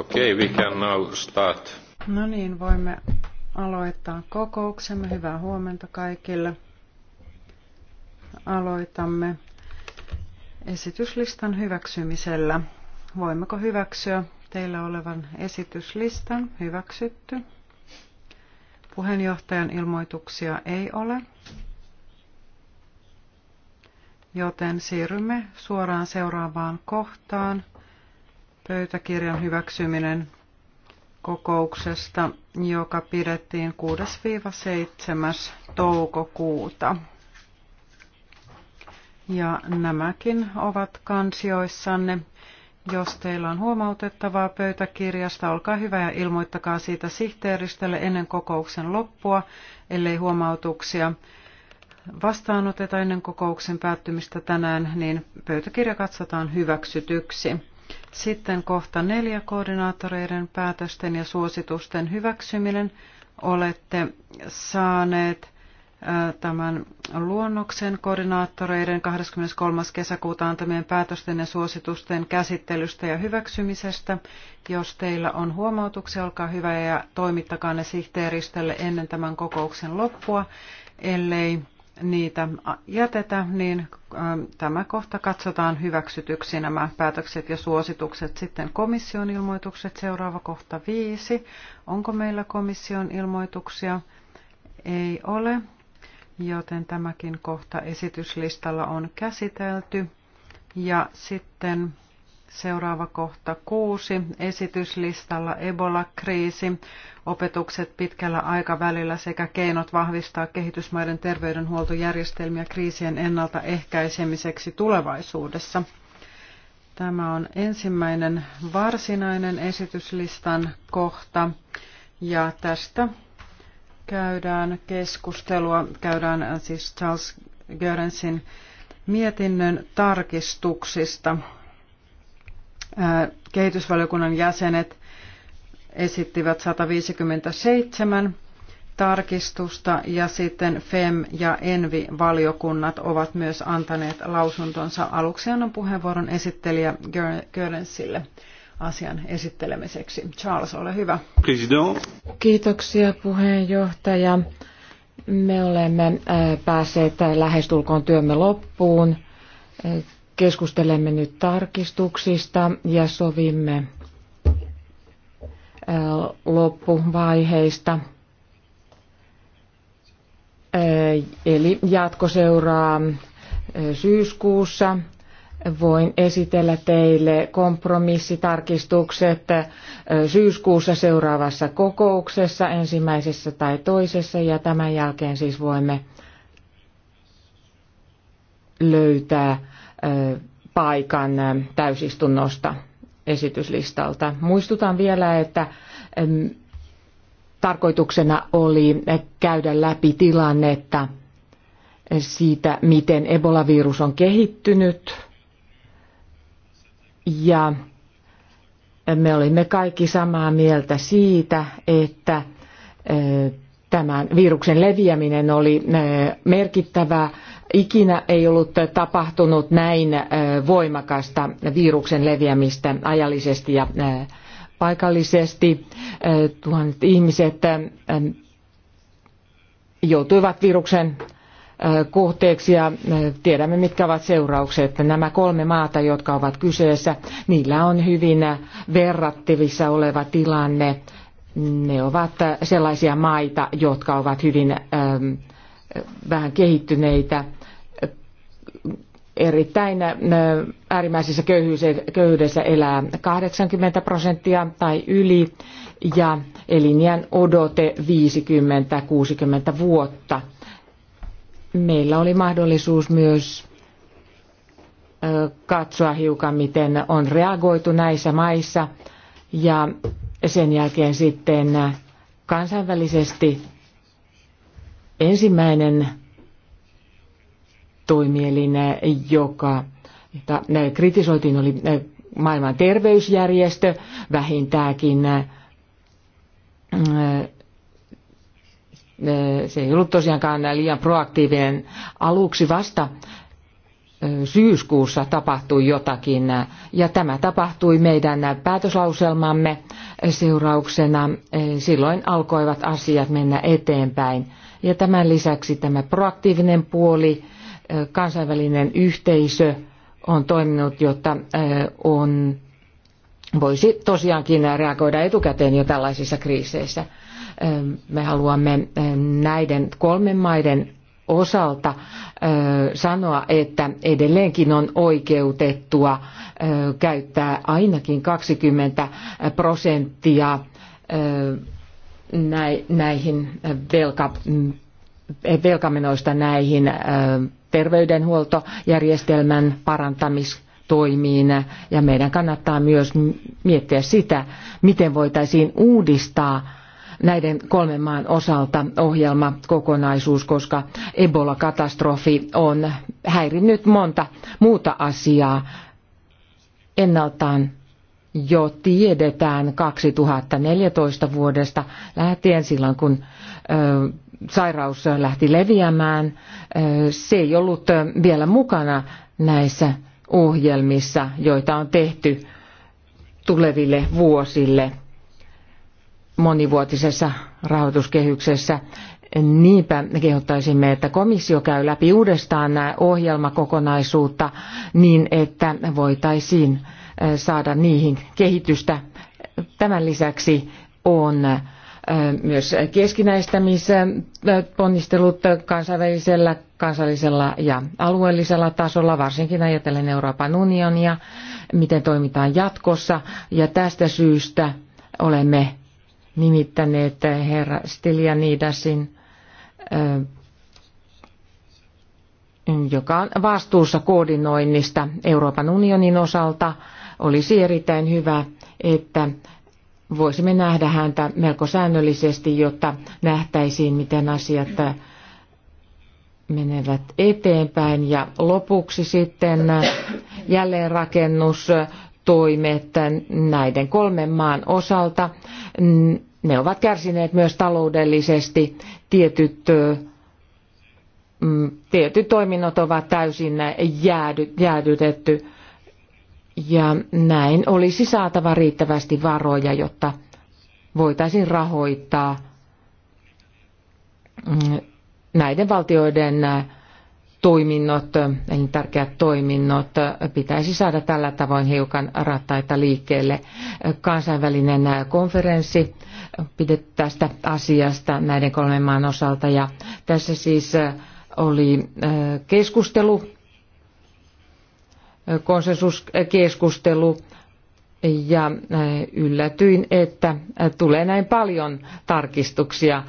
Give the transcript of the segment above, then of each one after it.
Okay, we can now start. No niin, voimme aloittaa kokouksemme. Hyvää huomenta kaikille. Aloitamme esityslistan hyväksymisellä. Voimmeko hyväksyä teillä olevan esityslistan? Hyväksytty. Puheenjohtajan ilmoituksia ei ole, joten siirrymme suoraan seuraavaan kohtaan – pöytäkirjan hyväksyminen kokouksesta, joka pidettiin 6-7. toukokuuta. Ja nämäkin ovat kansioissanne. Jos teillä on huomautettavaa pöytäkirjasta, olkaa hyvä ja ilmoittakaa siitä sihteeristölle ennen kokouksen loppua, ellei huomautuksia vastaanoteta ennen kokouksen päättymistä tänään, niin pöytäkirja katsotaan hyväksytyksi. Sitten kohta neljä koordinaattoreiden päätösten ja suositusten hyväksyminen. Olette saaneet tämän luonnoksen koordinaattoreiden 23. kesäkuuta antamien päätösten ja suositusten käsittelystä ja hyväksymisestä. Jos teillä on huomautuksia, olkaa hyvä ja toimittakaa ne sihteeristölle ennen tämän kokouksen loppua, ellei niitä jätetä, niin tämä kohta katsotaan hyväksytyksi nämä päätökset ja suositukset. Sitten komission ilmoitukset, seuraava kohta viisi. Onko meillä komission ilmoituksia? Ei ole, joten tämäkin kohta esityslistalla on käsitelty. Ja sitten Seuraava kohta kuusi. Esityslistalla Ebola-kriisi, opetukset pitkällä aikavälillä sekä keinot vahvistaa kehitysmaiden terveydenhuoltojärjestelmiä kriisien ennaltaehkäisemiseksi tulevaisuudessa. Tämä on ensimmäinen varsinainen esityslistan kohta ja tästä käydään keskustelua. Käydään siis Charles Görensin mietinnön tarkistuksista kehitysvaliokunnan jäsenet esittivät 157 tarkistusta ja sitten FEM ja ENVI-valiokunnat ovat myös antaneet lausuntonsa. Aluksi annan puheenvuoron esittelijä Görensille asian esittelemiseksi. Charles, ole hyvä. President. Kiitoksia puheenjohtaja. Me olemme päässeet lähestulkoon työmme loppuun keskustelemme nyt tarkistuksista ja sovimme loppuvaiheista. Eli jatko seuraa syyskuussa. Voin esitellä teille kompromissitarkistukset syyskuussa seuraavassa kokouksessa, ensimmäisessä tai toisessa, ja tämän jälkeen siis voimme löytää paikan täysistunnosta esityslistalta. Muistutan vielä, että tarkoituksena oli käydä läpi tilannetta siitä, miten Ebola-virus on kehittynyt. Ja me olimme kaikki samaa mieltä siitä, että tämän viruksen leviäminen oli merkittävää Ikinä ei ollut tapahtunut näin voimakasta viruksen leviämistä ajallisesti ja paikallisesti. Tuhannet ihmiset joutuivat viruksen kohteeksi ja tiedämme mitkä ovat seuraukset. Nämä kolme maata, jotka ovat kyseessä, niillä on hyvin verrattavissa oleva tilanne. Ne ovat sellaisia maita, jotka ovat hyvin vähän kehittyneitä erittäin äh, äärimmäisessä köyhyydessä elää 80 prosenttia tai yli ja elinjään odote 50-60 vuotta. Meillä oli mahdollisuus myös äh, katsoa hiukan, miten on reagoitu näissä maissa ja sen jälkeen sitten äh, kansainvälisesti ensimmäinen toimielin, joka ne kritisoitiin, oli maailman terveysjärjestö vähintäänkin. Äh, äh, se ei ollut tosiaankaan liian proaktiivinen aluksi vasta äh, syyskuussa tapahtui jotakin ja tämä tapahtui meidän päätöslauselmamme seurauksena. Silloin alkoivat asiat mennä eteenpäin ja tämän lisäksi tämä proaktiivinen puoli kansainvälinen yhteisö on toiminut, jotta on, voisi tosiaankin reagoida etukäteen jo tällaisissa kriiseissä. Me haluamme näiden kolmen maiden osalta sanoa, että edelleenkin on oikeutettua käyttää ainakin 20 prosenttia näihin velka, velkamenoista näihin terveydenhuoltojärjestelmän parantamistoimiin ja meidän kannattaa myös miettiä sitä, miten voitaisiin uudistaa näiden kolmen maan osalta ohjelmakokonaisuus, koska Ebola-katastrofi on häirinnyt monta muuta asiaa ennaltaan jo tiedetään 2014 vuodesta lähtien silloin, kun sairaus lähti leviämään. Se ei ollut vielä mukana näissä ohjelmissa, joita on tehty tuleville vuosille monivuotisessa rahoituskehyksessä. Niinpä kehottaisimme, että komissio käy läpi uudestaan nämä ohjelmakokonaisuutta niin, että voitaisiin saada niihin kehitystä. Tämän lisäksi on myös keskinäistämisponnistelut kansainvälisellä, kansallisella ja alueellisella tasolla, varsinkin ajatellen Euroopan unionia, miten toimitaan jatkossa. Ja tästä syystä olemme nimittäneet herra Stilianidasin, joka on vastuussa koordinoinnista Euroopan unionin osalta. Olisi erittäin hyvä, että voisimme nähdä häntä melko säännöllisesti, jotta nähtäisiin, miten asiat menevät eteenpäin. Ja lopuksi sitten jälleenrakennustoimet näiden kolmen maan osalta. Ne ovat kärsineet myös taloudellisesti. Tietyt, mm, tietyt toiminnot ovat täysin jäädy, jäädytetty ja näin olisi saatava riittävästi varoja, jotta voitaisiin rahoittaa mm, näiden valtioiden äh, toiminnot, eli tärkeät toiminnot, pitäisi saada tällä tavoin hiukan rattaita liikkeelle. Kansainvälinen äh, konferenssi pidetty tästä asiasta näiden kolmen maan osalta ja tässä siis äh, oli keskustelu konsensuskeskustelu ja äh, yllätyin, että äh, tulee näin paljon tarkistuksia,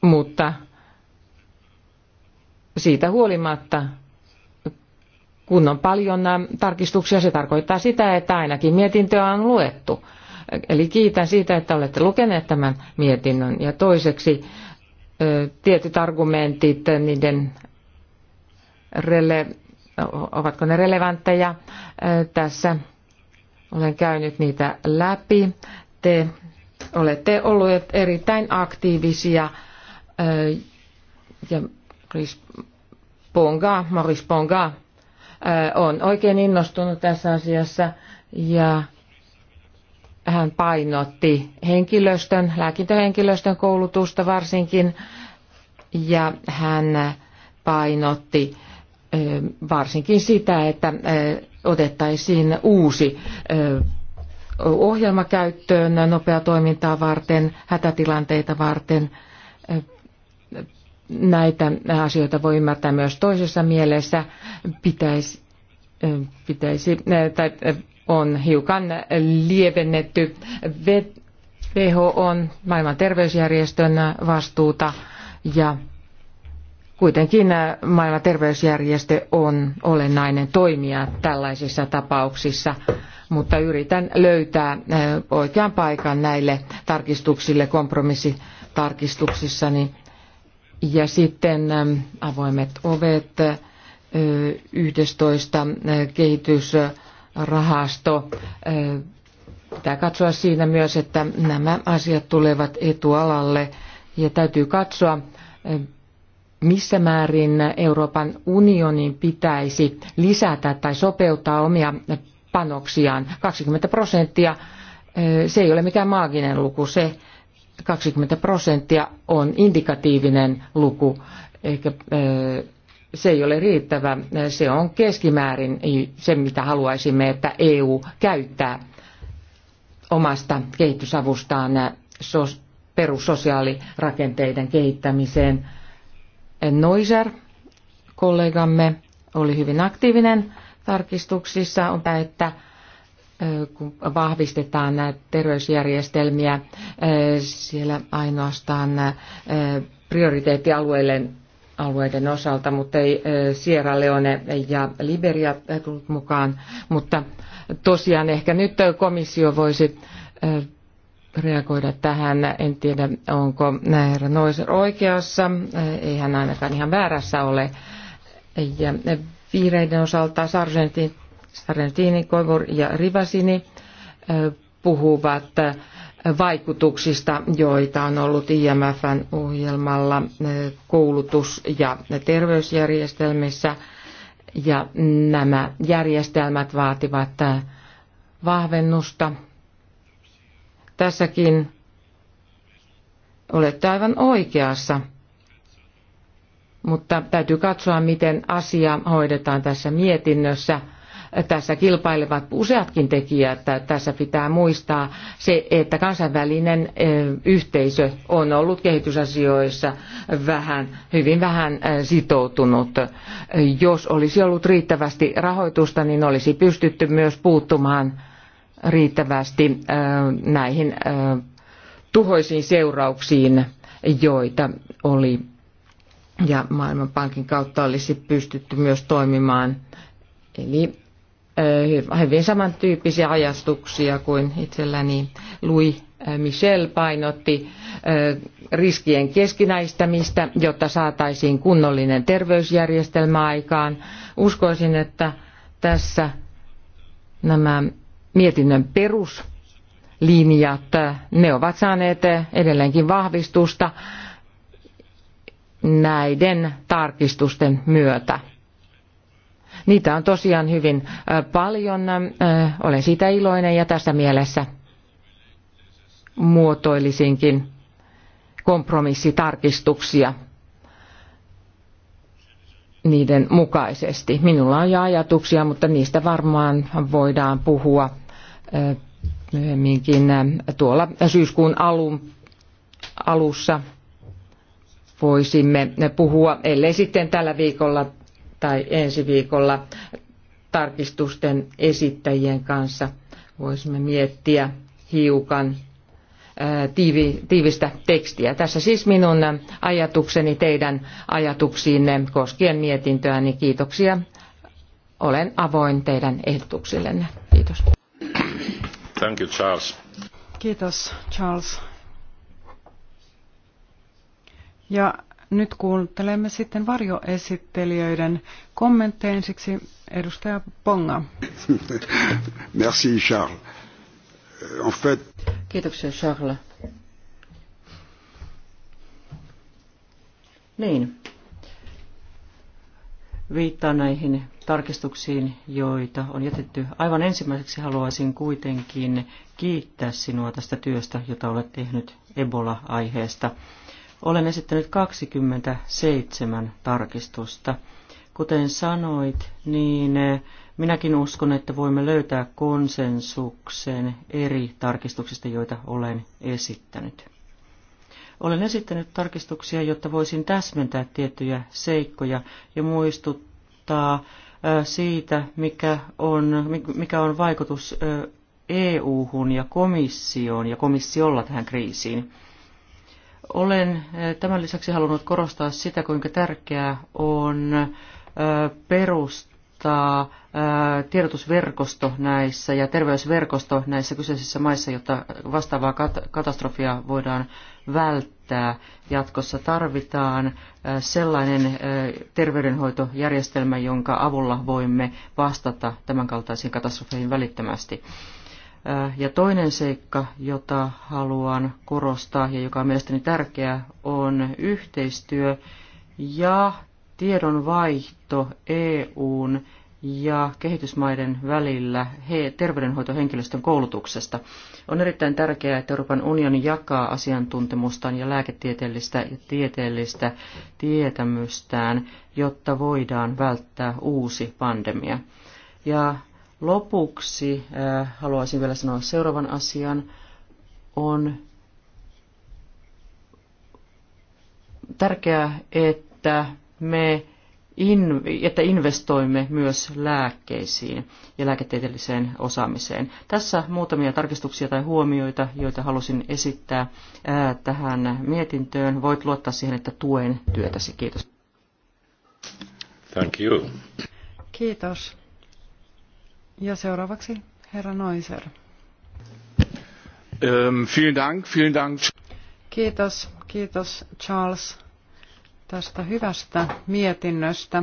mutta siitä huolimatta, kun on paljon äh, tarkistuksia, se tarkoittaa sitä, että ainakin mietintöä on luettu. Eli kiitän siitä, että olette lukeneet tämän mietinnön. Ja toiseksi tietyt argumentit, niiden rele- ovatko ne relevantteja. Tässä olen käynyt niitä läpi. Te olette olleet erittäin aktiivisia ja Chris Ponga, Maurice Ponga on oikein innostunut tässä asiassa ja hän painotti henkilöstön, lääkintöhenkilöstön koulutusta varsinkin ja hän painotti varsinkin sitä, että otettaisiin uusi ohjelma käyttöön nopeaa toimintaa varten, hätätilanteita varten. Näitä asioita voi ymmärtää myös toisessa mielessä. Pitäisi, pitäisi tai on hiukan lievennetty WHO on maailman terveysjärjestön vastuuta ja Kuitenkin äh, maailman terveysjärjestö on olennainen toimija tällaisissa tapauksissa, mutta yritän löytää äh, oikean paikan näille tarkistuksille kompromissitarkistuksissani. Ja sitten ähm, avoimet ovet, 11 äh, kehitysrahasto. Pitää katsoa siinä myös, että nämä asiat tulevat etualalle ja täytyy katsoa missä määrin Euroopan unionin pitäisi lisätä tai sopeuttaa omia panoksiaan. 20 prosenttia, se ei ole mikään maaginen luku, se 20 prosenttia on indikatiivinen luku, eikä se ei ole riittävä. Se on keskimäärin se, mitä haluaisimme, että EU käyttää omasta kehitysavustaan perussosiaalirakenteiden kehittämiseen – Noiser, kollegamme, oli hyvin aktiivinen tarkistuksissa. että kun vahvistetaan näitä terveysjärjestelmiä siellä ainoastaan prioriteettialueiden alueiden osalta, mutta ei Sierra Leone ja Liberia tullut mukaan. Mutta tosiaan ehkä nyt komissio voisi reagoida tähän. En tiedä, onko herra Noiser oikeassa. Ei hän ainakaan ihan väärässä ole. Ja vihreiden osalta Sargentini, Koivor ja Rivasini puhuvat vaikutuksista, joita on ollut IMFn ohjelmalla koulutus- ja terveysjärjestelmissä. Ja nämä järjestelmät vaativat vahvennusta Tässäkin olette aivan oikeassa, mutta täytyy katsoa, miten asia hoidetaan tässä mietinnössä tässä kilpailevat useatkin tekijät. Tässä pitää muistaa se, että kansainvälinen yhteisö on ollut kehitysasioissa vähän, hyvin vähän sitoutunut. Jos olisi ollut riittävästi rahoitusta, niin olisi pystytty myös puuttumaan riittävästi äh, näihin äh, tuhoisiin seurauksiin, joita oli. Ja Maailmanpankin kautta olisi pystytty myös toimimaan. Eli äh, hyvin samantyyppisiä ajatuksia kuin itselläni Louis Michel painotti riskien keskinäistämistä, jotta saataisiin kunnollinen terveysjärjestelmä aikaan. Uskoisin, että tässä nämä mietinnön peruslinjat, ne ovat saaneet edelleenkin vahvistusta näiden tarkistusten myötä. Niitä on tosiaan hyvin paljon. Olen siitä iloinen ja tässä mielessä muotoilisinkin kompromissitarkistuksia niiden mukaisesti. Minulla on jo ajatuksia, mutta niistä varmaan voidaan puhua myöhemminkin tuolla syyskuun alun, alussa voisimme puhua, ellei sitten tällä viikolla tai ensi viikolla tarkistusten esittäjien kanssa voisimme miettiä hiukan tiivistä tekstiä. Tässä siis minun ajatukseni teidän ajatuksiinne koskien mietintöäni. Niin kiitoksia. Olen avoin teidän ehdotuksillenne. Kiitos. Thank you, Charles. Kiitos, Charles. Ja nyt kuuntelemme sitten varjoesittelijöiden kommentteja ensiksi edustaja Ponga. Merci Charles. Euh, en fait... Kiitoksia, Charles. Niin. Viittaan näihin tarkistuksiin, joita on jätetty. Aivan ensimmäiseksi haluaisin kuitenkin kiittää sinua tästä työstä, jota olet tehnyt Ebola-aiheesta. Olen esittänyt 27 tarkistusta. Kuten sanoit, niin Minäkin uskon, että voimme löytää konsensuksen eri tarkistuksista, joita olen esittänyt. Olen esittänyt tarkistuksia, jotta voisin täsmentää tiettyjä seikkoja ja muistuttaa siitä, mikä on, mikä on vaikutus EU-hun ja komissioon ja komissiolla tähän kriisiin. Olen tämän lisäksi halunnut korostaa sitä, kuinka tärkeää on perustaa tota, tiedotusverkosto näissä ja terveysverkosto näissä kyseisissä maissa, jotta vastaavaa katastrofia voidaan välttää. Jatkossa tarvitaan sellainen terveydenhoitojärjestelmä, jonka avulla voimme vastata tämänkaltaisiin katastrofeihin välittömästi. Ja toinen seikka, jota haluan korostaa ja joka on mielestäni tärkeä, on yhteistyö ja tiedonvaihto EUn ja kehitysmaiden välillä he, terveydenhoitohenkilöstön koulutuksesta. On erittäin tärkeää, että Euroopan unioni jakaa asiantuntemustaan ja lääketieteellistä ja tieteellistä tietämystään, jotta voidaan välttää uusi pandemia. Ja lopuksi äh, haluaisin vielä sanoa seuraavan asian. On tärkeää, että me in, että investoimme myös lääkkeisiin ja lääketieteelliseen osaamiseen. Tässä muutamia tarkistuksia tai huomioita, joita halusin esittää ää, tähän mietintöön. Voit luottaa siihen, että tuen työtäsi. Kiitos. Thank you. Kiitos. Ja seuraavaksi herra Noiser. Um, vielen Dank, vielen Dank. Kiitos, kiitos Charles tästä hyvästä mietinnöstä.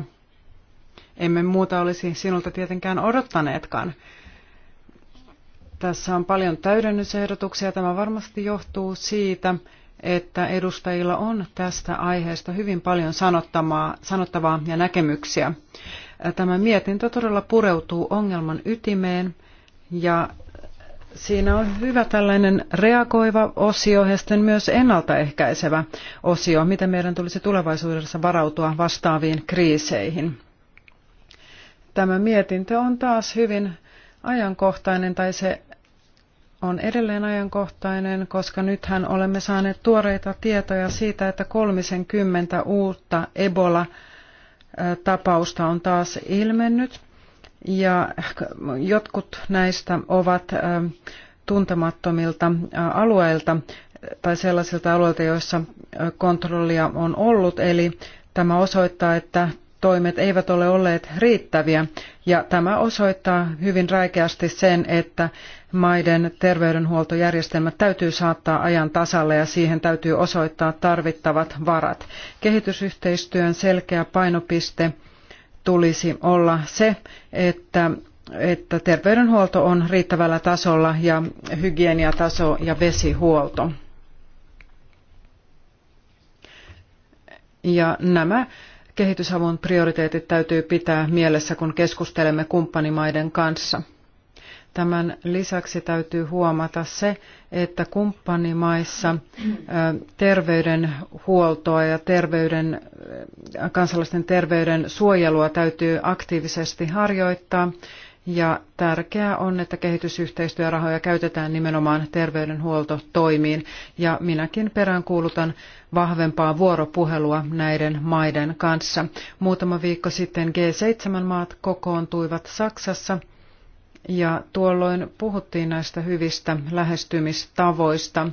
Emme muuta olisi sinulta tietenkään odottaneetkaan. Tässä on paljon täydennysehdotuksia. Tämä varmasti johtuu siitä, että edustajilla on tästä aiheesta hyvin paljon sanottavaa, sanottavaa ja näkemyksiä. Tämä mietintö todella pureutuu ongelman ytimeen ja Siinä on hyvä tällainen reagoiva osio ja sitten myös ennaltaehkäisevä osio, miten meidän tulisi tulevaisuudessa varautua vastaaviin kriiseihin. Tämä mietintö on taas hyvin ajankohtainen tai se on edelleen ajankohtainen, koska nythän olemme saaneet tuoreita tietoja siitä, että 30 uutta Ebola-tapausta on taas ilmennyt. Ja jotkut näistä ovat tuntemattomilta alueilta tai sellaisilta alueilta, joissa kontrollia on ollut. Eli tämä osoittaa, että toimet eivät ole olleet riittäviä ja tämä osoittaa hyvin räikeästi sen, että maiden terveydenhuoltojärjestelmät täytyy saattaa ajan tasalle ja siihen täytyy osoittaa tarvittavat varat. Kehitysyhteistyön selkeä painopiste tulisi olla se, että että terveydenhuolto on riittävällä tasolla ja hygieniataso ja vesihuolto. Ja nämä kehitysavun prioriteetit täytyy pitää mielessä, kun keskustelemme kumppanimaiden kanssa. Tämän lisäksi täytyy huomata se, että kumppanimaissa terveydenhuoltoa ja terveyden, kansalaisten terveyden suojelua täytyy aktiivisesti harjoittaa. Ja tärkeää on, että kehitysyhteistyörahoja käytetään nimenomaan terveydenhuoltotoimiin. Ja minäkin peräänkuulutan vahvempaa vuoropuhelua näiden maiden kanssa. Muutama viikko sitten G7-maat kokoontuivat Saksassa – ja tuolloin puhuttiin näistä hyvistä lähestymistavoista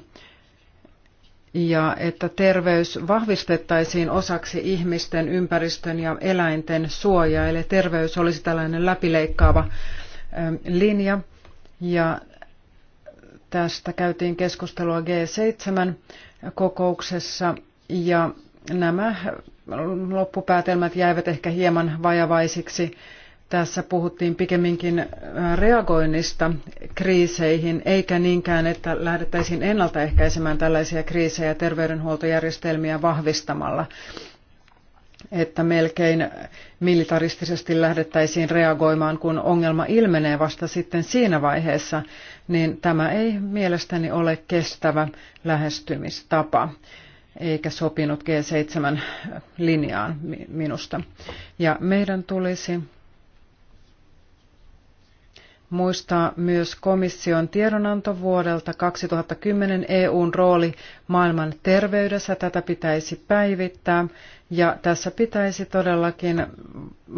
ja että terveys vahvistettaisiin osaksi ihmisten, ympäristön ja eläinten suojaa. Eli terveys olisi tällainen läpileikkaava ähm, linja. Ja tästä käytiin keskustelua G7-kokouksessa ja nämä loppupäätelmät jäivät ehkä hieman vajavaisiksi tässä puhuttiin pikemminkin äh, reagoinnista kriiseihin, eikä niinkään, että lähdettäisiin ennaltaehkäisemään tällaisia kriisejä terveydenhuoltojärjestelmiä vahvistamalla että melkein militaristisesti lähdettäisiin reagoimaan, kun ongelma ilmenee vasta sitten siinä vaiheessa, niin tämä ei mielestäni ole kestävä lähestymistapa eikä sopinut G7-linjaan minusta. Ja meidän tulisi muistaa myös komission tiedonanto vuodelta 2010 EUn rooli maailman terveydessä. Tätä pitäisi päivittää ja tässä pitäisi todellakin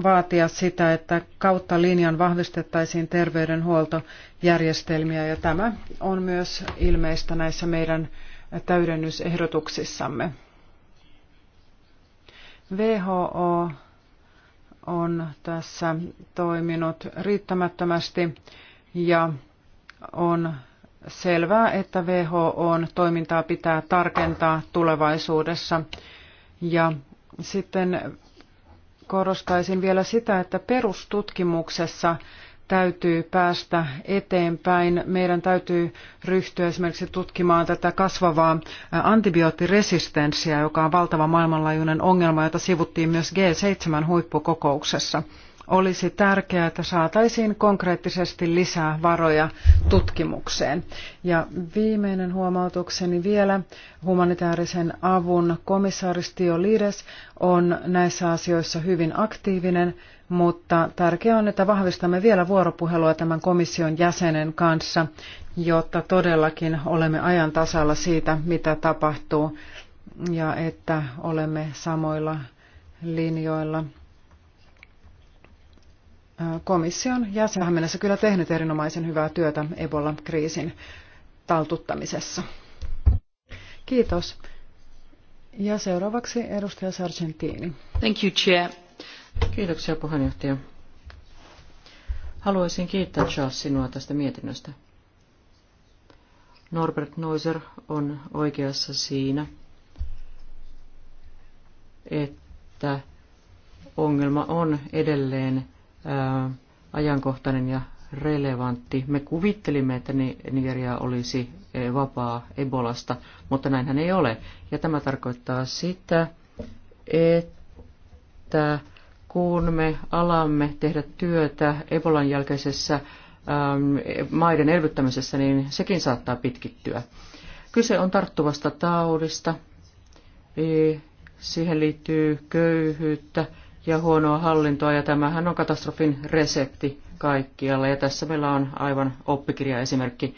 vaatia sitä, että kautta linjan vahvistettaisiin terveydenhuoltojärjestelmiä ja tämä on myös ilmeistä näissä meidän täydennysehdotuksissamme. WHO on tässä toiminut riittämättömästi ja on selvää, että WHOn toimintaa pitää tarkentaa tulevaisuudessa. Ja sitten korostaisin vielä sitä, että perustutkimuksessa täytyy päästä eteenpäin. Meidän täytyy ryhtyä esimerkiksi tutkimaan tätä kasvavaa antibioottiresistenssiä, joka on valtava maailmanlaajuinen ongelma, jota sivuttiin myös G7-huippukokouksessa olisi tärkeää, että saataisiin konkreettisesti lisää varoja tutkimukseen. Ja viimeinen huomautukseni vielä, humanitaarisen avun komissaari Stiolides on näissä asioissa hyvin aktiivinen, mutta tärkeää on, että vahvistamme vielä vuoropuhelua tämän komission jäsenen kanssa, jotta todellakin olemme ajan tasalla siitä, mitä tapahtuu ja että olemme samoilla linjoilla komission jäsen tähän mennessä kyllä tehnyt erinomaisen hyvää työtä ebola kriisin taltuttamisessa. Kiitos. Ja seuraavaksi edustaja Sargentini. Thank you, Chair. Kiitoksia puheenjohtaja. Haluaisin kiittää Charles sinua tästä mietinnöstä. Norbert Neuser on oikeassa siinä, että ongelma on edelleen ajankohtainen ja relevantti. Me kuvittelimme, että Nigeria olisi vapaa Ebolasta, mutta näinhän ei ole. Ja tämä tarkoittaa sitä, että kun me alamme tehdä työtä Ebolan jälkeisessä maiden elvyttämisessä, niin sekin saattaa pitkittyä. Kyse on tarttuvasta taudista, siihen liittyy köyhyyttä, ja huonoa hallintoa, ja tämähän on katastrofin resepti kaikkialla. Ja tässä meillä on aivan oppikirjaesimerkki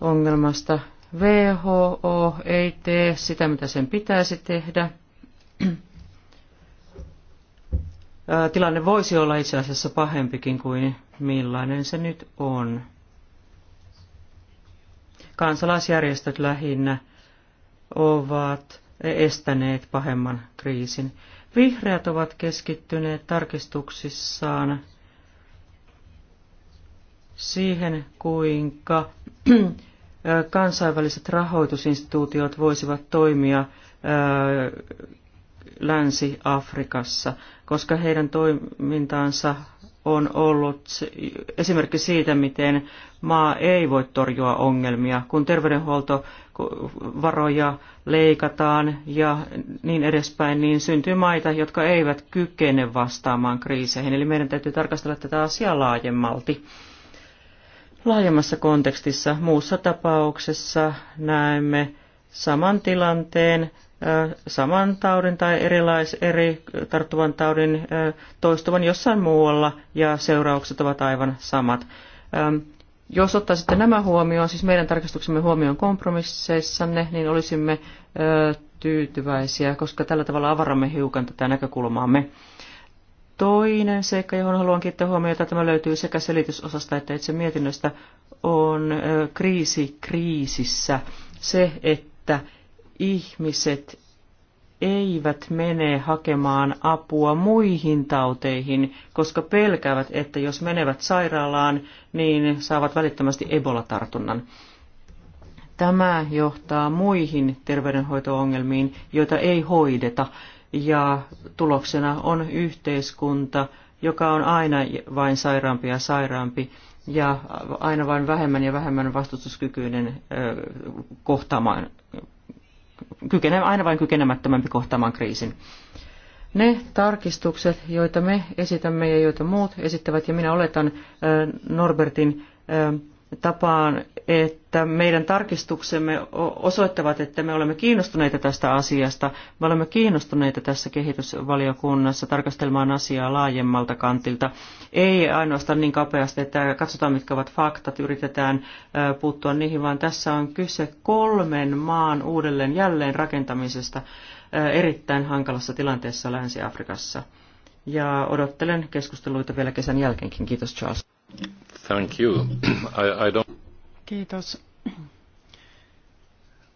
ongelmasta. WHO ei tee sitä, mitä sen pitäisi tehdä. Tilanne voisi olla itse asiassa pahempikin kuin millainen se nyt on. Kansalaisjärjestöt lähinnä ovat estäneet pahemman kriisin. Vihreät ovat keskittyneet tarkistuksissaan siihen, kuinka kansainväliset rahoitusinstituutiot voisivat toimia Länsi-Afrikassa, koska heidän toimintaansa on ollut esimerkki siitä, miten maa ei voi torjua ongelmia, kun terveydenhuoltovaroja leikataan ja niin edespäin, niin syntyy maita, jotka eivät kykene vastaamaan kriiseihin. Eli meidän täytyy tarkastella tätä asiaa laajemmalti. Laajemmassa kontekstissa muussa tapauksessa näemme saman tilanteen saman taudin tai erilais, eri tarttuvan taudin toistuvan jossain muualla ja seuraukset ovat aivan samat. Jos ottaisitte nämä huomioon, siis meidän tarkastuksemme huomioon kompromisseissanne, niin olisimme tyytyväisiä, koska tällä tavalla avaramme hiukan tätä näkökulmaamme. Toinen seikka, johon haluan kiittää huomiota, tämä löytyy sekä selitysosasta että itse mietinnöstä, on kriisi kriisissä. Se, että ihmiset eivät mene hakemaan apua muihin tauteihin, koska pelkäävät, että jos menevät sairaalaan, niin saavat välittömästi Ebola-tartunnan. Tämä johtaa muihin terveydenhoitoongelmiin, joita ei hoideta, ja tuloksena on yhteiskunta, joka on aina vain sairaampi ja sairaampi, ja aina vain vähemmän ja vähemmän vastustuskykyinen kohtaamaan kykenemme aina vain kykenemättömämpi kohtaamaan kriisin. Ne tarkistukset, joita me esitämme ja joita muut esittävät, ja minä oletan Norbertin tapaan, että meidän tarkistuksemme osoittavat, että me olemme kiinnostuneita tästä asiasta. Me olemme kiinnostuneita tässä kehitysvaliokunnassa tarkastelemaan asiaa laajemmalta kantilta. Ei ainoastaan niin kapeasti, että katsotaan mitkä ovat faktat, yritetään puuttua niihin, vaan tässä on kyse kolmen maan uudelleen jälleen rakentamisesta erittäin hankalassa tilanteessa Länsi-Afrikassa. Ja odottelen keskusteluita vielä kesän jälkeenkin. Kiitos Charles. Thank you. I, I don't... Kiitos.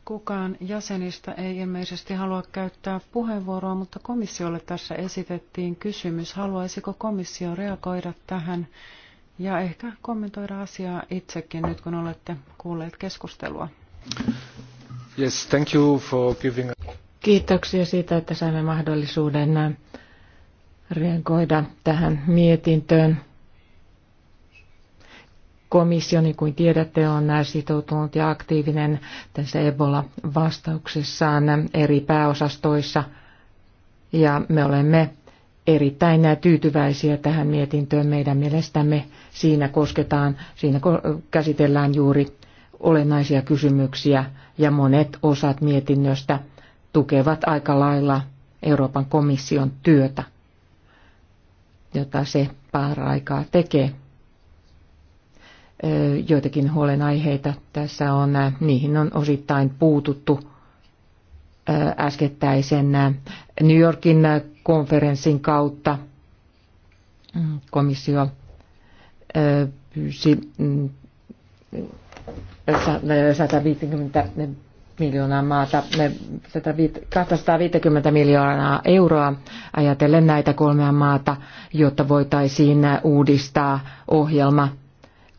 Kukaan jäsenistä ei ilmeisesti halua käyttää puheenvuoroa, mutta komissiolle tässä esitettiin kysymys. Haluaisiko komissio reagoida tähän ja ehkä kommentoida asiaa itsekin nyt, kun olette kuulleet keskustelua? Yes, thank you for giving... Kiitoksia siitä, että saimme mahdollisuuden reagoida tähän mietintöön. Komissio, niin kuin tiedätte, on sitoutunut ja aktiivinen tässä Ebola-vastauksessaan eri pääosastoissa. Ja me olemme erittäin tyytyväisiä tähän mietintöön. Meidän mielestämme siinä kosketaan, siinä käsitellään juuri olennaisia kysymyksiä ja monet osat mietinnöstä tukevat aika lailla Euroopan komission työtä, jota se paraikaa tekee joitakin huolenaiheita tässä on. Niihin on osittain puututtu äskettäisen New Yorkin konferenssin kautta. Mm, komissio pyysi 150 mm, miljoonaa maata, 250 miljoonaa euroa ajatellen näitä kolmea maata, jotta voitaisiin uudistaa ohjelma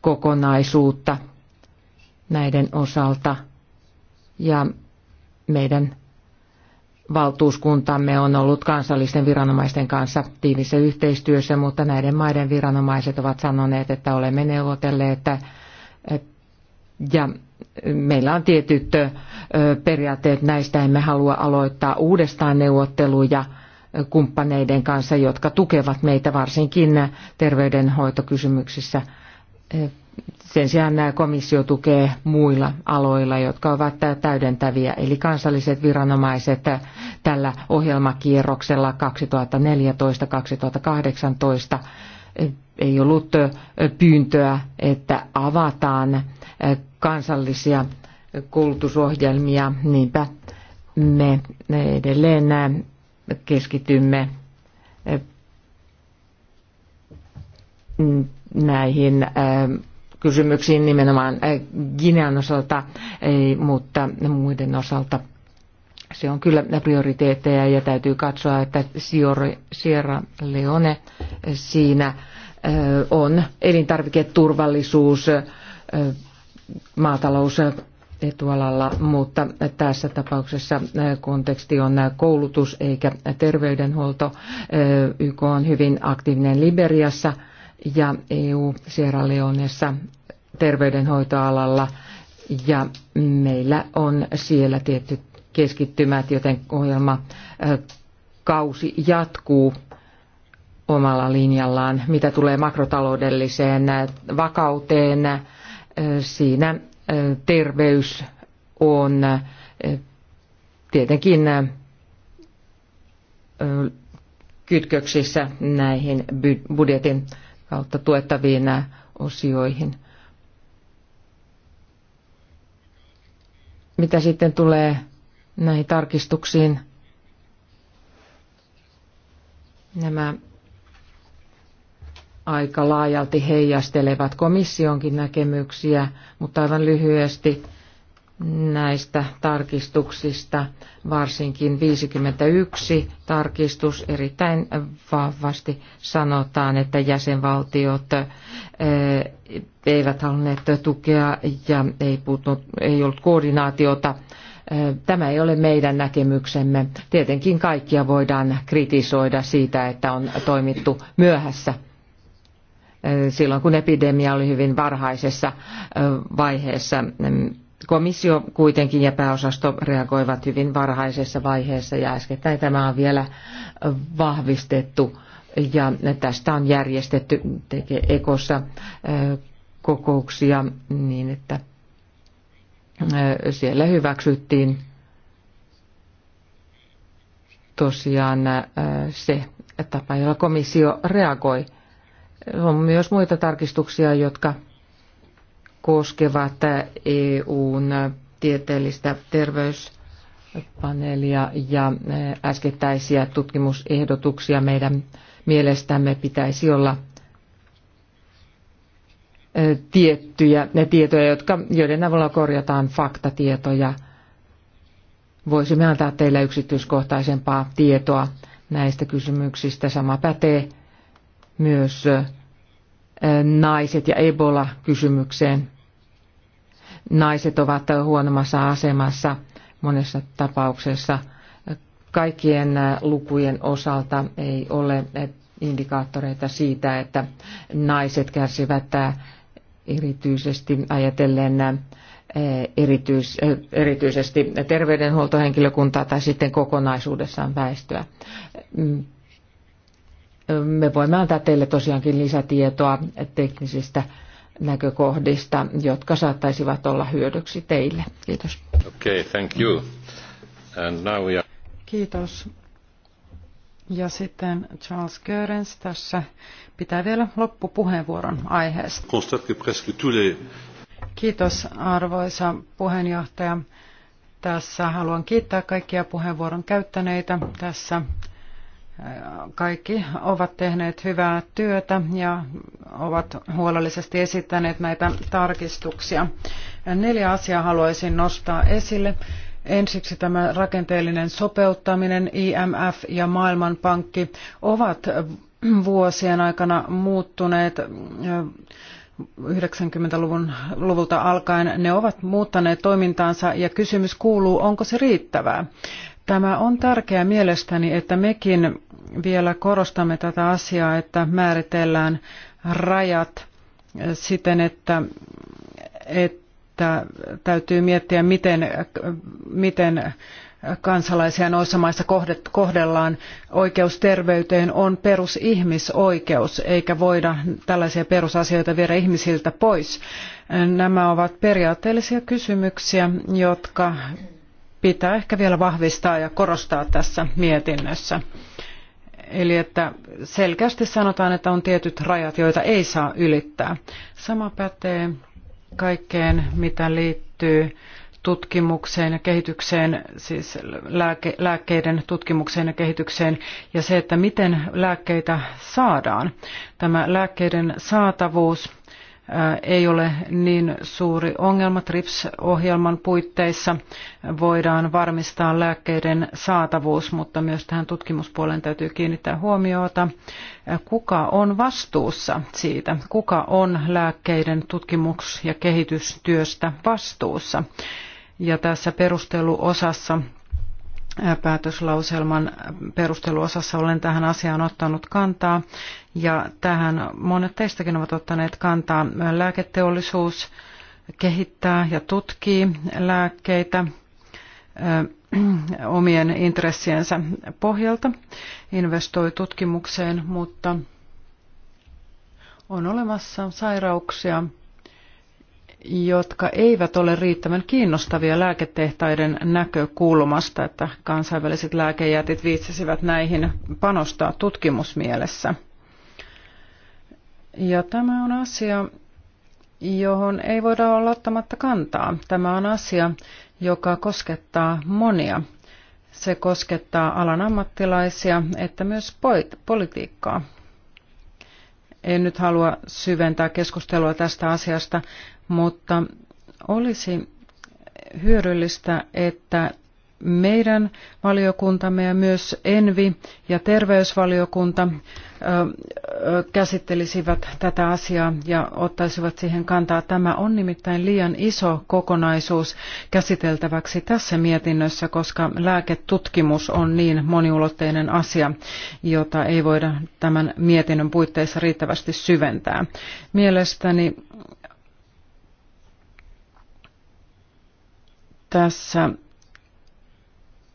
kokonaisuutta näiden osalta. Ja meidän valtuuskuntamme on ollut kansallisten viranomaisten kanssa tiivissä yhteistyössä, mutta näiden maiden viranomaiset ovat sanoneet, että olemme neuvotelleet että, ja meillä on tietyt periaatteet, näistä emme halua aloittaa uudestaan neuvotteluja kumppaneiden kanssa, jotka tukevat meitä varsinkin terveydenhoitokysymyksissä. Sen sijaan komissio tukee muilla aloilla, jotka ovat täydentäviä, eli kansalliset viranomaiset tällä ohjelmakierroksella 2014-2018 ei ollut pyyntöä, että avataan kansallisia koulutusohjelmia, niinpä me edelleen keskitymme näihin äh, kysymyksiin nimenomaan äh, Ginean osalta, mutta muiden osalta se on kyllä prioriteetteja ja täytyy katsoa, että Sierra Leone äh, siinä on elintarviketurvallisuus maatalous etualalla, mutta tässä tapauksessa konteksti on koulutus eikä terveydenhuolto. YK on hyvin aktiivinen Liberiassa – ja EU Sierra Leoneessa terveydenhoitoalalla ja meillä on siellä tietyt keskittymät, joten ohjelma kausi jatkuu omalla linjallaan, mitä tulee makrotaloudelliseen vakauteen. Siinä terveys on tietenkin kytköksissä näihin budjetin kautta tuettaviin äh, osioihin. Mitä sitten tulee näihin tarkistuksiin? Nämä aika laajalti heijastelevat komissionkin näkemyksiä, mutta aivan lyhyesti näistä tarkistuksista, varsinkin 51 tarkistus erittäin vahvasti sanotaan, että jäsenvaltiot eh, eivät halunneet tukea ja ei, puutu ei ollut koordinaatiota. Eh, tämä ei ole meidän näkemyksemme. Tietenkin kaikkia voidaan kritisoida siitä, että on toimittu myöhässä eh, silloin kun epidemia oli hyvin varhaisessa vaiheessa mm, Komissio kuitenkin ja pääosasto reagoivat hyvin varhaisessa vaiheessa ja äskettäin tämä on vielä vahvistettu ja tästä on järjestetty tekee ekossa kokouksia niin, että siellä hyväksyttiin tosiaan se tapa, jolla komissio reagoi. On myös muita tarkistuksia, jotka koskevat EUn tieteellistä terveyspaneelia ja äskettäisiä tutkimusehdotuksia meidän mielestämme pitäisi olla tiettyjä ne tietoja, jotka, joiden avulla korjataan faktatietoja. Voisimme antaa teille yksityiskohtaisempaa tietoa näistä kysymyksistä. Sama pätee myös naiset ja Ebola-kysymykseen naiset ovat huonommassa asemassa monessa tapauksessa. Kaikkien lukujen osalta ei ole indikaattoreita siitä, että naiset kärsivät erityisesti ajatellen eh, erityis, eh, erityisesti terveydenhuoltohenkilökuntaa tai sitten kokonaisuudessaan väestöä. Mm. Me voimme antaa teille tosiaankin lisätietoa teknisistä näkökohdista, jotka saattaisivat olla hyödyksi teille. Kiitos. Okay, thank you. And now we are... Kiitos. Ja sitten Charles Görens tässä pitää vielä loppupuheenvuoron aiheesta. Kiitos arvoisa puheenjohtaja. Tässä haluan kiittää kaikkia puheenvuoron käyttäneitä tässä kaikki ovat tehneet hyvää työtä ja ovat huolellisesti esittäneet näitä tarkistuksia. Neljä asiaa haluaisin nostaa esille. Ensiksi tämä rakenteellinen sopeuttaminen, IMF ja Maailmanpankki ovat vuosien aikana muuttuneet 90-luvun luvulta alkaen. Ne ovat muuttaneet toimintaansa ja kysymys kuuluu, onko se riittävää. Tämä on tärkeää mielestäni, että mekin vielä korostamme tätä asiaa, että määritellään rajat siten, että, että täytyy miettiä, miten, miten kansalaisia noissa maissa kohdellaan. Oikeus terveyteen on perusihmisoikeus, eikä voida tällaisia perusasioita viedä ihmisiltä pois. Nämä ovat periaatteellisia kysymyksiä, jotka pitää ehkä vielä vahvistaa ja korostaa tässä mietinnössä. Eli että selkeästi sanotaan, että on tietyt rajat, joita ei saa ylittää. Sama pätee kaikkeen, mitä liittyy tutkimukseen ja kehitykseen, siis lääke, lääkkeiden tutkimukseen ja kehitykseen ja se, että miten lääkkeitä saadaan. Tämä lääkkeiden saatavuus ei ole niin suuri ongelma. TRIPS-ohjelman puitteissa voidaan varmistaa lääkkeiden saatavuus, mutta myös tähän tutkimuspuoleen täytyy kiinnittää huomiota. Kuka on vastuussa siitä? Kuka on lääkkeiden tutkimus- ja kehitystyöstä vastuussa? Ja tässä perusteluosassa päätöslauselman perusteluosassa olen tähän asiaan ottanut kantaa ja tähän monet teistäkin ovat ottaneet kantaa. Lääketeollisuus kehittää ja tutkii lääkkeitä omien intressiensä pohjalta, investoi tutkimukseen, mutta on olemassa sairauksia, jotka eivät ole riittävän kiinnostavia lääketehtaiden näkökulmasta, että kansainväliset lääkejätit viitsisivät näihin panostaa tutkimusmielessä. Ja tämä on asia, johon ei voida olla ottamatta kantaa. Tämä on asia, joka koskettaa monia. Se koskettaa alan ammattilaisia, että myös politiikkaa. En nyt halua syventää keskustelua tästä asiasta, mutta olisi hyödyllistä, että meidän valiokuntamme ja myös Envi ja terveysvaliokunta käsittelisivät tätä asiaa ja ottaisivat siihen kantaa. Tämä on nimittäin liian iso kokonaisuus käsiteltäväksi tässä mietinnössä, koska lääketutkimus on niin moniulotteinen asia, jota ei voida tämän mietinnön puitteissa riittävästi syventää. Mielestäni Tässä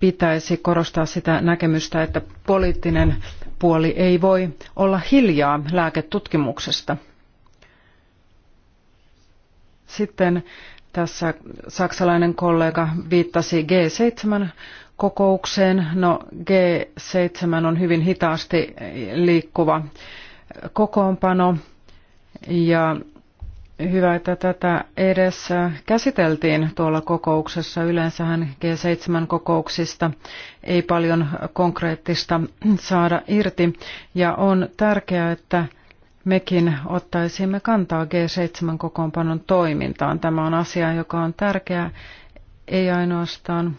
pitäisi korostaa sitä näkemystä, että poliittinen puoli ei voi olla hiljaa lääketutkimuksesta. Sitten tässä saksalainen kollega viittasi G7 kokoukseen. No G7 on hyvin hitaasti liikkuva kokoonpano ja hyvä, että tätä edes äh, käsiteltiin tuolla kokouksessa. Yleensähän G7-kokouksista ei paljon konkreettista saada irti. Ja on tärkeää, että mekin ottaisimme kantaa G7-kokoonpanon toimintaan. Tämä on asia, joka on tärkeä ei ainoastaan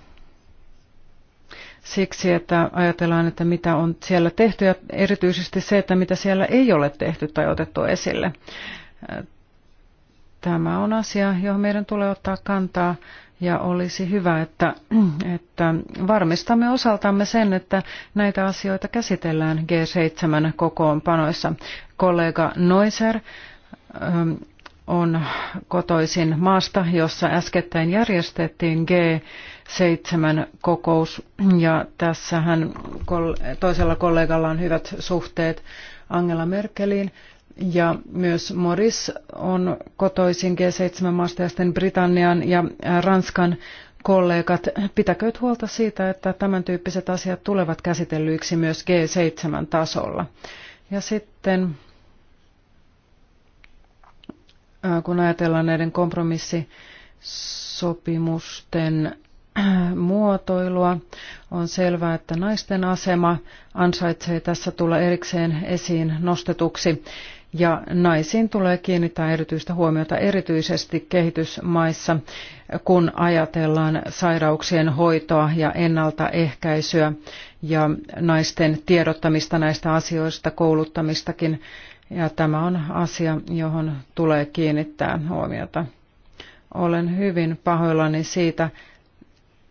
siksi, että ajatellaan, että mitä on siellä tehty ja erityisesti se, että mitä siellä ei ole tehty tai otettu esille Tämä on asia, johon meidän tulee ottaa kantaa ja olisi hyvä, että, että varmistamme osaltamme sen, että näitä asioita käsitellään G7 kokoonpanoissa. Kollega Noiser ähm, on kotoisin maasta, jossa äskettäin järjestettiin G7-kokous, ja tässähän toisella kollegalla on hyvät suhteet Angela Merkeliin ja myös Morris on kotoisin G7-maasta ja sitten Britannian ja Ranskan kollegat. Pitäkööt huolta siitä, että tämän tyyppiset asiat tulevat käsitellyiksi myös G7-tasolla. Ja sitten kun ajatellaan näiden kompromissisopimusten äh, muotoilua. On selvää, että naisten asema ansaitsee tässä tulla erikseen esiin nostetuksi. Ja naisiin tulee kiinnittää erityistä huomiota erityisesti kehitysmaissa, kun ajatellaan sairauksien hoitoa ja ennaltaehkäisyä ja naisten tiedottamista näistä asioista, kouluttamistakin. Ja tämä on asia, johon tulee kiinnittää huomiota. Olen hyvin pahoillani siitä,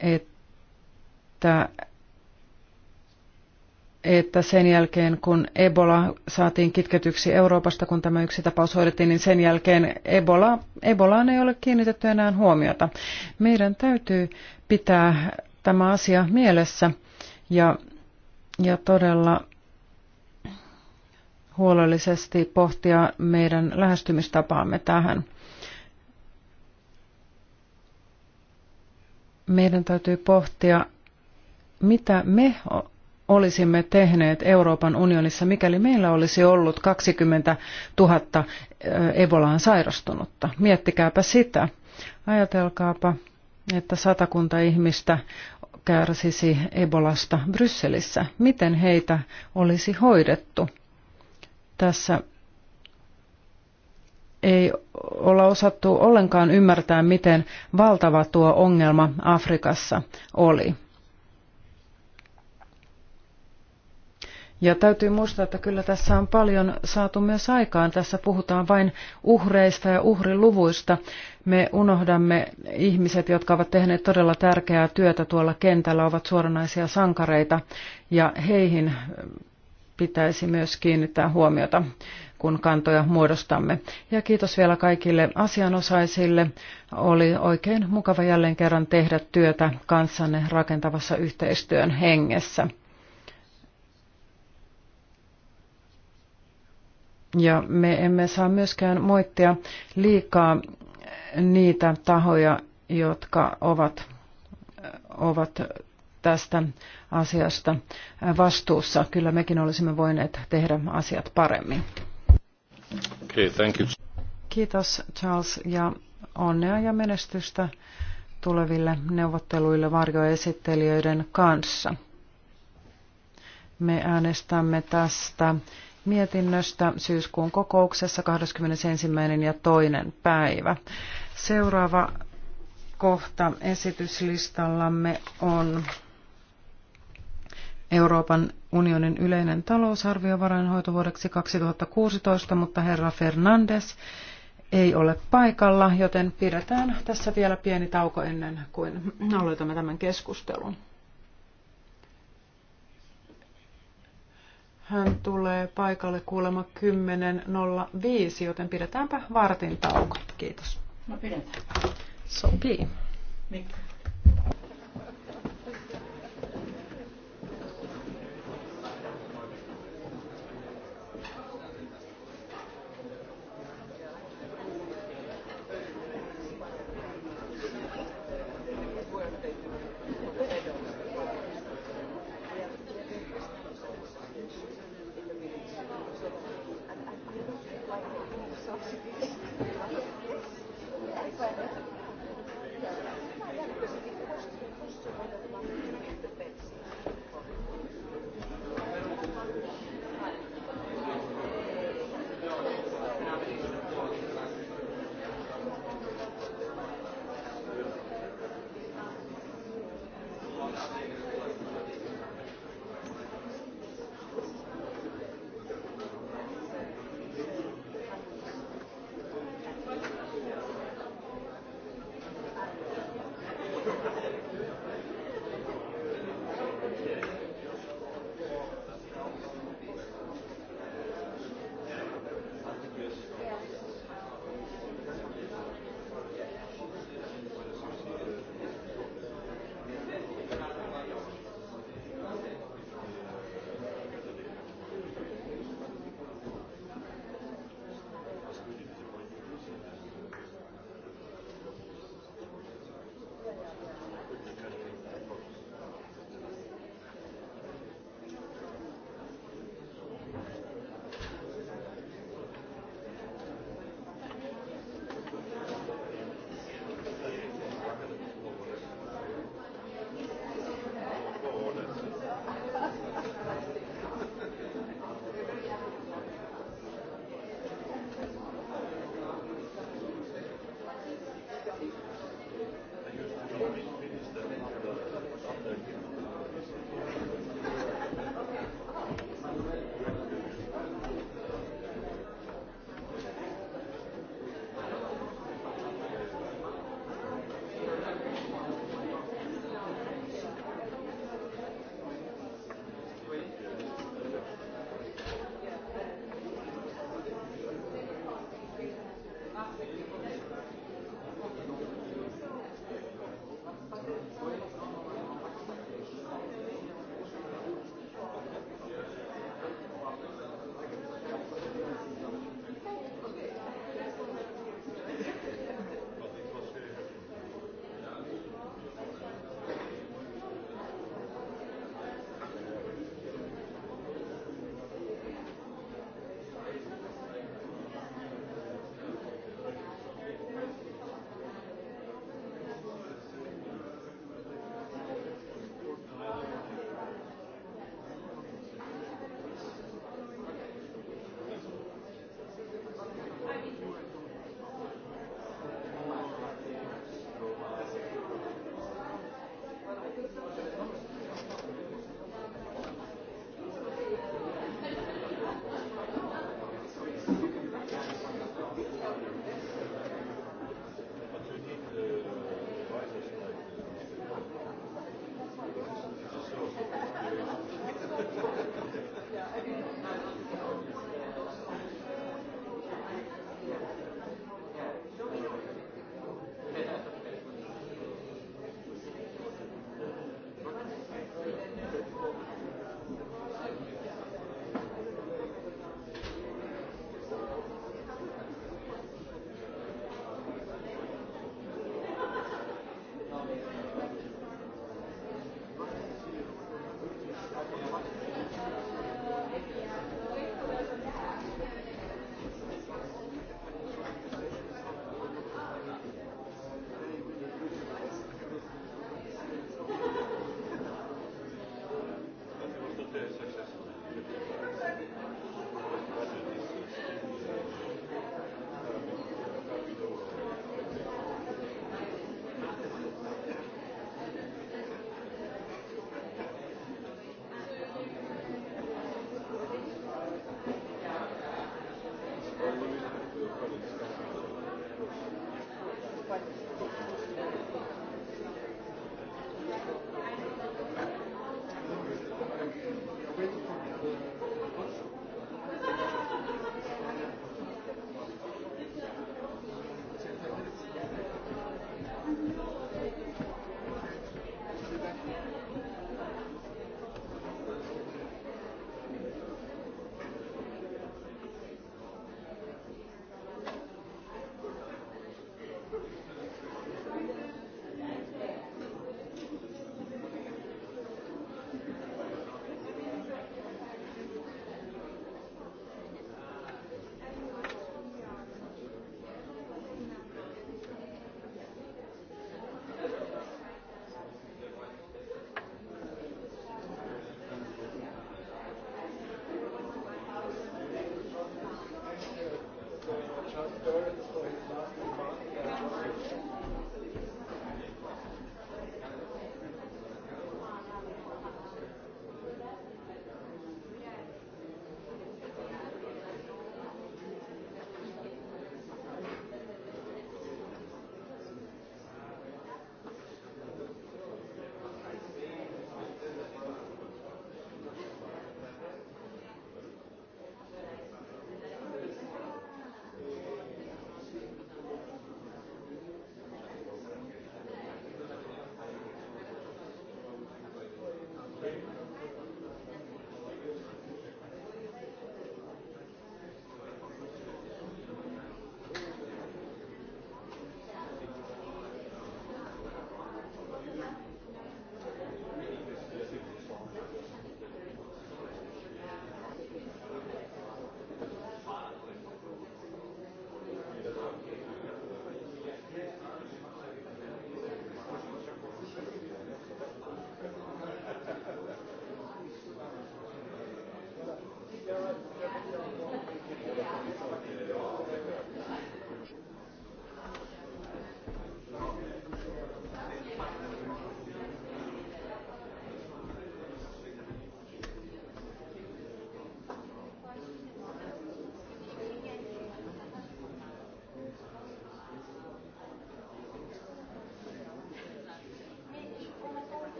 että että sen jälkeen kun Ebola saatiin kitketyksi Euroopasta, kun tämä yksi tapaus hoidettiin, niin sen jälkeen Ebola, Ebolaan ei ole kiinnitetty enää huomiota. Meidän täytyy pitää tämä asia mielessä ja, ja todella huolellisesti pohtia meidän lähestymistapaamme tähän. Meidän täytyy pohtia, mitä me olisimme tehneet Euroopan unionissa, mikäli meillä olisi ollut 20 000 Ebolaan sairastunutta. Miettikääpä sitä. Ajatelkaapa, että satakunta ihmistä kärsisi Ebolasta Brysselissä. Miten heitä olisi hoidettu? Tässä ei olla osattu ollenkaan ymmärtää, miten valtava tuo ongelma Afrikassa oli. Ja täytyy muistaa, että kyllä tässä on paljon saatu myös aikaan. Tässä puhutaan vain uhreista ja uhriluvuista. Me unohdamme ihmiset, jotka ovat tehneet todella tärkeää työtä tuolla kentällä, ovat suoranaisia sankareita ja heihin pitäisi myös kiinnittää huomiota, kun kantoja muodostamme. Ja kiitos vielä kaikille asianosaisille. Oli oikein mukava jälleen kerran tehdä työtä kanssanne rakentavassa yhteistyön hengessä. Ja me emme saa myöskään moittia liikaa niitä tahoja, jotka ovat, ovat tästä asiasta vastuussa. Kyllä mekin olisimme voineet tehdä asiat paremmin. Okay, thank you. Kiitos Charles ja onnea ja menestystä tuleville neuvotteluille varjoesittelijöiden kanssa. Me äänestämme tästä mietinnöstä syyskuun kokouksessa 21. ja 2. päivä. Seuraava kohta esityslistallamme on Euroopan unionin yleinen talousarvio varainhoitovuodeksi 2016, mutta herra Fernandes ei ole paikalla, joten pidetään tässä vielä pieni tauko ennen kuin aloitamme tämän keskustelun. Hän tulee paikalle kuulemma 10.05, joten pidetäänpä vartin tauko. Kiitos. No pidetään. Sopii. Mikko.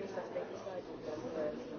always have they decided that first?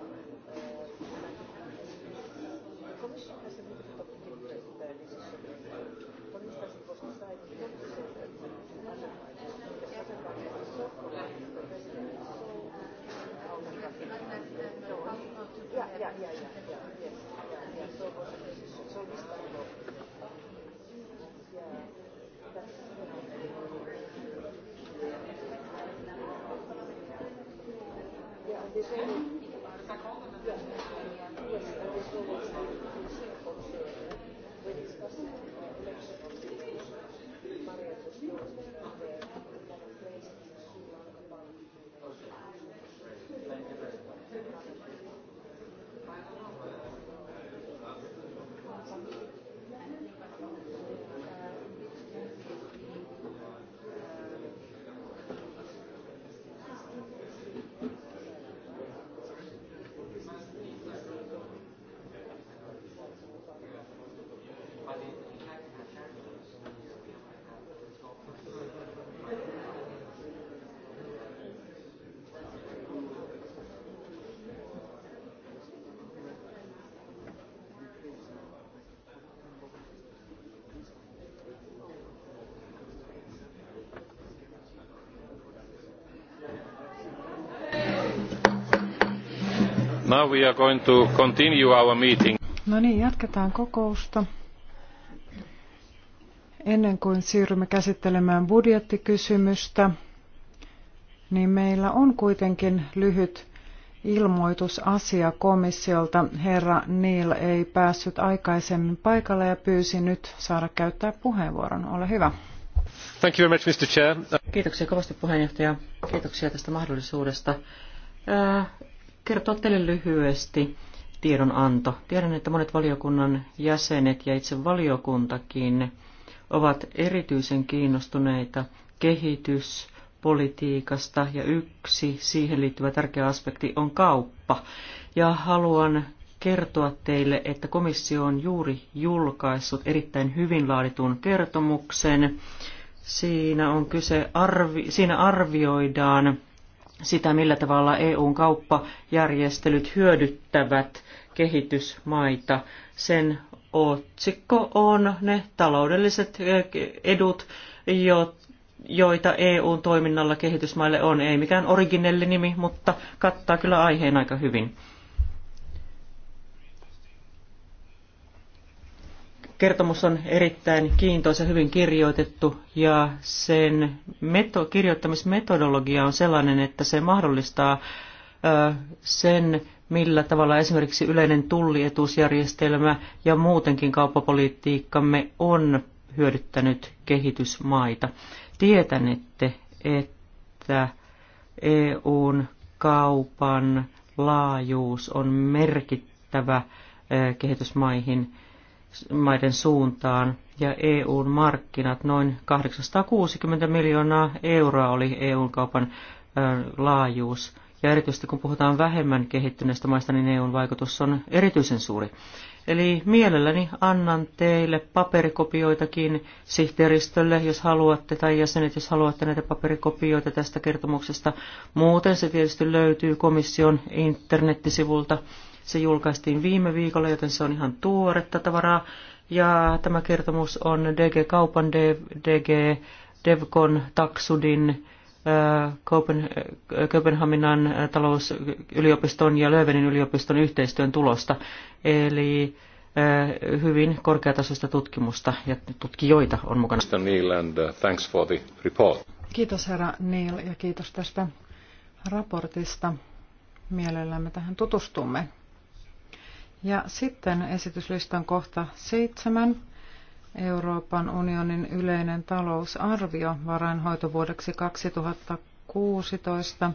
Now we are going to continue our meeting. No niin, jatketaan kokousta. Ennen kuin siirrymme käsittelemään budjettikysymystä, niin meillä on kuitenkin lyhyt ilmoitusasia komissiolta. Herra Neil ei päässyt aikaisemmin paikalle ja pyysi nyt saada käyttää puheenvuoron. Ole hyvä. Thank you very much, Mr. Chair. Kiitoksia kovasti puheenjohtaja. Kiitoksia tästä mahdollisuudesta. Äh, kertoa teille lyhyesti tiedonanto. Tiedän, että monet valiokunnan jäsenet ja itse valiokuntakin ovat erityisen kiinnostuneita kehityspolitiikasta ja yksi siihen liittyvä tärkeä aspekti on kauppa. Ja haluan kertoa teille, että komissio on juuri julkaissut erittäin hyvin laaditun kertomuksen. Siinä, on kyse arvi, siinä arvioidaan sitä, millä tavalla EUn kauppajärjestelyt hyödyttävät kehitysmaita. Sen otsikko on ne taloudelliset edut, joita EUn toiminnalla kehitysmaille on. Ei mikään originelli nimi, mutta kattaa kyllä aiheen aika hyvin. Kertomus on erittäin kiintoisa, hyvin kirjoitettu ja sen meto- kirjoittamismetodologia on sellainen, että se mahdollistaa sen, millä tavalla esimerkiksi yleinen tullietuusjärjestelmä ja muutenkin kauppapolitiikkamme on hyödyttänyt kehitysmaita. Tietänette, että EUn e kaupan laajuus on merkittävä kehitysmaihin maiden suuntaan ja EUn markkinat noin 860 miljoonaa euroa oli EUn kaupan laajuus. Ja erityisesti kun puhutaan vähemmän kehittyneistä maista, niin EUn vaikutus on erityisen suuri. Eli mielelläni annan teille paperikopioitakin sihteeristölle, jos haluatte, tai jäsenet, jos haluatte näitä paperikopioita tästä kertomuksesta. Muuten se tietysti löytyy komission internettisivulta. Se julkaistiin viime viikolla, joten se on ihan tuoretta tavaraa. Ja tämä kertomus on DG Kaupan, DG Devcon, Taksudin, Kööpenhaminan talousyliopiston ja Löövenin yliopiston yhteistyön tulosta. Eli hyvin korkeatasoista tutkimusta ja tutkijoita on mukana. Mr. Neil and uh, thanks for the report. Kiitos herra Neil ja kiitos tästä raportista. Mielellämme tähän tutustumme. Ja sitten esityslistan kohta seitsemän. Euroopan unionin yleinen talousarvio varainhoitovuodeksi 2016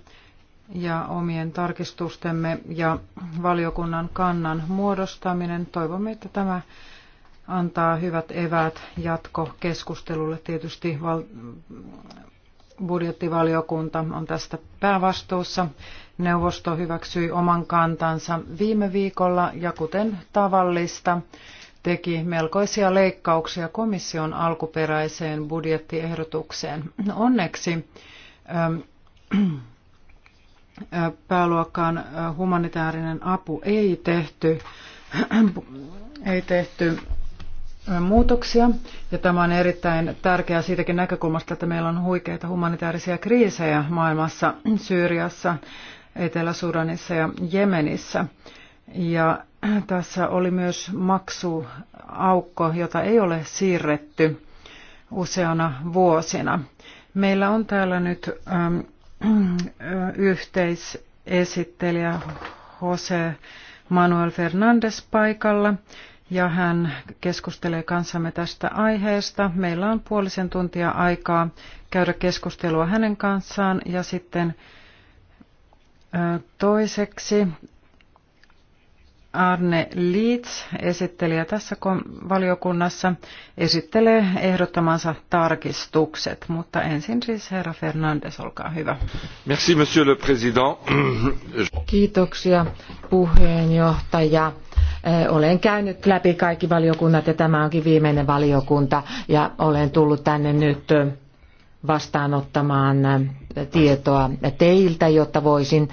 ja omien tarkistustemme ja valiokunnan kannan muodostaminen. Toivomme, että tämä antaa hyvät eväät jatkokeskustelulle. Tietysti val- budjettivaliokunta on tästä päävastuussa. Neuvosto hyväksyi oman kantansa viime viikolla ja kuten tavallista teki melkoisia leikkauksia komission alkuperäiseen budjettiehdotukseen. Onneksi ähm, äh, pääluokkaan äh, humanitaarinen apu ei tehty, ei tehty äh, muutoksia. Ja tämä on erittäin tärkeää siitäkin näkökulmasta, että meillä on huikeita humanitaarisia kriisejä maailmassa, Syyriassa, Etelä-Sudanissa ja Jemenissä. Ja tässä oli myös maksuaukko, jota ei ole siirretty useana vuosina. Meillä on täällä nyt ähm, yhteisesittelijä Jose Manuel Fernandes paikalla ja hän keskustelee kanssamme tästä aiheesta. Meillä on puolisen tuntia aikaa käydä keskustelua hänen kanssaan ja sitten Toiseksi Arne Leeds, esittelijä tässä valiokunnassa, esittelee ehdottamansa tarkistukset, mutta ensin siis herra Fernandes, olkaa hyvä. Merci, monsieur le président. Kiitoksia puheenjohtaja. Olen käynyt läpi kaikki valiokunnat ja tämä onkin viimeinen valiokunta ja olen tullut tänne nyt vastaanottamaan tietoa teiltä, jotta voisin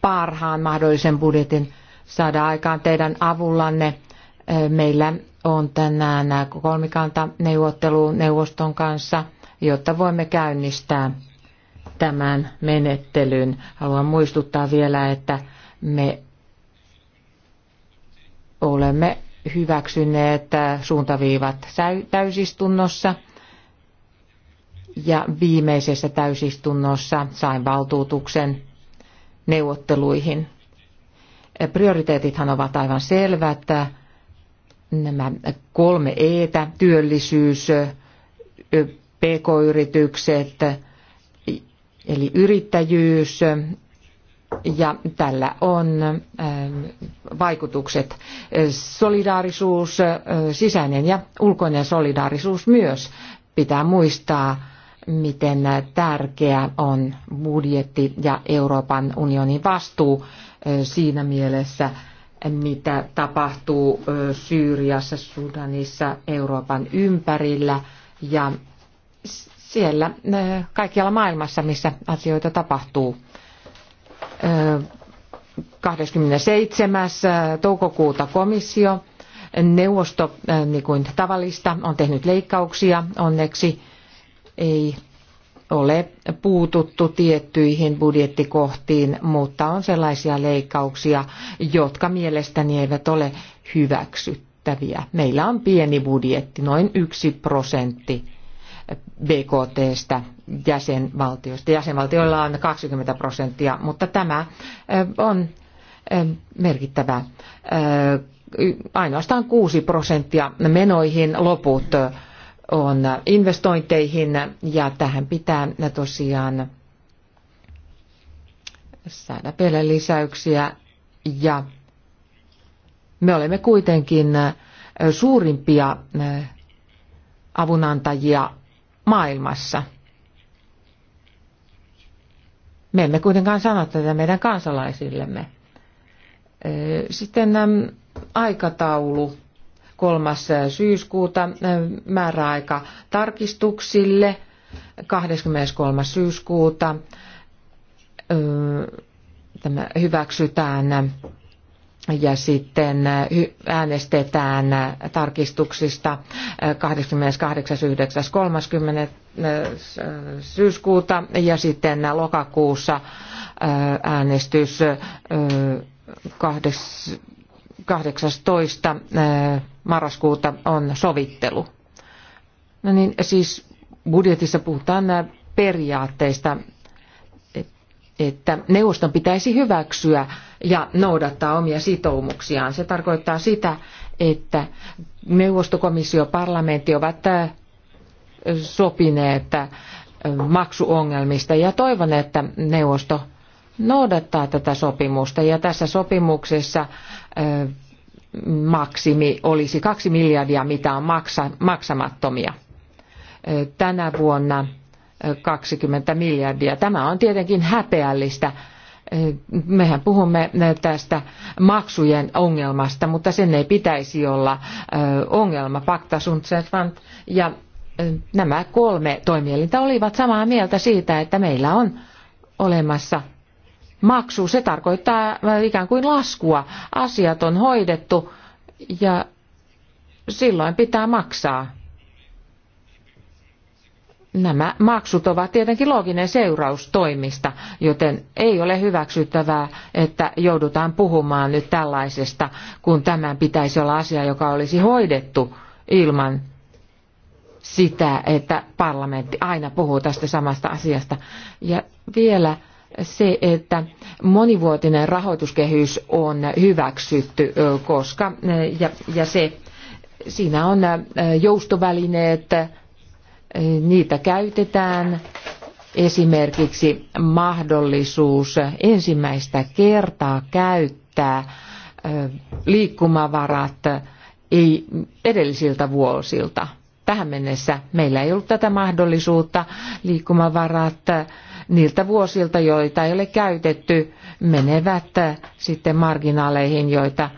parhaan mahdollisen budjetin saada aikaan teidän avullanne. Meillä on tänään kolmikanta neuvottelu neuvoston kanssa, jotta voimme käynnistää tämän menettelyn. Haluan muistuttaa vielä, että me olemme hyväksyneet suuntaviivat täysistunnossa – ja viimeisessä täysistunnossa sain valtuutuksen neuvotteluihin. Prioriteetithan ovat aivan selvät. Nämä kolme etä, työllisyys, pk-yritykset, eli yrittäjyys, ja tällä on äh, vaikutukset. Solidaarisuus, äh, sisäinen ja ulkoinen solidaarisuus myös pitää muistaa miten tärkeä on budjetti ja Euroopan unionin vastuu siinä mielessä, mitä tapahtuu Syyriassa, Sudanissa, Euroopan ympärillä ja siellä kaikkialla maailmassa, missä asioita tapahtuu. 27. toukokuuta komissio, neuvosto, niin kuin tavallista, on tehnyt leikkauksia onneksi ei ole puututtu tiettyihin budjettikohtiin, mutta on sellaisia leikkauksia, jotka mielestäni eivät ole hyväksyttäviä. Meillä on pieni budjetti, noin yksi prosentti BKTstä jäsenvaltioista. Jäsenvaltioilla on 20 prosenttia, mutta tämä on merkittävä. Ainoastaan 6 prosenttia menoihin, loput on investointeihin ja tähän pitää tosiaan saada vielä lisäyksiä ja me olemme kuitenkin suurimpia äh, avunantajia maailmassa. Me emme kuitenkaan sano tätä meidän kansalaisillemme. Äh, sitten aikataulu 3. Äh, syyskuuta äh, määräaika tarkistuksille 23. syyskuuta. Äh, tämä hyväksytään ja sitten äänestetään tarkistuksista 28.9.30. syyskuuta ja sitten lokakuussa äänestys 18 marraskuuta on sovittelu. No niin, siis budjetissa puhutaan nämä periaatteista, että neuvoston pitäisi hyväksyä ja noudattaa omia sitoumuksiaan. Se tarkoittaa sitä, että neuvostokomissio parlamentti ovat sopineet maksuongelmista ja toivon, että neuvosto noudattaa tätä sopimusta. Ja tässä sopimuksessa maksimi olisi kaksi miljardia, mitä on maksamattomia. Tänä vuonna 20 miljardia. Tämä on tietenkin häpeällistä. Mehän puhumme tästä maksujen ongelmasta, mutta sen ei pitäisi olla ongelma. Pacta sunt ja nämä kolme toimielintä olivat samaa mieltä siitä, että meillä on olemassa maksu, se tarkoittaa äh, ikään kuin laskua. Asiat on hoidettu ja silloin pitää maksaa. Nämä maksut ovat tietenkin looginen seuraus toimista, joten ei ole hyväksyttävää, että joudutaan puhumaan nyt tällaisesta, kun tämän pitäisi olla asia, joka olisi hoidettu ilman sitä, että parlamentti aina puhuu tästä samasta asiasta. Ja vielä se, että monivuotinen rahoituskehys on hyväksytty, koska ja, ja se, siinä on joustovälineet, niitä käytetään esimerkiksi mahdollisuus ensimmäistä kertaa käyttää liikkumavarat ei edellisiltä vuosilta Tähän mennessä meillä ei ollut tätä mahdollisuutta. Liikkumavarat niiltä vuosilta, joita ei ole käytetty, menevät sitten marginaaleihin, joita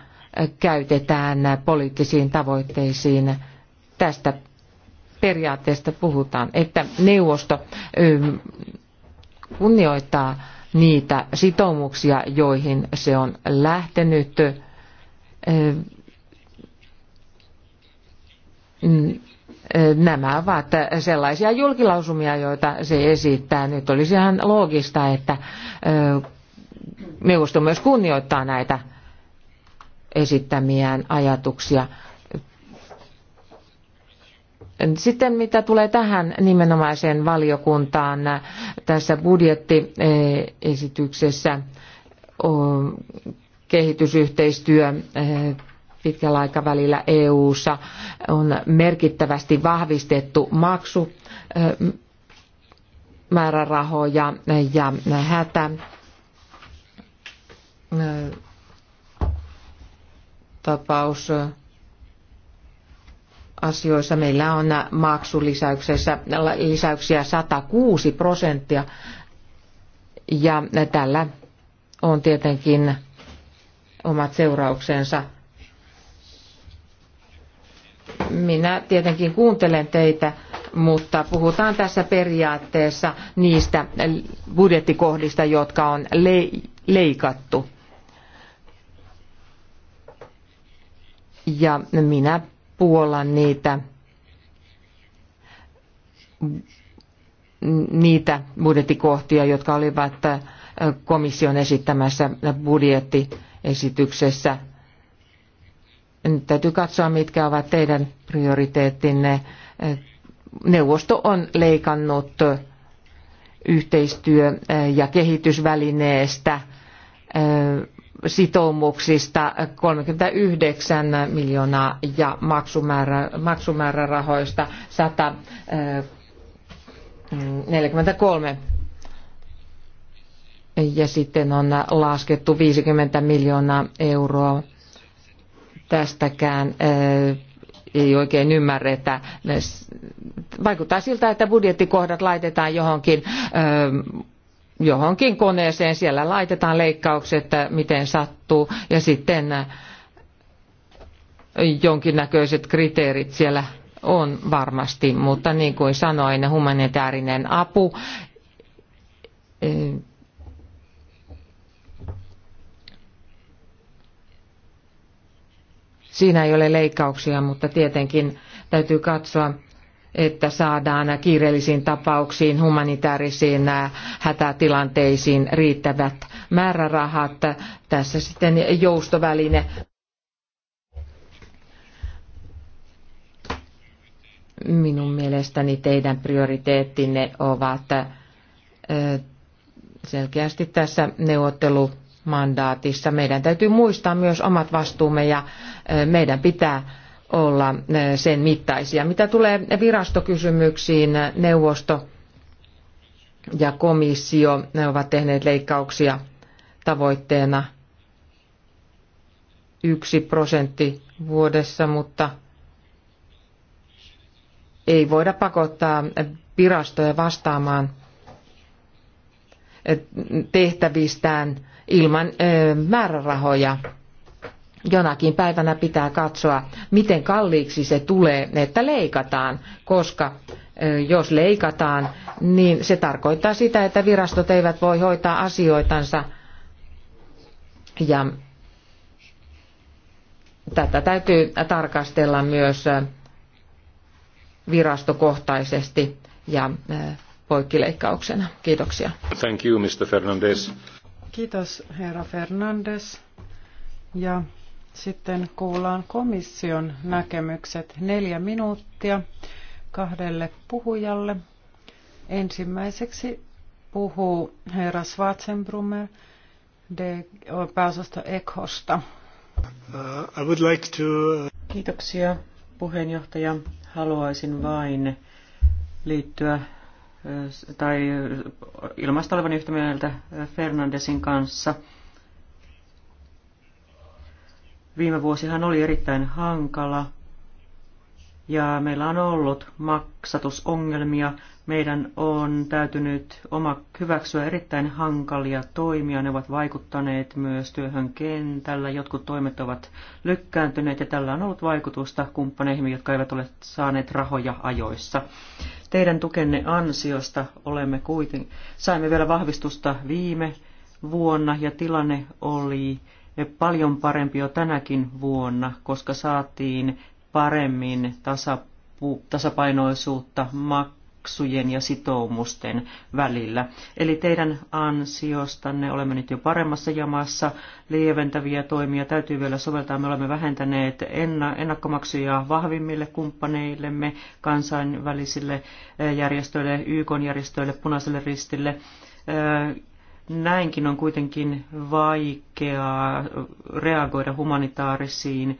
käytetään poliittisiin tavoitteisiin. Tästä periaatteesta puhutaan, että neuvosto kunnioittaa niitä sitoumuksia, joihin se on lähtenyt. Nämä ovat sellaisia julkilausumia, joita se esittää. Nyt olisi ihan loogista, että neuvosto myös kunnioittaa näitä esittämiään ajatuksia. Sitten mitä tulee tähän nimenomaiseen valiokuntaan tässä budjettiesityksessä, kehitysyhteistyö pitkällä aikavälillä EU:ssa on merkittävästi vahvistettu maksu määrärahoja ja hätä tapaus asioissa. Meillä on maksulisäyksessä lisäyksiä 106 prosenttia ja tällä on tietenkin omat seurauksensa minä tietenkin kuuntelen teitä, mutta puhutaan tässä periaatteessa niistä budjettikohdista, jotka on leikattu. Ja minä puolan niitä, niitä budjettikohtia, jotka olivat komission esittämässä budjettiesityksessä nyt täytyy katsoa, mitkä ovat teidän prioriteettinne. Neuvosto on leikannut yhteistyö- ja kehitysvälineestä sitoumuksista 39 miljoonaa ja maksumäärä, maksumäärärahoista 143 ja sitten on laskettu 50 miljoonaa euroa tästäkään eh, ei oikein ymmärretä. Vaikuttaa siltä, että budjettikohdat laitetaan johonkin, eh, johonkin koneeseen, siellä laitetaan leikkaukset, eh, miten sattuu, ja sitten jonkinnäköiset kriteerit siellä on varmasti, mutta niin kuin sanoin, humanitaarinen apu Siinä ei ole leikkauksia, mutta tietenkin täytyy katsoa, että saadaan kiireellisiin tapauksiin, humanitaarisiin äh, hätätilanteisiin riittävät määrärahat. Tässä sitten joustoväline. Minun mielestäni teidän prioriteettinne ovat äh, selkeästi tässä neuvottelu mandaatissa. Meidän täytyy muistaa myös omat vastuumme ja meidän pitää olla sen mittaisia. Mitä tulee virastokysymyksiin, neuvosto ja komissio ne ovat tehneet leikkauksia tavoitteena yksi prosentti vuodessa, mutta ei voida pakottaa virastoja vastaamaan tehtävistään ilman määrärahoja. Jonakin päivänä pitää katsoa, miten kalliiksi se tulee, että leikataan, koska jos leikataan, niin se tarkoittaa sitä, että virastot eivät voi hoitaa asioitansa. Ja tätä täytyy tarkastella myös virastokohtaisesti ja poikkileikkauksena. Kiitoksia. Thank you, Mr. Fernandez. Kiitos herra Fernandes. Ja sitten kuullaan komission näkemykset. Neljä minuuttia kahdelle puhujalle. Ensimmäiseksi puhuu herra Schwarzenbrummer pääosasta Ekosta. Uh, I would like to... Uh, Kiitoksia puheenjohtaja. Haluaisin vain liittyä tai ilmaista olevan yhtä mieltä Fernandesin kanssa. Viime vuosihan oli erittäin hankala ja meillä on ollut maksatusongelmia meidän on täytynyt oma hyväksyä erittäin hankalia toimia. Ne ovat vaikuttaneet myös työhön kentällä. Jotkut toimet ovat lykkääntyneet ja tällä on ollut vaikutusta kumppaneihin, jotka eivät ole saaneet rahoja ajoissa. Teidän tukenne ansiosta olemme kuitenkin, saimme vielä vahvistusta viime vuonna ja tilanne oli paljon parempi jo tänäkin vuonna, koska saatiin paremmin tasapainoisuutta mak maksujen ja sitoumusten välillä. Eli teidän ansiostanne olemme nyt jo paremmassa jamassa. Lieventäviä toimia täytyy vielä soveltaa. Me olemme vähentäneet ennakkomaksuja vahvimmille kumppaneillemme, kansainvälisille eh, järjestöille, YK-järjestöille, punaiselle ristille eh, näinkin on kuitenkin vaikeaa reagoida humanitaarisiin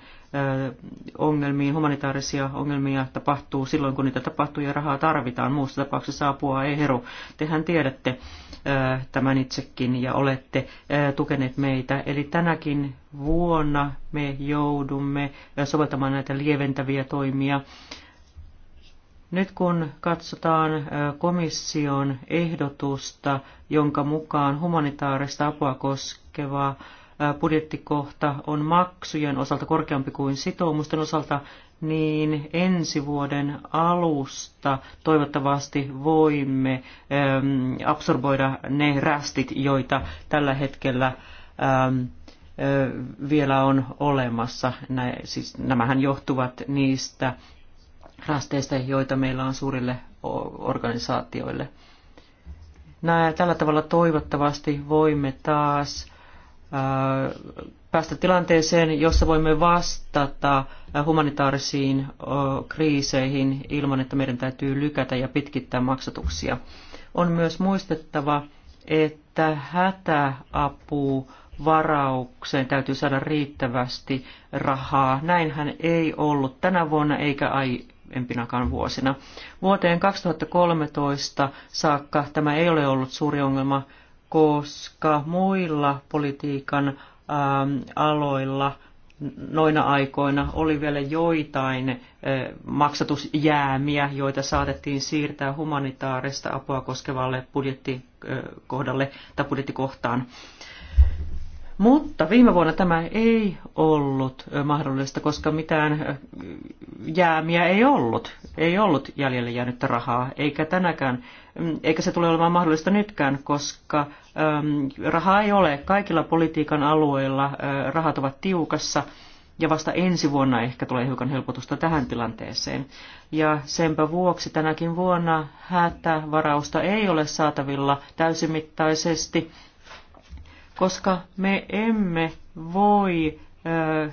ongelmiin, humanitaarisia ongelmia tapahtuu silloin, kun niitä tapahtuu ja rahaa tarvitaan. Muussa tapauksessa apua ei heru. Tehän tiedätte tämän itsekin ja olette tukeneet meitä. Eli tänäkin vuonna me joudumme soveltamaan näitä lieventäviä toimia. Nyt kun katsotaan komission ehdotusta, jonka mukaan humanitaarista apua koskeva budjettikohta on maksujen osalta korkeampi kuin sitoumusten osalta, niin ensi vuoden alusta toivottavasti voimme absorboida ne rästit, joita tällä hetkellä vielä on olemassa. Nä, siis nämähän johtuvat niistä rasteista, joita meillä on suurille organisaatioille. Nää, tällä tavalla toivottavasti voimme taas päästä tilanteeseen, jossa voimme vastata humanitaarisiin kriiseihin ilman, että meidän täytyy lykätä ja pitkittää maksatuksia. On myös muistettava, että hätäapu varaukseen täytyy saada riittävästi rahaa. Näinhän ei ollut tänä vuonna eikä aiempinakaan vuosina. Vuoteen 2013 saakka tämä ei ole ollut suuri ongelma koska muilla politiikan ähm, aloilla noina aikoina oli vielä joitain äh, maksatusjäämiä, joita saatettiin siirtää humanitaarista apua koskevalle budjettikohdalle äh, tai budjettikohtaan. Mutta viime vuonna tämä ei ollut mahdollista, koska mitään jäämiä ei ollut. Ei ollut jäljelle jäänyttä rahaa, eikä tänäkään, mm, eikä se tule olemaan mahdollista nytkään, koska äm, rahaa ei ole. Kaikilla politiikan alueilla rahat ovat tiukassa ja vasta ensi vuonna ehkä tulee hiukan helpotusta tähän tilanteeseen. Ja senpä vuoksi tänäkin vuonna hätävarausta ei ole saatavilla täysimittaisesti koska me emme voi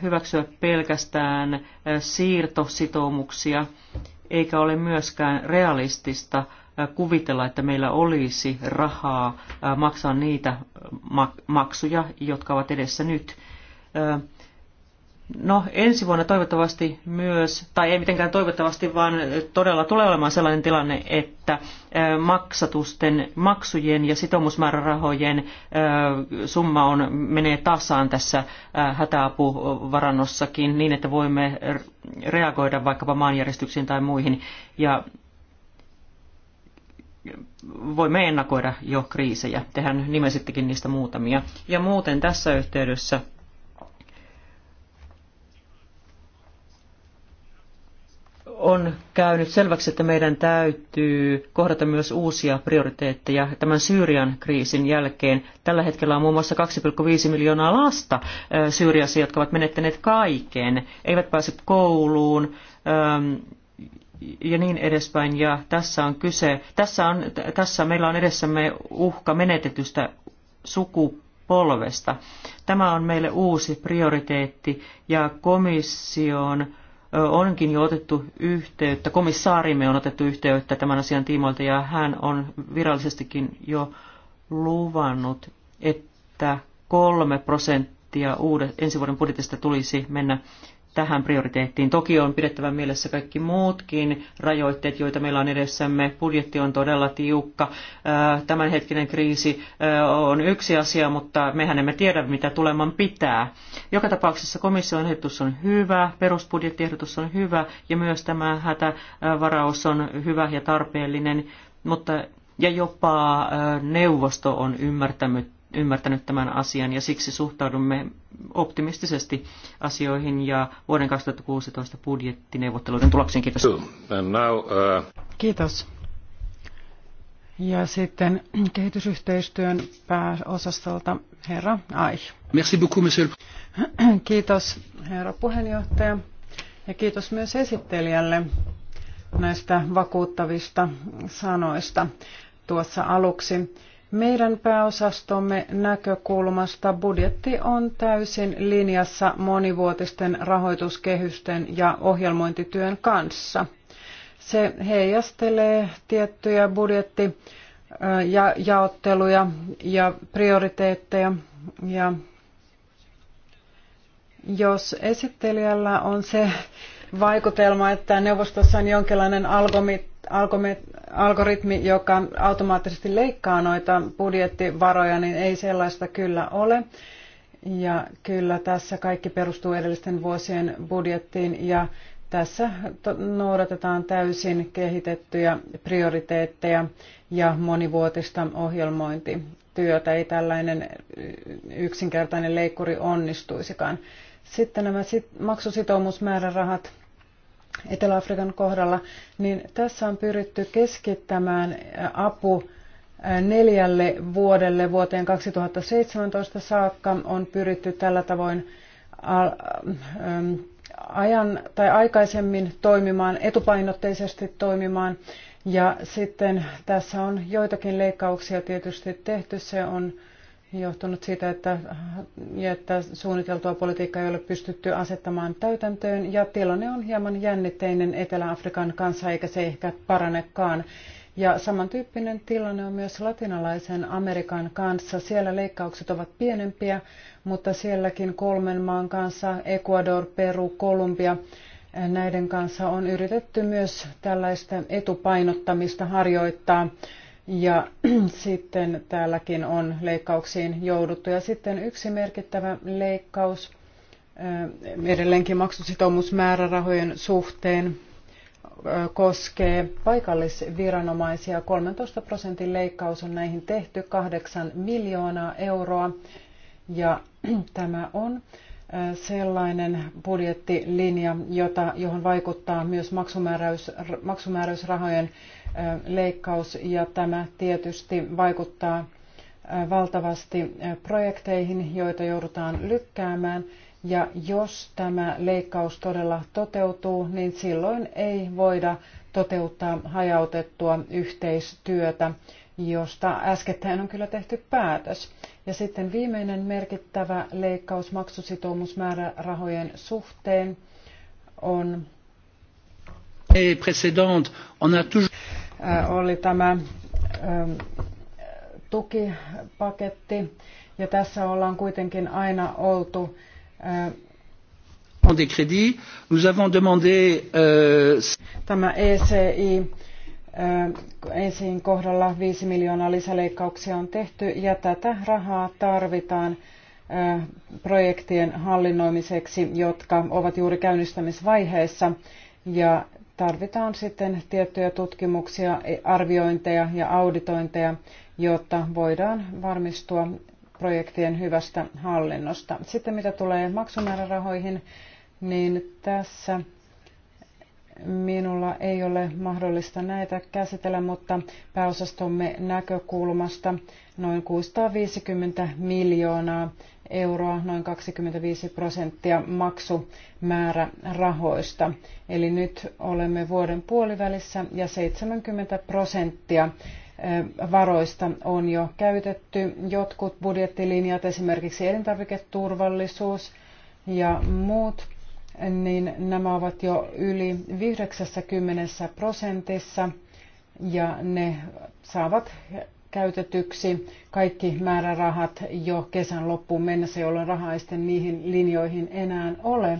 hyväksyä pelkästään siirtositoumuksia, eikä ole myöskään realistista kuvitella, että meillä olisi rahaa maksaa niitä maksuja, jotka ovat edessä nyt. No ensi vuonna toivottavasti myös, tai ei mitenkään toivottavasti, vaan todella tulee olemaan sellainen tilanne, että maksatusten, maksujen ja sitoumusmäärärahojen summa on, menee tasaan tässä hätäapuvarannossakin niin, että voimme reagoida vaikkapa maanjäristyksiin tai muihin ja voimme ennakoida jo kriisejä. Tehän nimesittekin niistä muutamia. Ja muuten tässä yhteydessä on käynyt selväksi, että meidän täytyy kohdata myös uusia prioriteetteja tämän Syyrian kriisin jälkeen. Tällä hetkellä on muun muassa 2,5 miljoonaa lasta Syyriassa, jotka ovat menettäneet kaiken, eivät pääse kouluun ja niin edespäin. Ja tässä on kyse, tässä, on, tässä meillä on edessämme uhka menetetystä sukupolvesta. Tämä on meille uusi prioriteetti ja komission onkin jo otettu yhteyttä, komissaarimme on otettu yhteyttä tämän asian tiimoilta ja hän on virallisestikin jo luvannut, että kolme prosenttia uudet, ensi vuoden budjetista tulisi mennä tähän prioriteettiin. Toki on pidettävä mielessä kaikki muutkin rajoitteet, joita meillä on edessämme. Budjetti on todella tiukka. Tämänhetkinen kriisi on yksi asia, mutta mehän emme tiedä, mitä tuleman pitää. Joka tapauksessa komission ehdotus on hyvä, perusbudjettiehdotus on hyvä ja myös tämä hätävaraus on hyvä ja tarpeellinen, mutta ja jopa neuvosto on ymmärtänyt ymmärtänyt tämän asian ja siksi suhtaudumme optimistisesti asioihin ja vuoden 2016 budjettineuvotteluiden tuloksiin. Kiitos. Now, uh... Kiitos. Ja sitten kehitysyhteistyön pääosastolta herra Ai. Merci beaucoup, monsieur. Kiitos herra puheenjohtaja ja kiitos myös esittelijälle näistä vakuuttavista sanoista tuossa aluksi. Meidän pääosastomme näkökulmasta budjetti on täysin linjassa monivuotisten rahoituskehysten ja ohjelmointityön kanssa. Se heijastelee tiettyjä budjetti- ja jaotteluja ja prioriteetteja. Ja jos esittelijällä on se vaikutelma, että neuvostossa on jonkinlainen algomit algoritmi, joka automaattisesti leikkaa noita budjettivaroja, niin ei sellaista kyllä ole. Ja kyllä tässä kaikki perustuu edellisten vuosien budjettiin ja tässä noudatetaan täysin kehitettyjä prioriteetteja ja monivuotista ohjelmointityötä. Ei tällainen yksinkertainen leikkuri onnistuisikaan. Sitten nämä maksusitoumusmäärärahat Etelä-Afrikan kohdalla, niin tässä on pyritty keskittämään apu neljälle vuodelle vuoteen 2017 saakka on pyritty tällä tavoin ajan tai aikaisemmin toimimaan, etupainotteisesti toimimaan. Ja sitten tässä on joitakin leikkauksia tietysti tehty. Se on johtunut siitä, että, että suunniteltua politiikkaa ei ole pystytty asettamaan täytäntöön ja tilanne on hieman jännitteinen Etelä-Afrikan kanssa eikä se ehkä paranekaan. Ja samantyyppinen tilanne on myös latinalaisen Amerikan kanssa. Siellä leikkaukset ovat pienempiä, mutta sielläkin kolmen maan kanssa, Ecuador, Peru, Kolumbia, näiden kanssa on yritetty myös tällaista etupainottamista harjoittaa ja sitten täälläkin on leikkauksiin jouduttu. Ja sitten yksi merkittävä leikkaus äh, edelleenkin maksusitoumusmäärärahojen suhteen äh, koskee paikallisviranomaisia. 13 prosentin leikkaus on näihin tehty, 8 miljoonaa euroa. Ja tämä on äh, sellainen budjettilinja, jota, johon vaikuttaa myös maksumääräys, maksumääräysrahojen leikkaus ja tämä tietysti vaikuttaa valtavasti projekteihin, joita joudutaan lykkäämään. Ja jos tämä leikkaus todella toteutuu, niin silloin ei voida toteuttaa hajautettua yhteistyötä, josta äskettäin on kyllä tehty päätös. Ja sitten viimeinen merkittävä leikkaus maksusitoumusmäärärahojen suhteen on... on a toujours oli tämä tukipaketti. Ja tässä ollaan kuitenkin aina oltu des crédits, nous avons demandé euh, tämä ECI ensin kohdalla 5 miljoonaa lisäleikkauksia on tehty ja tätä rahaa tarvitaan projektien hallinnoimiseksi, jotka ovat juuri käynnistämisvaiheessa ja tarvitaan sitten tiettyjä tutkimuksia, arviointeja ja auditointeja, jotta voidaan varmistua projektien hyvästä hallinnosta. Sitten mitä tulee maksumäärärahoihin, niin tässä minulla ei ole mahdollista näitä käsitellä, mutta pääosastomme näkökulmasta noin 650 miljoonaa euroa, noin 25 prosenttia maksumäärä rahoista. Eli nyt olemme vuoden puolivälissä ja 70 prosenttia varoista on jo käytetty. Jotkut budjettilinjat, esimerkiksi elintarviketurvallisuus ja muut, niin nämä ovat jo yli 90 prosentissa ja ne saavat käytetyksi kaikki määrärahat jo kesän loppuun mennessä, jolloin rahaa ei sitten niihin linjoihin enää ole.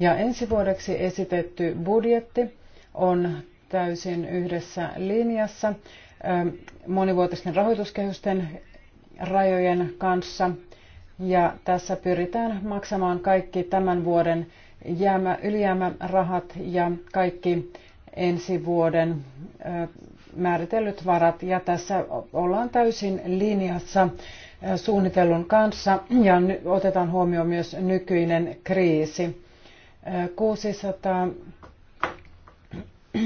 Ja ensi vuodeksi esitetty budjetti on täysin yhdessä linjassa ähm, monivuotisten rahoituskehysten rajojen kanssa. Ja tässä pyritään maksamaan kaikki tämän vuoden jäämä, ylijäämärahat ja kaikki ensi vuoden äh, määritellyt varat ja tässä ollaan täysin linjassa äh, suunnitellun kanssa ja otetaan huomioon myös nykyinen kriisi. 600 äh,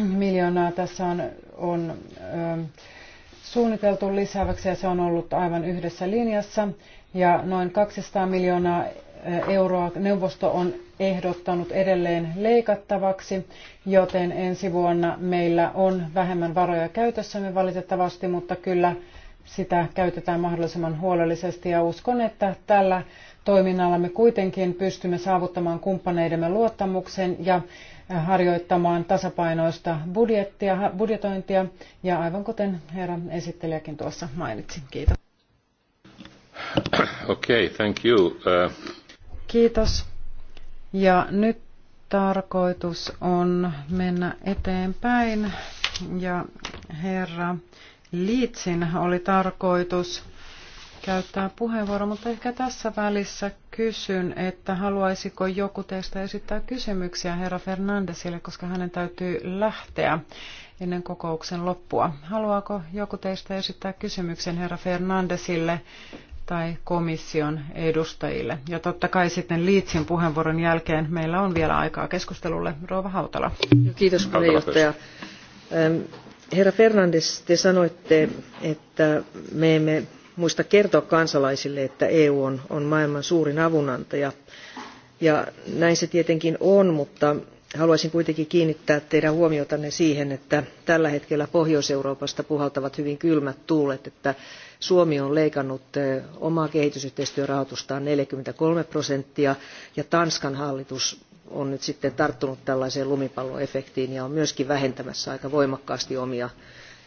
miljoonaa tässä on, on ähm, suunniteltu lisäväksi ja se on ollut aivan yhdessä linjassa ja noin 200 miljoonaa euroa neuvosto on ehdottanut edelleen leikattavaksi, joten ensi vuonna meillä on vähemmän varoja käytössämme valitettavasti, mutta kyllä sitä käytetään mahdollisimman huolellisesti ja uskon, että tällä toiminnalla me kuitenkin pystymme saavuttamaan kumppaneidemme luottamuksen ja harjoittamaan tasapainoista budjettia, budjetointia ja aivan kuten herra esittelijäkin tuossa mainitsi. Kiitos. Okay, thank you. Uh... Kiitos. Ja nyt tarkoitus on mennä eteenpäin. Ja herra Liitsin oli tarkoitus käyttää puheenvuoro, mutta ehkä tässä välissä kysyn, että haluaisiko joku teistä esittää kysymyksiä herra Fernandesille, koska hänen täytyy lähteä ennen kokouksen loppua. Haluaako joku teistä esittää kysymyksen herra Fernandesille tai komission edustajille. Ja totta kai sitten Liitsin puheenvuoron jälkeen meillä on vielä aikaa keskustelulle. Rouva Hautala. Kiitos puheenjohtaja. Herra Fernandes, te sanoitte, että me emme muista kertoa kansalaisille, että EU on, on maailman suurin avunantaja. Ja näin se tietenkin on, mutta haluaisin kuitenkin kiinnittää teidän huomiotanne siihen että tällä hetkellä pohjois euroopasta puhaltavat hyvin kylmät tuulet että suomi on leikannut omaa kehitysyhteistyörahoitustaan neljäkymmentäkolme prosenttia ja tanskan hallitus on nyt sitten tarttunut tällaiseen lumipalloefektiin ja on myöskin vähentämässä aika voimakkaasti omia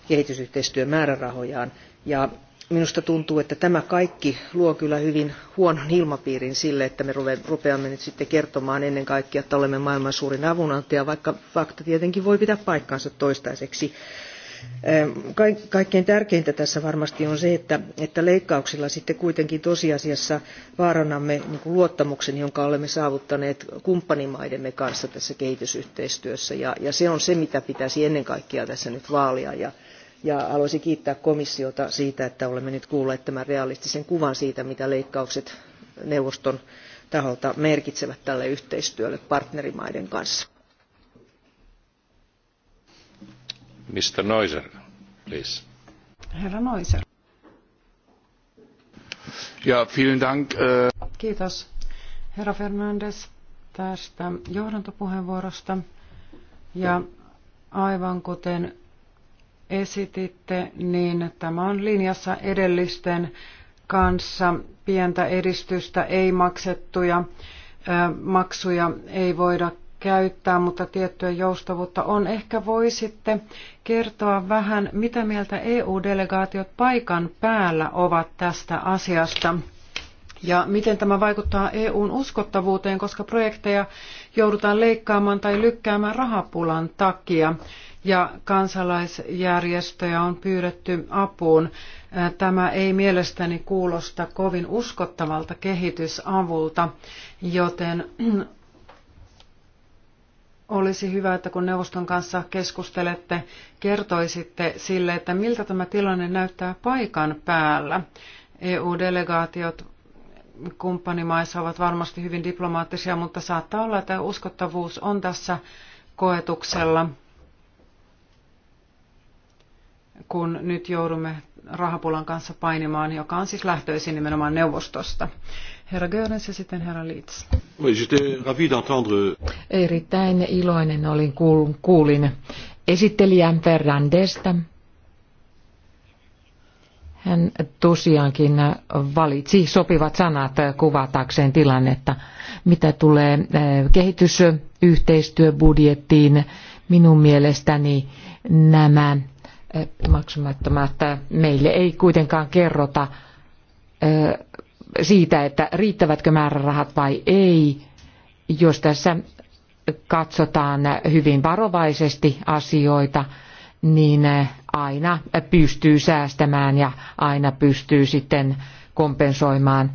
kehitysyhteistyömäärärahojaan ja minusta tuntuu että tämä kaikki luo kyllä hyvin huonon ilmapiirin sille että me rupeamme nyt sitten kertomaan ennen kaikkea että olemme maailman suurin avunantaja vaikka fakta tietenkin voi pitää paikkansa toistaiseksi. Ehm, kaikkein tärkeintä tässä varmasti on se, että, että leikkauksilla sitten kuitenkin tosiasiassa vaarannamme niin kuin luottamuksen, jonka olemme saavuttaneet kumppanimaidemme kanssa tässä kehitysyhteistyössä. Ja, ja se on se, mitä pitäisi ennen kaikkea tässä nyt vaalia. Ja, ja haluaisin kiittää komissiota siitä että olemme nyt kuulleet tämän realistisen kuvan siitä mitä leikkaukset neuvoston taholta merkitsevät tälle yhteistyölle partnerimaiden kanssa. Mr. Neuser, please. Herra Neuser. Ja, vielen Dank. Äh, Kiitos, herra Fernandes, tästä johdantopuheenvuorosta. Ja aivan kuten esititte, niin tämä on linjassa edellisten kanssa. Pientä edistystä ei maksettuja maksuja ei voida käyttää, mutta tiettyä joustavuutta on. Ehkä voisitte kertoa vähän, mitä mieltä EU-delegaatiot paikan päällä ovat tästä asiasta. Ja miten tämä vaikuttaa EUn uskottavuuteen, koska projekteja joudutaan leikkaamaan tai lykkäämään rahapulan takia ja kansalaisjärjestöjä on pyydetty apuun. Tämä ei mielestäni kuulosta kovin uskottavalta kehitysavulta, joten olisi hyvä, että kun neuvoston kanssa keskustelette, kertoisitte sille, että miltä tämä tilanne näyttää paikan päällä. EU-delegaatiot kumppanimaissa ovat varmasti hyvin diplomaattisia, mutta saattaa olla, että uskottavuus on tässä koetuksella kun nyt joudumme rahapulan kanssa painimaan, joka on siis lähtöisin nimenomaan neuvostosta. Herra Görens ja sitten herra Leeds. Erittäin iloinen olin, kuulin, kuulin esittelijän Fernandesta. Hän tosiaankin valitsi sopivat sanat kuvatakseen tilannetta, mitä tulee eh, kehitysyhteistyöbudjettiin. Minun mielestäni nämä maksamattomat. Meille ei kuitenkaan kerrota siitä, että riittävätkö määrärahat vai ei. Jos tässä katsotaan hyvin varovaisesti asioita, niin aina pystyy säästämään ja aina pystyy sitten kompensoimaan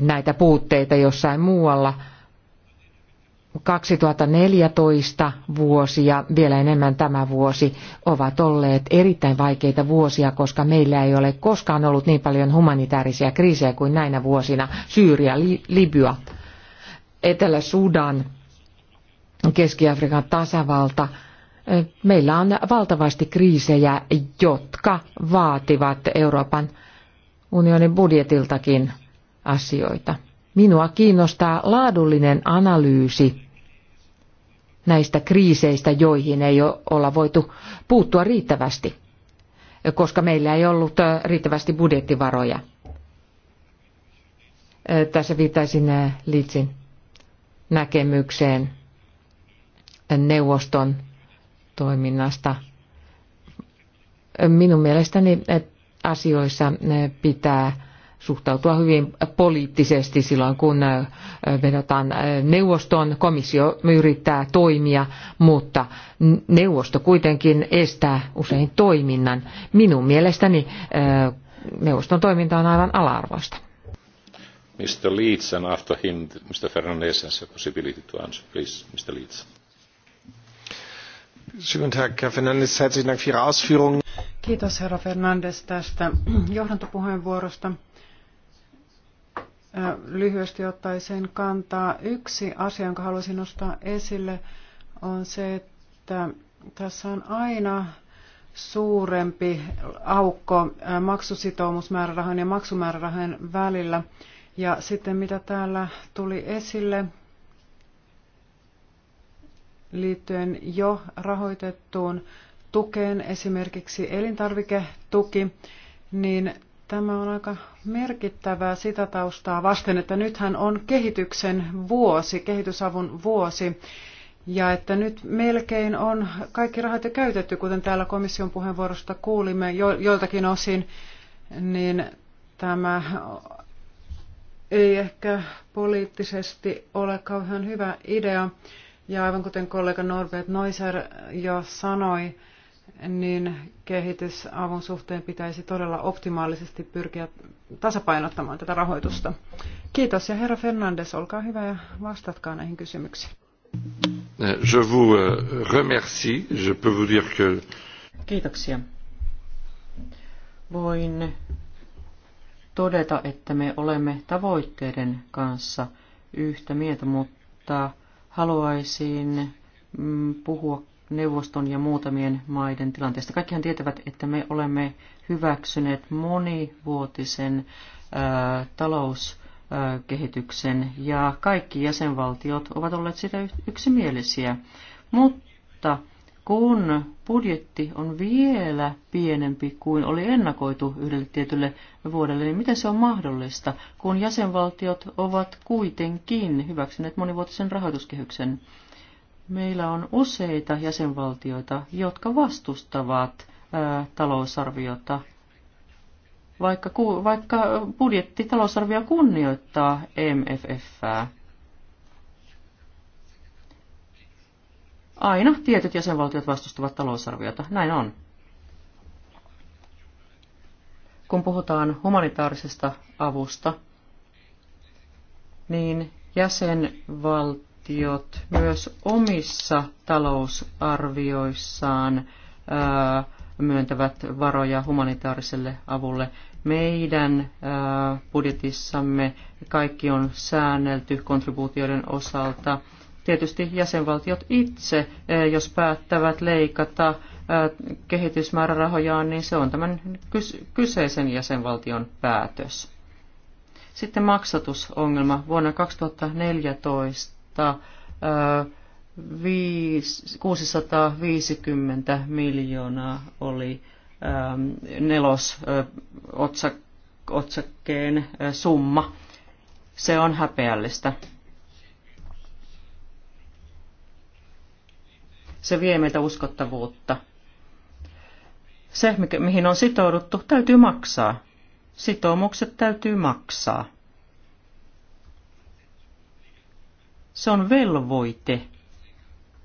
näitä puutteita jossain muualla – 2014 vuosi ja vielä enemmän tämä vuosi ovat olleet erittäin vaikeita vuosia, koska meillä ei ole koskaan ollut niin paljon humanitaarisia kriisejä kuin näinä vuosina. Syyria, Libya, Etelä-Sudan, Keski-Afrikan tasavalta. Meillä on valtavasti kriisejä, jotka vaativat Euroopan unionin budjetiltakin asioita. Minua kiinnostaa laadullinen analyysi näistä kriiseistä, joihin ei olla voitu puuttua riittävästi, koska meillä ei ollut riittävästi budjettivaroja. Tässä viittaisin Litsin näkemykseen neuvoston toiminnasta. Minun mielestäni asioissa pitää suhtautua hyvin poliittisesti silloin, kun äh, vedotaan äh, neuvoston. Komissio yrittää toimia, mutta neuvosto kuitenkin estää usein toiminnan. Minun mielestäni äh, neuvoston toiminta on aivan ala-arvoista. Mr. Leeds and after him Mr. Fernandez has a possibility to answer. Please, Mr. Leeds. Schönen Tag, Herr Fernandes. Herzlichen Dank für Ihre Ausführungen. Kiitos herra Fernandes tästä johdantopuheenvuorosta lyhyesti ottaisen kantaa. Yksi asia, jonka haluaisin nostaa esille, on se, että tässä on aina suurempi aukko maksusitoumusmäärärahan ja maksumäärärahan välillä. Ja sitten mitä täällä tuli esille liittyen jo rahoitettuun tukeen, esimerkiksi elintarviketuki, niin Tämä on aika merkittävää sitä taustaa vasten, että nythän on kehityksen vuosi, kehitysavun vuosi. Ja että nyt melkein on kaikki rahat jo käytetty, kuten täällä komission puheenvuorosta kuulimme jo, joiltakin osin, niin tämä ei ehkä poliittisesti ole kauhean hyvä idea. Ja aivan kuten kollega Norbert Noiser jo sanoi, niin kehitysavun suhteen pitäisi todella optimaalisesti pyrkiä tasapainottamaan tätä rahoitusta. Kiitos ja herra Fernandes, olkaa hyvä ja vastatkaa näihin kysymyksiin. Je vous euh, remercie. Je peux vous dire que... Kiitoksia. Voin todeta, että me olemme tavoitteiden kanssa yhtä mieltä, mutta haluaisin mm, puhua neuvoston ja muutamien maiden tilanteesta. Kaikkihan tietävät, että me olemme hyväksyneet monivuotisen talouskehityksen ja kaikki jäsenvaltiot ovat olleet sitä yksimielisiä. Mutta kun budjetti on vielä pienempi kuin oli ennakoitu yhdelle tietylle vuodelle, niin miten se on mahdollista, kun jäsenvaltiot ovat kuitenkin hyväksyneet monivuotisen rahoituskehyksen? Meillä on useita jäsenvaltioita, jotka vastustavat ää, talousarviota, vaikka, ku, vaikka budjetti talousarvio kunnioittaa MFFää. Aina tietyt jäsenvaltiot vastustavat talousarviota, näin on. Kun puhutaan humanitaarisesta avusta, niin jäsenvaltio valtiot myös omissa talousarvioissaan myöntävät varoja humanitaariselle avulle. Meidän budjetissamme kaikki on säännelty kontribuutioiden osalta. Tietysti jäsenvaltiot itse, jos päättävät leikata kehitysmäärärahojaan, niin se on tämän kyseisen jäsenvaltion päätös. Sitten maksatusongelma vuonna 2014 650 miljoonaa oli nelosotsakkeen summa. Se on häpeällistä. Se vie meitä uskottavuutta. Se, mihin on sitouduttu, täytyy maksaa. Sitoumukset täytyy maksaa. Se on velvoite.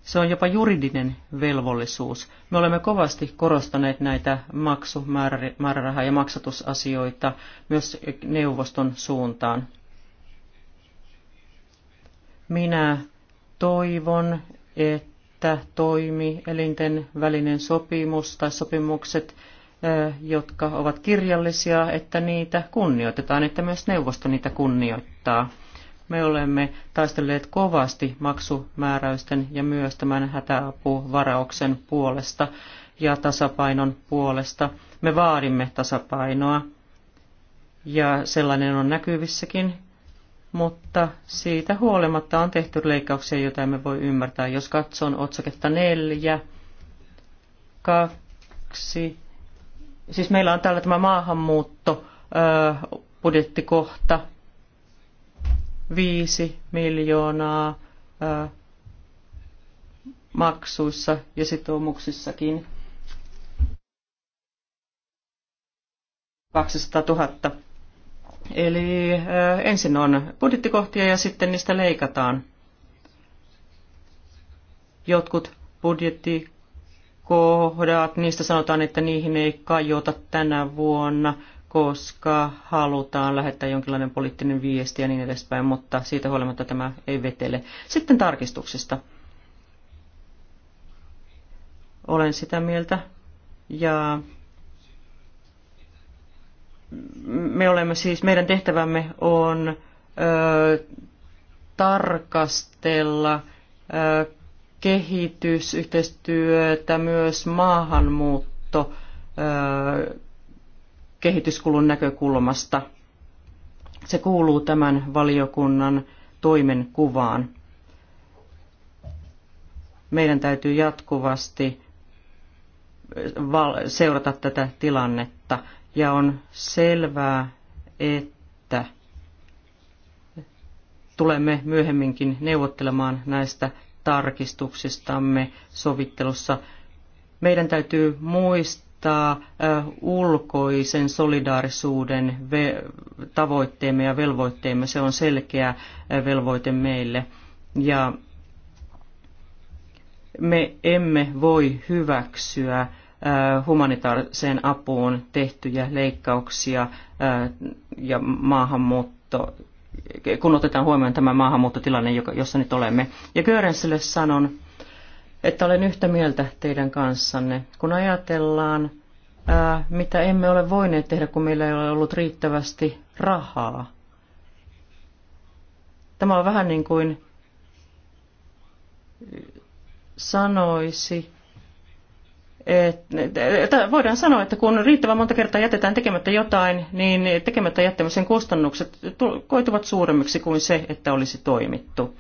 Se on jopa juridinen velvollisuus. Me olemme kovasti korostaneet näitä maksumääräraha- ja maksatusasioita myös neuvoston suuntaan. Minä toivon, että toimi elinten välinen sopimus tai sopimukset, jotka ovat kirjallisia, että niitä kunnioitetaan, että myös neuvosto niitä kunnioittaa. Me olemme taistelleet kovasti maksumääräysten ja myös tämän hätäapuvarauksen puolesta ja tasapainon puolesta. Me vaadimme tasapainoa ja sellainen on näkyvissäkin, mutta siitä huolimatta on tehty leikkauksia, joita emme voi ymmärtää. Jos katson otsaketta neljä, kaksi, siis meillä on täällä tämä maahanmuutto budjettikohta, Viisi miljoonaa maksuissa ja sitoumuksissakin 200 000. Eli ensin on budjettikohtia ja sitten niistä leikataan. Jotkut budjettikohdat, niistä sanotaan, että niihin ei kajota tänä vuonna, koska halutaan lähettää jonkinlainen poliittinen viesti ja niin edespäin, mutta siitä huolimatta tämä ei vetele. Sitten tarkistuksista. Olen sitä mieltä ja me olemme siis, meidän tehtävämme on ö, tarkastella ö, kehitysyhteistyötä, myös maahanmuutto ö, kehityskulun näkökulmasta. Se kuuluu tämän valiokunnan toimen kuvaan Meidän täytyy jatkuvasti seurata tätä tilannetta ja on selvää, että tulemme myöhemminkin neuvottelemaan näistä tarkistuksistamme sovittelussa. Meidän täytyy muistaa, saavuttaa ulkoisen solidaarisuuden tavoitteemme ja velvoitteemme. Se on selkeä velvoite meille. Ja me emme voi hyväksyä humanitaariseen apuun tehtyjä leikkauksia ja maahanmuutto, kun otetaan huomioon tämä maahanmuuttotilanne, jossa nyt olemme. Ja Görensille sanon, että olen yhtä mieltä teidän kanssanne. Kun ajatellaan, ää, mitä emme ole voineet tehdä, kun meillä ei ole ollut riittävästi rahaa. Tämä on vähän niin kuin sanoisi, että voidaan sanoa, että kun riittävän monta kertaa jätetään tekemättä jotain, niin tekemättä jättämisen kustannukset koituvat suuremmiksi kuin se, että olisi toimittu.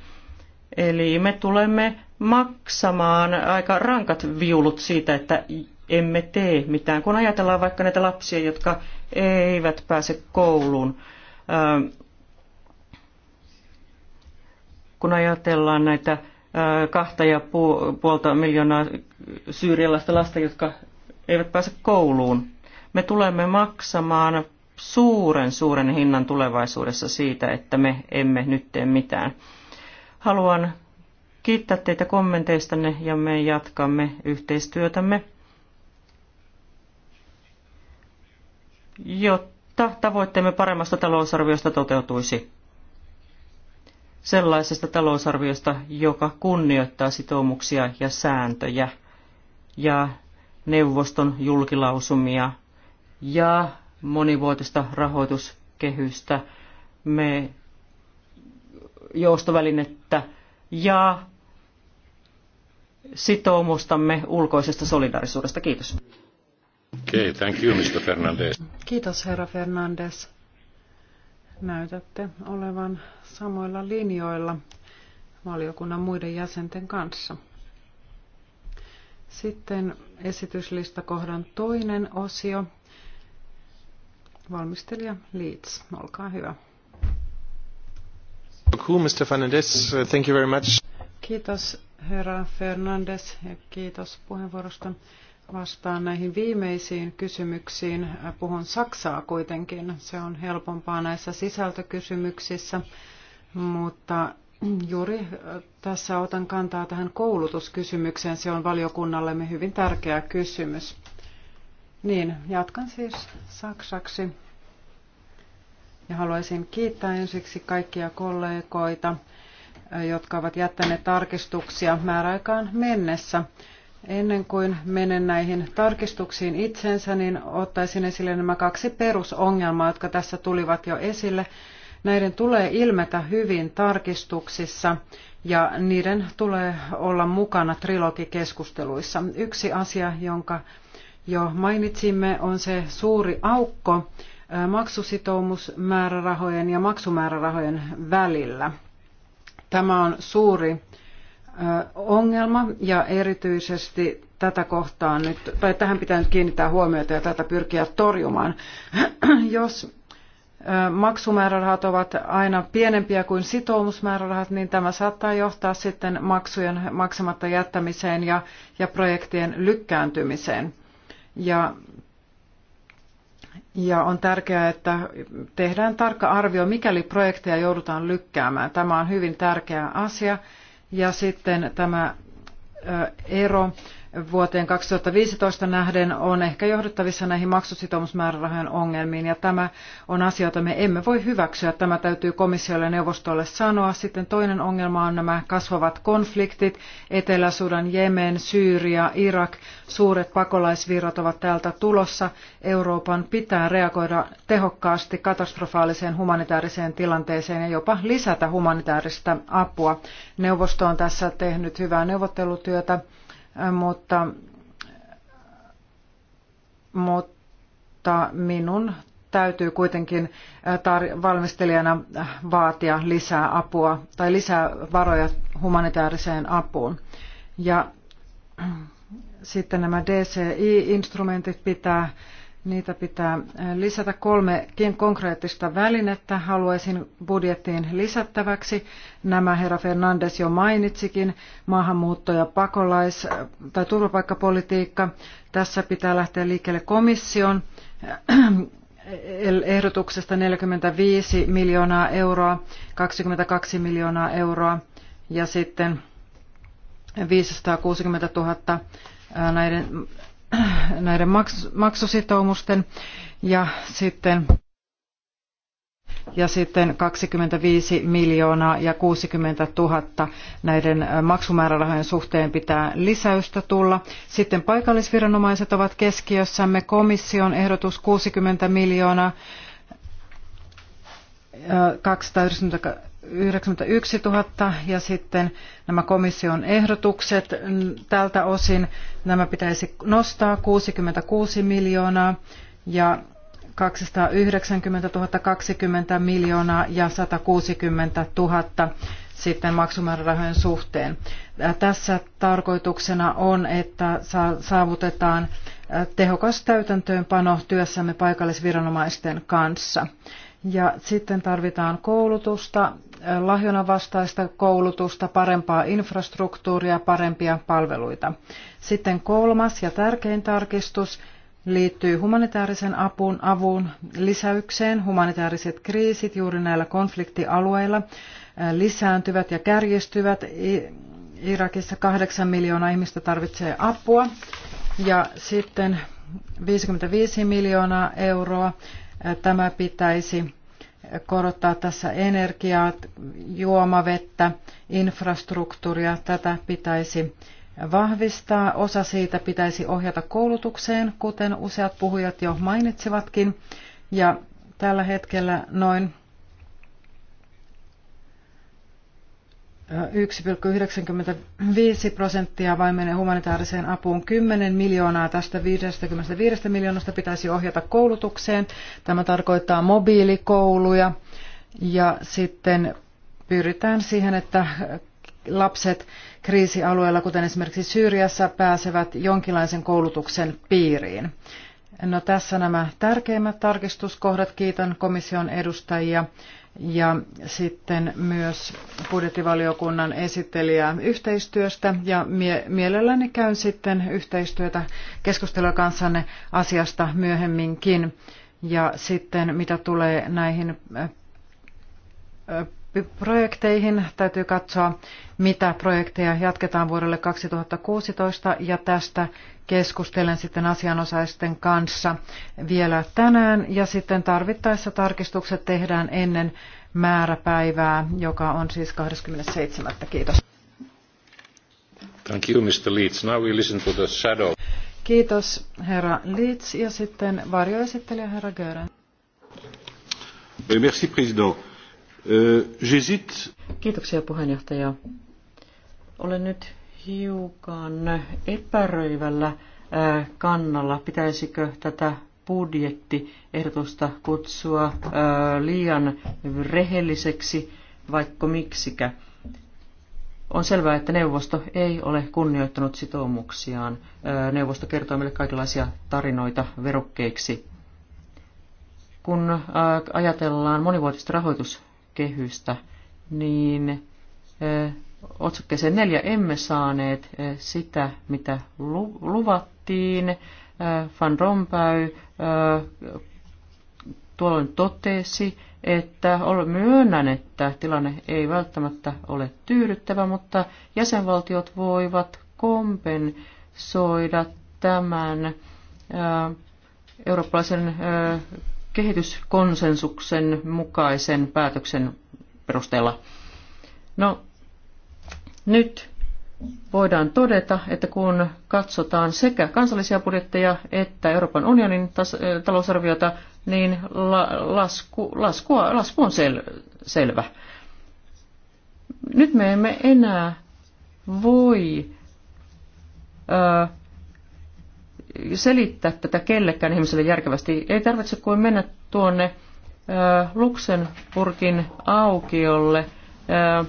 Eli me tulemme maksamaan aika rankat viulut siitä, että emme tee mitään. Kun ajatellaan vaikka näitä lapsia, jotka eivät pääse kouluun, ähm, kun ajatellaan näitä äh, kahta ja puolta miljoonaa syyrialaista lasta, jotka eivät pääse kouluun, me tulemme maksamaan suuren, suuren hinnan tulevaisuudessa siitä, että me emme nyt tee mitään. Haluan kiittää teitä kommenteistanne ja me jatkamme yhteistyötämme, jotta tavoitteemme paremmasta talousarviosta toteutuisi. Sellaisesta talousarviosta, joka kunnioittaa sitoumuksia ja sääntöjä ja neuvoston julkilausumia ja monivuotista rahoituskehystä. Me joustovälinettä ja sitoumustamme ulkoisesta solidaarisuudesta. Kiitos. Okay, thank you, Mr. Fernandez. Kiitos, herra Fernandes. Näytätte olevan samoilla linjoilla valiokunnan muiden jäsenten kanssa. Sitten esityslistakohdan toinen osio. Valmistelija Leeds, olkaa hyvä. Mr. Fernandez, uh, thank you very much. Kiitos herra Fernandes ja kiitos puheenvuorosta. Vastaan näihin viimeisiin kysymyksiin. Puhun Saksaa kuitenkin. Se on helpompaa näissä sisältökysymyksissä, mutta juuri äh, tässä otan kantaa tähän koulutuskysymykseen. Se on valiokunnallemme hyvin tärkeä kysymys. Niin, jatkan siis saksaksi. Ja haluaisin kiittää ensiksi kaikkia kollegoita, jotka ovat jättäneet tarkistuksia määräaikaan mennessä. Ennen kuin menen näihin tarkistuksiin itsensä, niin ottaisin esille nämä kaksi perusongelmaa, jotka tässä tulivat jo esille. Näiden tulee ilmetä hyvin tarkistuksissa ja niiden tulee olla mukana trilogikeskusteluissa. Yksi asia, jonka jo mainitsimme, on se suuri aukko, maksusitoumusmäärärahojen ja maksumäärärahojen välillä. Tämä on suuri ongelma ja erityisesti tätä kohtaan nyt, tai tähän pitää nyt kiinnittää huomiota ja tätä pyrkiä torjumaan. Jos maksumäärärahat ovat aina pienempiä kuin sitoumusmäärärahat, niin tämä saattaa johtaa sitten maksujen maksamatta jättämiseen ja, ja projektien lykkääntymiseen. Ja ja on tärkeää, että tehdään tarkka arvio, mikäli projekteja joudutaan lykkäämään. Tämä on hyvin tärkeä asia. Ja sitten tämä ero vuoteen 2015 nähden on ehkä johdettavissa näihin maksusitoumusmäärärahojen ongelmiin ja tämä on asia, jota me emme voi hyväksyä. Tämä täytyy komissiolle ja neuvostolle sanoa. Sitten toinen ongelma on nämä kasvavat konfliktit. Etelä-Sudan, Jemen, Syyria, Irak, suuret pakolaisvirrat ovat täältä tulossa. Euroopan pitää reagoida tehokkaasti katastrofaaliseen humanitaariseen tilanteeseen ja jopa lisätä humanitaarista apua. Neuvosto on tässä tehnyt hyvää neuvottelutyötä mutta, mutta minun täytyy kuitenkin tar- valmistelijana vaatia lisää apua tai lisää varoja humanitaariseen apuun. Ja sitten nämä DCI-instrumentit pitää Niitä pitää lisätä kolmekin konkreettista välinettä haluaisin budjettiin lisättäväksi. Nämä herra Fernandes jo mainitsikin, maahanmuutto- ja pakolais- tai turvapaikkapolitiikka. Tässä pitää lähteä liikkeelle komission eh, ehdotuksesta 45 miljoonaa euroa, 22 miljoonaa euroa ja sitten 560 000 eh, näiden näiden maksusitoumusten ja sitten ja sitten 25 miljoonaa ja 60 000 näiden maksumäärärahojen suhteen pitää lisäystä tulla. Sitten paikallisviranomaiset ovat keskiössämme. Komission ehdotus 60 miljoonaa 292 91 000 ja sitten nämä komission ehdotukset tältä osin. Nämä pitäisi nostaa 66 miljoonaa ja 290 000, miljoonaa ja 160 000 sitten maksumäärärahojen suhteen. Tässä tarkoituksena on, että saavutetaan tehokas täytäntöönpano työssämme paikallisviranomaisten kanssa. Ja sitten tarvitaan koulutusta lahjonnan vastaista koulutusta, parempaa infrastruktuuria, parempia palveluita. Sitten kolmas ja tärkein tarkistus liittyy humanitaarisen apun avun lisäykseen. Humanitaariset kriisit juuri näillä konfliktialueilla äh, lisääntyvät ja kärjistyvät. Irakissa kahdeksan miljoonaa ihmistä tarvitsee apua ja sitten 55 miljoonaa euroa äh, tämä pitäisi korottaa tässä energiaa, juomavettä, infrastruktuuria. Tätä pitäisi vahvistaa. Osa siitä pitäisi ohjata koulutukseen, kuten useat puhujat jo mainitsivatkin. Ja tällä hetkellä noin 1,95 prosenttia vain menee humanitaariseen apuun. 10 miljoonaa tästä 55 miljoonasta pitäisi ohjata koulutukseen. Tämä tarkoittaa mobiilikouluja ja sitten pyritään siihen, että lapset kriisialueella, kuten esimerkiksi Syyriassa, pääsevät jonkinlaisen koulutuksen piiriin. No tässä nämä tärkeimmät tarkistuskohdat. Kiitän komission edustajia ja sitten myös budjettivaliokunnan esittelijää yhteistyöstä ja mie- mielelläni käyn sitten yhteistyötä keskustelua kanssanne asiasta myöhemminkin. Ja sitten mitä tulee näihin projekteihin. Täytyy katsoa, mitä projekteja jatketaan vuodelle 2016 ja tästä keskustelen sitten asianosaisten kanssa vielä tänään ja sitten tarvittaessa tarkistukset tehdään ennen määräpäivää, joka on siis 27. Kiitos. Thank you, Mr. Leeds. Now we listen to the shadow. Kiitos, herra Leeds. Ja sitten varjoesittelijä, herra Gören. Merci, president. Euh, j'hésite. Kiitoksia puheenjohtaja. Olen nyt hiukan epäröivällä äh, kannalla. Pitäisikö tätä budjettiehdotusta kutsua äh, liian rehelliseksi vaikka miksikä? On selvää, että neuvosto ei ole kunnioittanut sitoumuksiaan. Äh, neuvosto kertoo meille kaikenlaisia tarinoita verukkeiksi. Kun ajatellaan monivuotista rahoitus kehystä, niin otsakkeeseen neljä emme saaneet sitä, mitä luvattiin. Van Rompuy tuolloin totesi, että myönnän, että tilanne ei välttämättä ole tyydyttävä, mutta jäsenvaltiot voivat kompensoida tämän eurooppalaisen kehityskonsensuksen mukaisen päätöksen perusteella. No, nyt voidaan todeta, että kun katsotaan sekä kansallisia budjetteja että Euroopan unionin tas- talousarviota, niin la- lasku, laskua, lasku on sel- selvä. Nyt me emme enää voi ö, selittää tätä kellekään ihmiselle järkevästi. Ei tarvitse kuin mennä tuonne äh, Luxemburgin aukiolle. äh,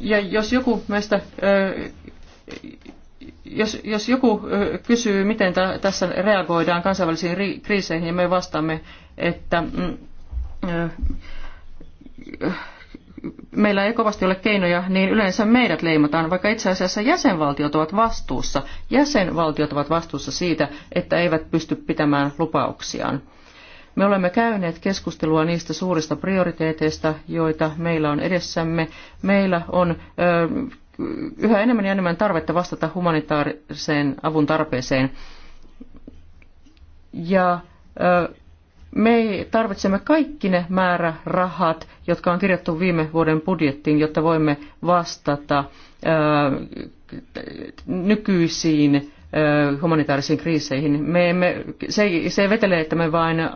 ja jos joku meistä, jos, jos joku kysyy, miten ta, tässä reagoidaan kansainvälisiin ri, kriiseihin, me vastaamme, että mm, meillä ei kovasti ole keinoja, niin yleensä meidät leimataan, vaikka itse asiassa jäsenvaltiot ovat vastuussa. Jäsenvaltiot ovat vastuussa siitä, että eivät pysty pitämään lupauksiaan. Me olemme käyneet keskustelua niistä suurista prioriteeteista, joita meillä on edessämme. Meillä on yhä enemmän ja enemmän tarvetta vastata humanitaariseen avun tarpeeseen. Ja ö, me tarvitsemme kaikki ne määrärahat, jotka on kirjattu viime vuoden budjettiin, jotta voimme vastata äh, nykyisiin äh, humanitaarisiin kriiseihin. Me emme, se, se vetelee, että me vain äh,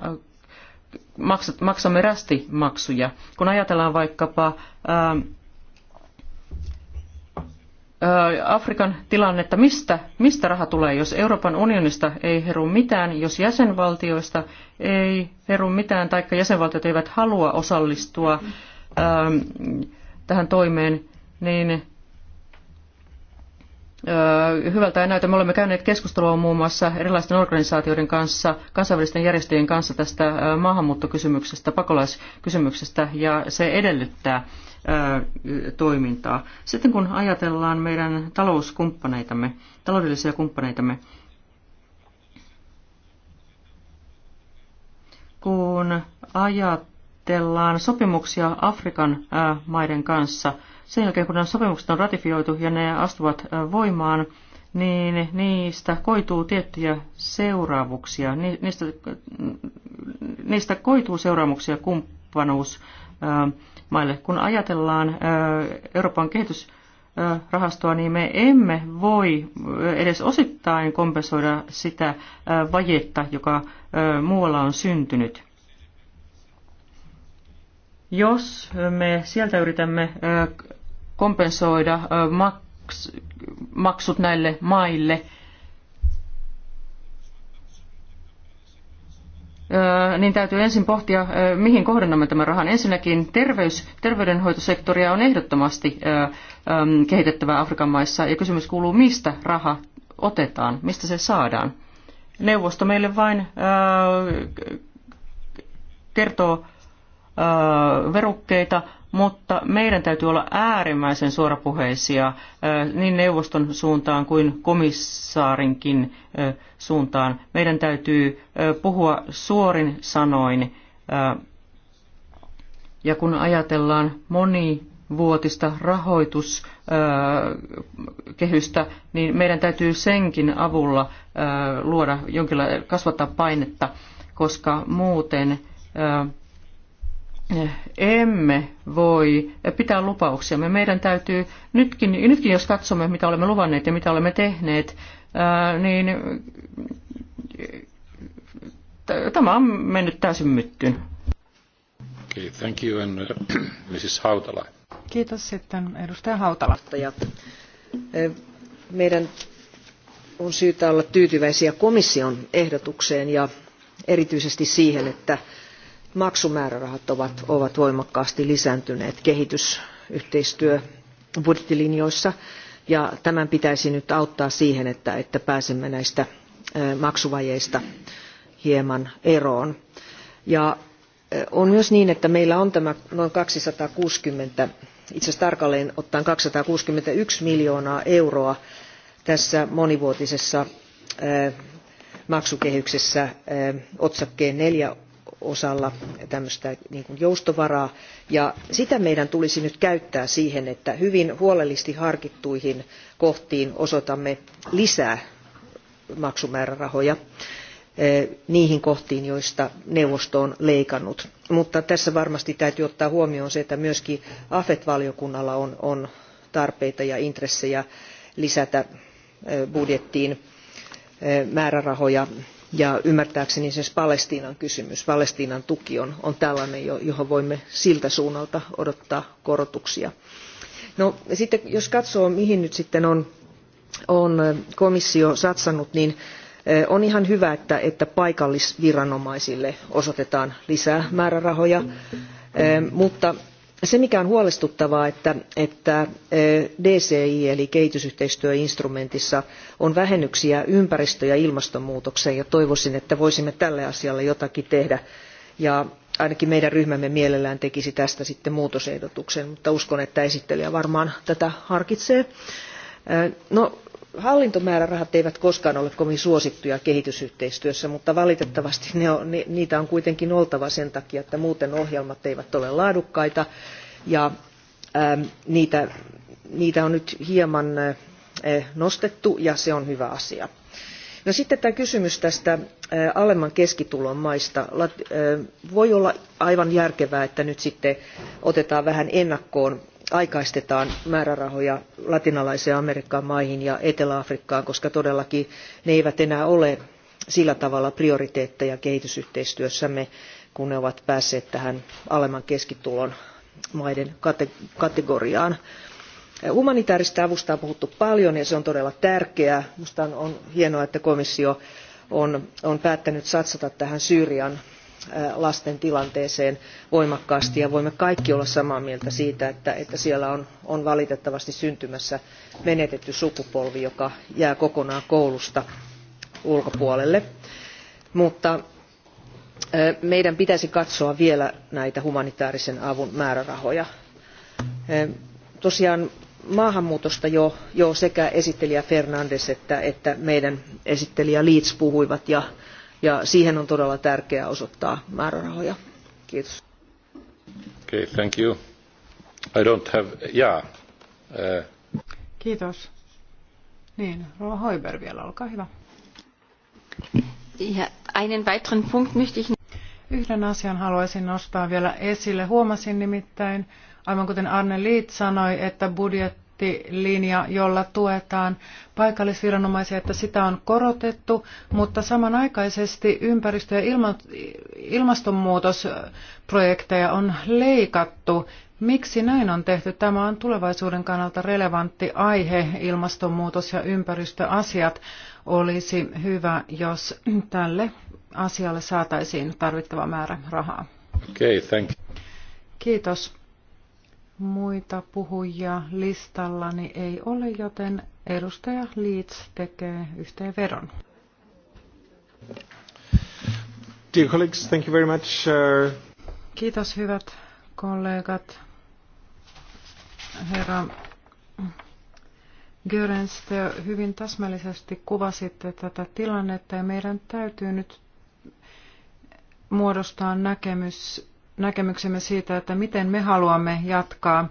maksat, maksamme rästimaksuja. Kun ajatellaan vaikkapa Afrikan tilannetta, mistä, mistä raha tulee, jos Euroopan unionista ei heru mitään, jos jäsenvaltioista ei heru mitään, taikka jäsenvaltiot eivät halua osallistua tähän toimeen, niin hyvältä ei näytä. Me olemme käyneet keskustelua muun muassa erilaisten organisaatioiden kanssa, kansainvälisten järjestöjen kanssa tästä maahanmuuttokysymyksestä, pakolaiskysymyksestä, ja se edellyttää toimintaa. Sitten kun ajatellaan meidän talouskumppaneitamme, taloudellisia kumppaneitamme, kun ajatellaan sopimuksia Afrikan maiden kanssa, sen jälkeen kun nämä sopimukset on ratifioitu ja ne astuvat voimaan, niin niistä koituu tiettyjä seuraamuksia. Niistä, niistä koituu seuraamuksia kumppanuus maille. Kun ajatellaan Euroopan kehitysrahastoa, niin me emme voi edes osittain kompensoida sitä vajetta, joka muualla on syntynyt. Jos me sieltä yritämme kompensoida maksut näille maille, niin täytyy ensin pohtia, mihin kohdennamme tämän rahan. Ensinnäkin terveys, terveydenhoitosektoria on ehdottomasti kehitettävä Afrikan maissa, ja kysymys kuuluu, mistä raha otetaan, mistä se saadaan. Neuvosto meille vain kertoo verukkeita, mutta meidän täytyy olla äärimmäisen suorapuheisia niin neuvoston suuntaan kuin komissaarinkin suuntaan. Meidän täytyy puhua suorin sanoin. Ja kun ajatellaan monivuotista rahoituskehystä, niin meidän täytyy senkin avulla luoda jonkinlaista kasvattaa painetta, koska muuten emme voi pitää lupauksiamme. Meidän täytyy nytkin, nytkin jos katsomme, mitä olemme luvanneet ja mitä olemme tehneet, niin tämä on mennyt täysin myttyyn. Okay, thank you and, Mrs. Uh, Hautala. Kiitos sitten edustaja Hautala. Meidän on syytä olla tyytyväisiä komission ehdotukseen ja erityisesti siihen, että maksumäärärahat ovat, voimakkaasti lisääntyneet kehitysyhteistyöbudjettilinjoissa ja tämän pitäisi nyt auttaa siihen, että, pääsemme näistä maksuvajeista hieman eroon. on myös niin, että meillä on tämä noin 260, itse asiassa tarkalleen ottaen 261 miljoonaa euroa tässä monivuotisessa maksukehyksessä otsakkeen neljä osalla tämmöistä niin kuin joustovaraa ja sitä meidän tulisi nyt käyttää siihen, että hyvin huolellisesti harkittuihin kohtiin osoitamme lisää maksumäärärahoja eh, niihin kohtiin, joista neuvosto on leikannut. Mutta tässä varmasti täytyy ottaa huomioon se, että myöskin AFET-valiokunnalla on, on tarpeita ja intressejä lisätä eh, budjettiin eh, määrärahoja ja ymmärtääkseni esimerkiksi Palestiinan kysymys, Palestiinan tuki on, tällainen, johon voimme siltä suunnalta odottaa korotuksia. No, sitten jos katsoo, mihin nyt sitten on, on komissio satsannut, niin eh, on ihan hyvä, että, että paikallisviranomaisille osoitetaan lisää määrärahoja, eh, mutta se mikä on huolestuttavaa että, että e, dci eli kehitysyhteistyöinstrumentissa on vähennyksiä ympäristö ja ilmastonmuutokseen ja toivoisin että voisimme tälle asialle jotakin tehdä ja ainakin meidän ryhmämme mielellään tekisi tästä sitten muutosehdotuksen mutta uskon että esittelijä varmaan tätä harkitsee. E, no, hallintomäärärahat eivät koskaan ole kovin suosittuja kehitysyhteistyössä mutta valitettavasti ne on, niitä on kuitenkin oltava sen takia että muuten ohjelmat eivät ole laadukkaita ja niitä, niitä on nyt hieman nostettu ja se on hyvä asia. No sitten tämä kysymys tästä alemman keskitulon maista. Voi olla aivan järkevää, että nyt sitten otetaan vähän ennakkoon aikaistetaan määrärahoja latinalaiseen Amerikan maihin ja Etelä-Afrikkaan, koska todellakin ne eivät enää ole sillä tavalla prioriteetteja kehitysyhteistyössämme, kun ne ovat päässeet tähän alemman keskitulon maiden kategoriaan. Humanitaarista avusta on puhuttu paljon ja se on todella tärkeää. Minusta on hienoa, että komissio on, on päättänyt satsata tähän Syyrian lasten tilanteeseen voimakkaasti ja voimme kaikki olla samaa mieltä siitä, että, että siellä on, on valitettavasti syntymässä menetetty sukupolvi, joka jää kokonaan koulusta ulkopuolelle. Mutta meidän pitäisi katsoa vielä näitä humanitaarisen avun määrärahoja. Tosiaan maahanmuutosta jo, jo sekä esittelijä Fernandes että, että meidän esittelijä Leeds puhuivat ja ja siihen on todella tärkeää osoittaa määrärahoja. Kiitos. Okay, thank you. I don't have, yeah. uh. Kiitos. Niin, Rova Hoiber vielä, olkaa hyvä. Ja, einen weiteren Punkt möchte ich... Yhden asian haluaisin nostaa vielä esille. Huomasin nimittäin, aivan kuten Arne Liit sanoi, että budjetti budjettilinja, jolla tuetaan paikallisviranomaisia, että sitä on korotettu, mutta samanaikaisesti ympäristö- ja ilma- ilmastonmuutosprojekteja on leikattu. Miksi näin on tehty? Tämä on tulevaisuuden kannalta relevantti aihe, ilmastonmuutos ja ympäristöasiat. Olisi hyvä, jos tälle asialle saataisiin tarvittava määrä rahaa. Okay, thank you. Kiitos. Muita puhujia listallani ei ole, joten edustaja Leeds tekee yhteenvedon. Dear colleagues, thank you very much. Uh, Kiitos hyvät kollegat. Herra Görens, te hyvin täsmällisesti kuvasitte tätä tilannetta ja meidän täytyy nyt muodostaa näkemys näkemyksemme siitä, että miten me haluamme jatkaa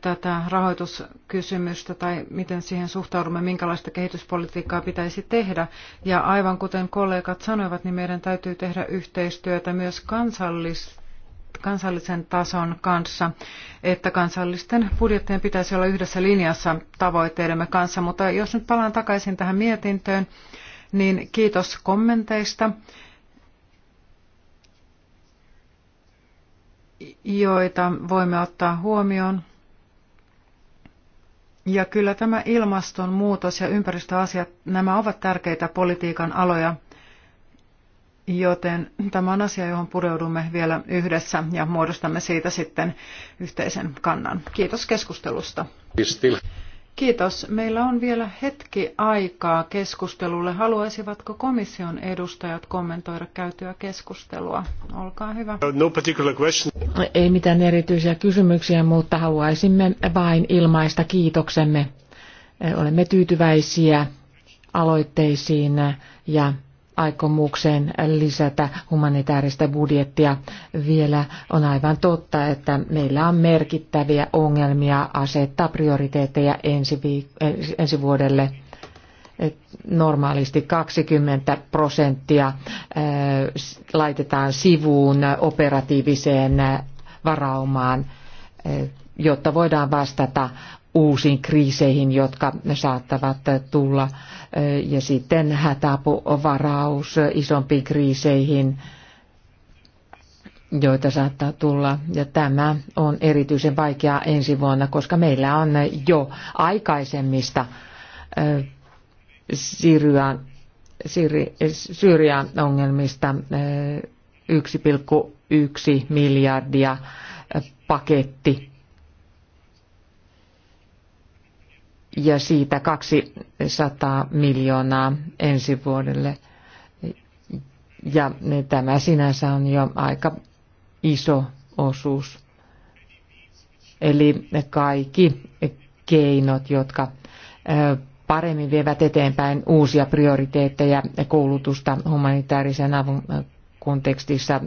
tätä rahoituskysymystä tai miten siihen suhtaudumme, minkälaista kehityspolitiikkaa pitäisi tehdä. Ja aivan kuten kollegat sanoivat, niin meidän täytyy tehdä yhteistyötä myös kansallis, kansallisen tason kanssa, että kansallisten budjettien pitäisi olla yhdessä linjassa tavoitteidemme kanssa. Mutta jos nyt palaan takaisin tähän mietintöön, niin kiitos kommenteista joita voimme ottaa huomioon. Ja kyllä tämä ilmastonmuutos ja ympäristöasiat, nämä ovat tärkeitä politiikan aloja, joten tämä on asia, johon pureudumme vielä yhdessä ja muodostamme siitä sitten yhteisen kannan. Kiitos keskustelusta. Kiitos. Meillä on vielä hetki aikaa keskustelulle. Haluaisivatko komission edustajat kommentoida käytyä keskustelua? Olkaa hyvä. No particular question. Ei mitään erityisiä kysymyksiä, mutta haluaisimme vain ilmaista kiitoksemme. Olemme tyytyväisiä aloitteisiin ja aikomukseen lisätä humanitaarista budjettia. Vielä on aivan totta, että meillä on merkittäviä ongelmia asettaa prioriteetteja ensi, viik- eh, ensi vuodelle normaalisti 20 prosenttia eh, laitetaan sivuun operatiiviseen eh, varaumaan, jotta voidaan vastata uusiin kriiseihin, jotka saattavat tulla. Ja sitten hätäapuvaraus isompiin kriiseihin, joita saattaa tulla. Ja tämä on erityisen vaikeaa ensi vuonna, koska meillä on jo aikaisemmista Syyrian, Syyrian ongelmista 1,1 miljardia paketti ja siitä 200 miljoonaa ensi vuodelle. Ja tämä sinänsä on jo aika iso osuus. Eli kaikki keinot, jotka paremmin vievät eteenpäin uusia prioriteetteja koulutusta humanitaarisen avun kontekstissa.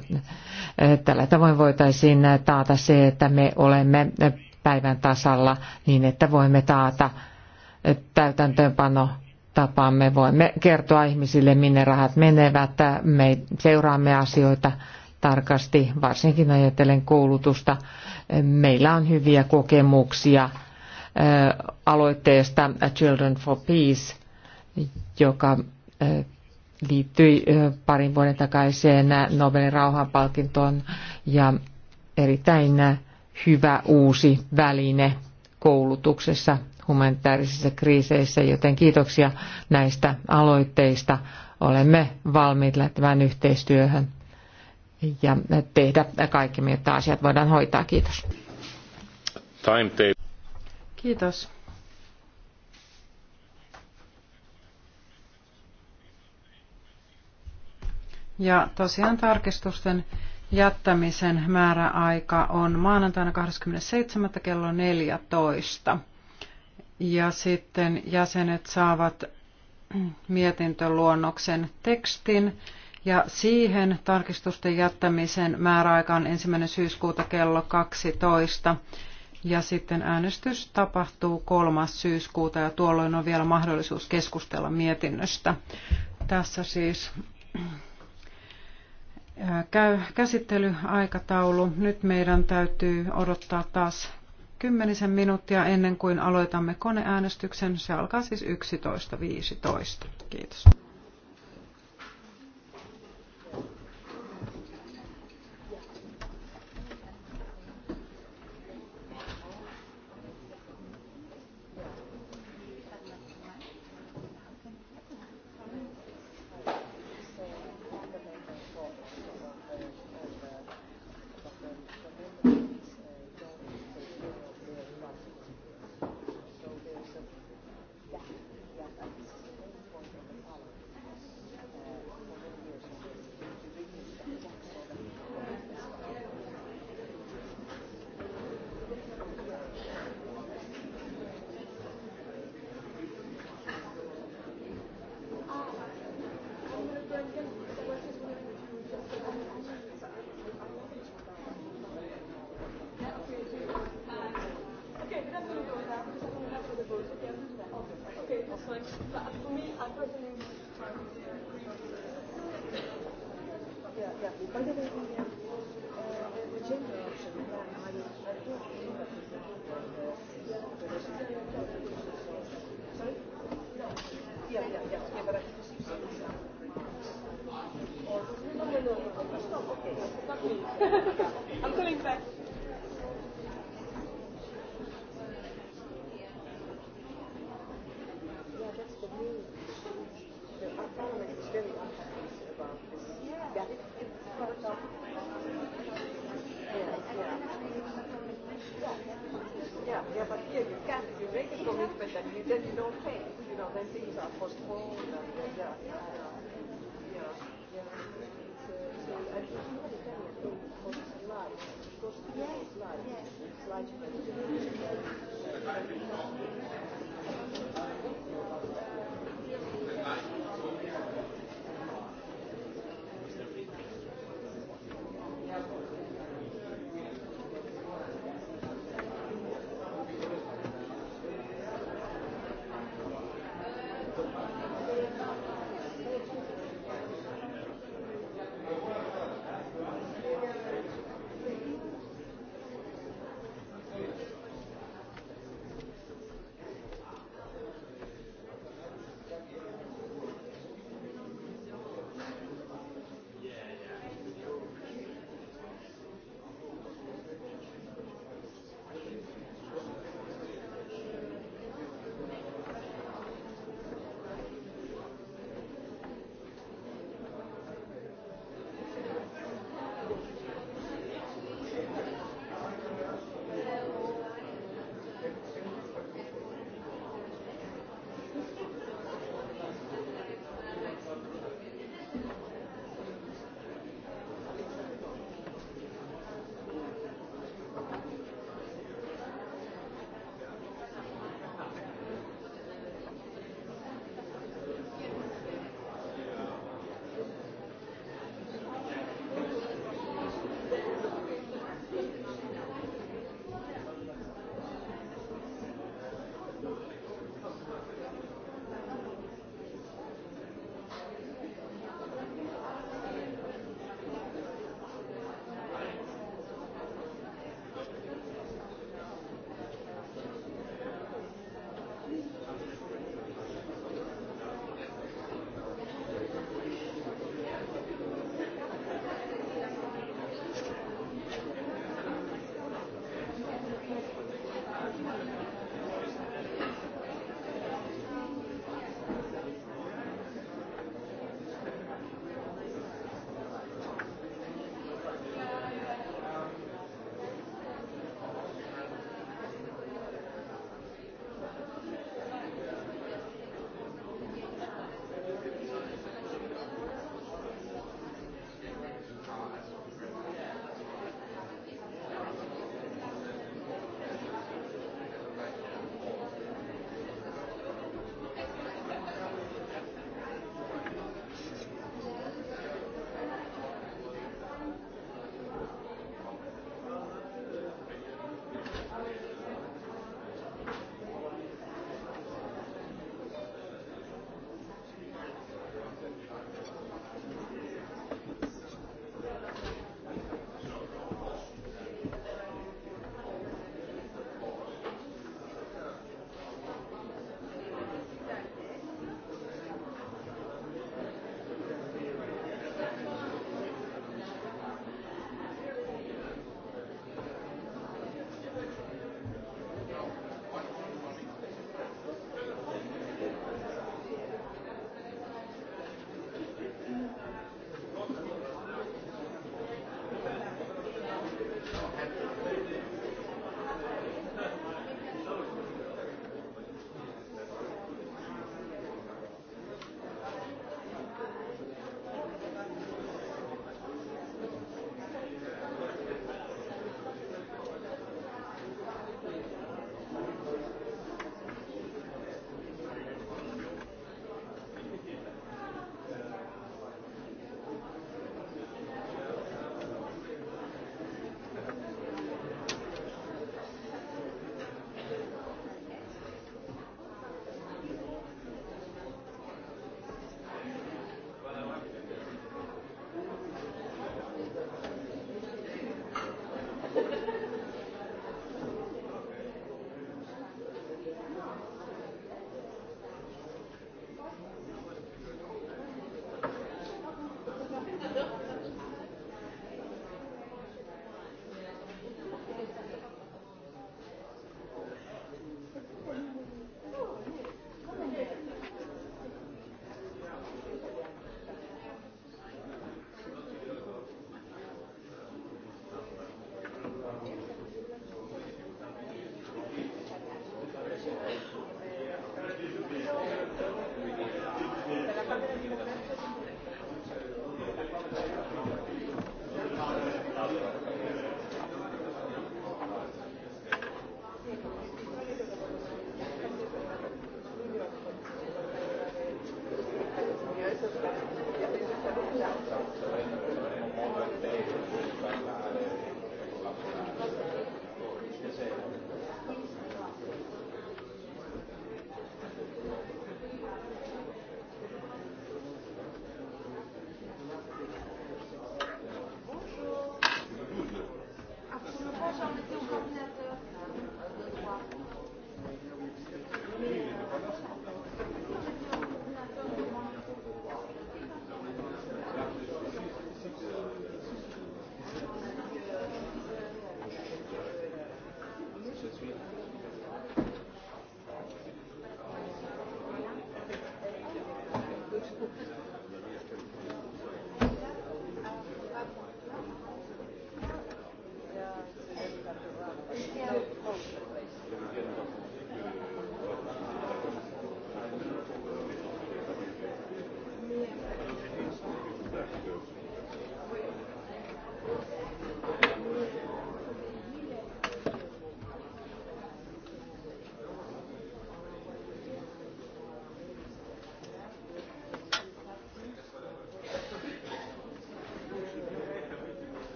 Tällä tavoin voitaisiin taata se, että me olemme päivän tasalla niin, että voimme taata täytäntöönpano tapaamme. Voimme kertoa ihmisille, minne rahat menevät. Me seuraamme asioita tarkasti, varsinkin ajatellen koulutusta. Meillä on hyviä kokemuksia aloitteesta Children for Peace, joka liittyi parin vuoden takaiseen Nobelin rauhanpalkintoon ja erittäin hyvä uusi väline koulutuksessa humanitaarisissa kriiseissä, joten kiitoksia näistä aloitteista. Olemme valmiit lähtemään yhteistyöhön ja tehdä kaikki, jotta asiat voidaan hoitaa. Kiitos. Kiitos. Ja tosiaan tarkistusten jättämisen määräaika on maanantaina 27. kello 14 ja sitten jäsenet saavat mietintöluonnoksen tekstin ja siihen tarkistusten jättämisen määräaika on ensimmäinen syyskuuta kello 12 ja sitten äänestys tapahtuu 3. syyskuuta ja tuolloin on vielä mahdollisuus keskustella mietinnöstä. Tässä siis äh, käy käsittelyaikataulu. Nyt meidän täytyy odottaa taas kymmenisen minuuttia ennen kuin aloitamme koneäänestyksen. Se alkaa siis 11.15. Kiitos. that you then you don't pay. You know, then things are postponed and then uh, yeah, yeah, yeah, yeah. So, so and you can understand it because it's life, because it's life, uh, it's life. It's life.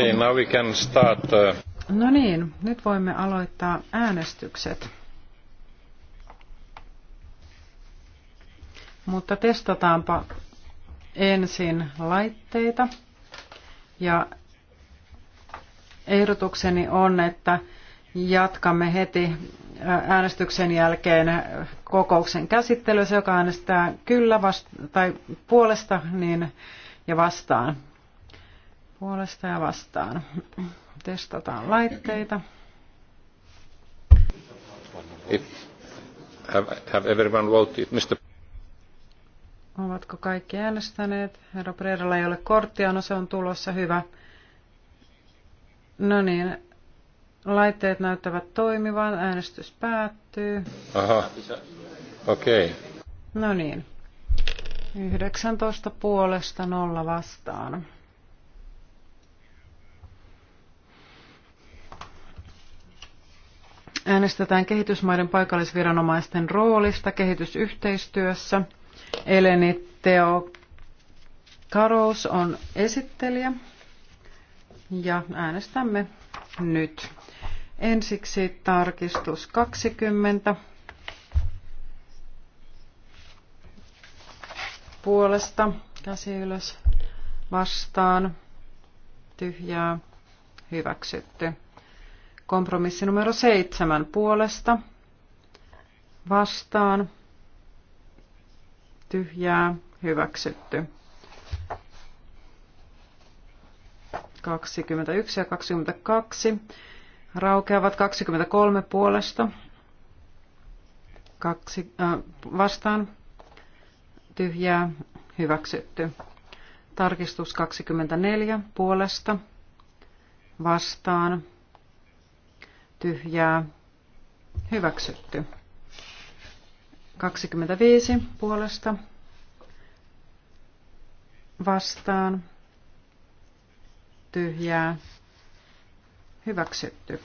Okay, now we can start. Uh, no niin, nyt voimme aloittaa äänestykset. Mutta testataanpa ensin laitteita. Ja ehdotukseni on, että jatkamme heti äh, äänestyksen jälkeen kokouksen käsittelyssä, joka äänestää kyllä vasta- tai puolesta niin, ja vastaan puolesta ja vastaan. Testataan laitteita. If, have, have everyone voted, Mr. Ovatko kaikki äänestäneet? Herra Predalla ei ole korttia, no se on tulossa, hyvä. No niin, laitteet näyttävät toimivan, äänestys päättyy. Aha, okei. Okay. No niin, 19 puolesta nolla vastaan. Äänestetään kehitysmaiden paikallisviranomaisten roolista kehitysyhteistyössä. Eleni Teo Karous on esittelijä ja äänestämme nyt. Ensiksi tarkistus 20 puolesta käsi ylös vastaan tyhjää hyväksytty. Kompromissi numero seitsemän puolesta vastaan tyhjää hyväksytty. 21 ja 22 raukeavat 23 puolesta kaksi, äh, vastaan tyhjää hyväksytty. Tarkistus 24 puolesta vastaan tyhjää, hyväksytty. 25 puolesta vastaan, tyhjää, hyväksytty.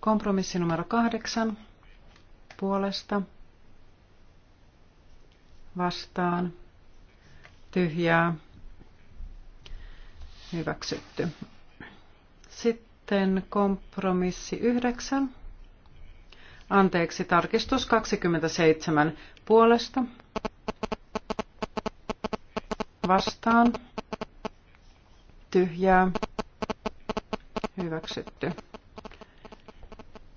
Kompromissi numero kahdeksan puolesta vastaan, tyhjää, hyväksytty. Sitten sitten kompromissi 9. Anteeksi, tarkistus 27 puolesta. Vastaan. Tyhjää. Hyväksytty.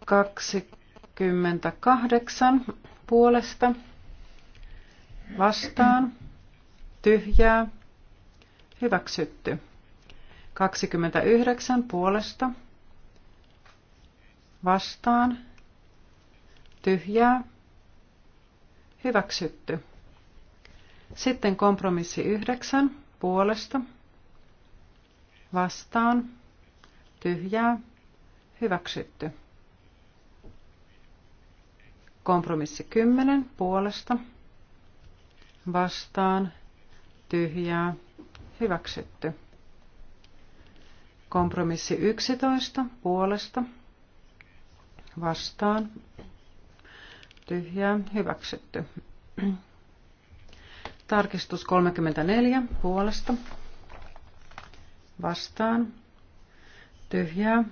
28 puolesta. Vastaan. Tyhjää. Hyväksytty. 29 puolesta vastaan tyhjää hyväksytty. Sitten kompromissi 9 puolesta vastaan tyhjää hyväksytty. Kompromissi 10 puolesta vastaan tyhjää hyväksytty. Kompromissi 11 puolesta vastaan tyhjää hyväksytty. Tarkistus 34 puolesta vastaan tyhjää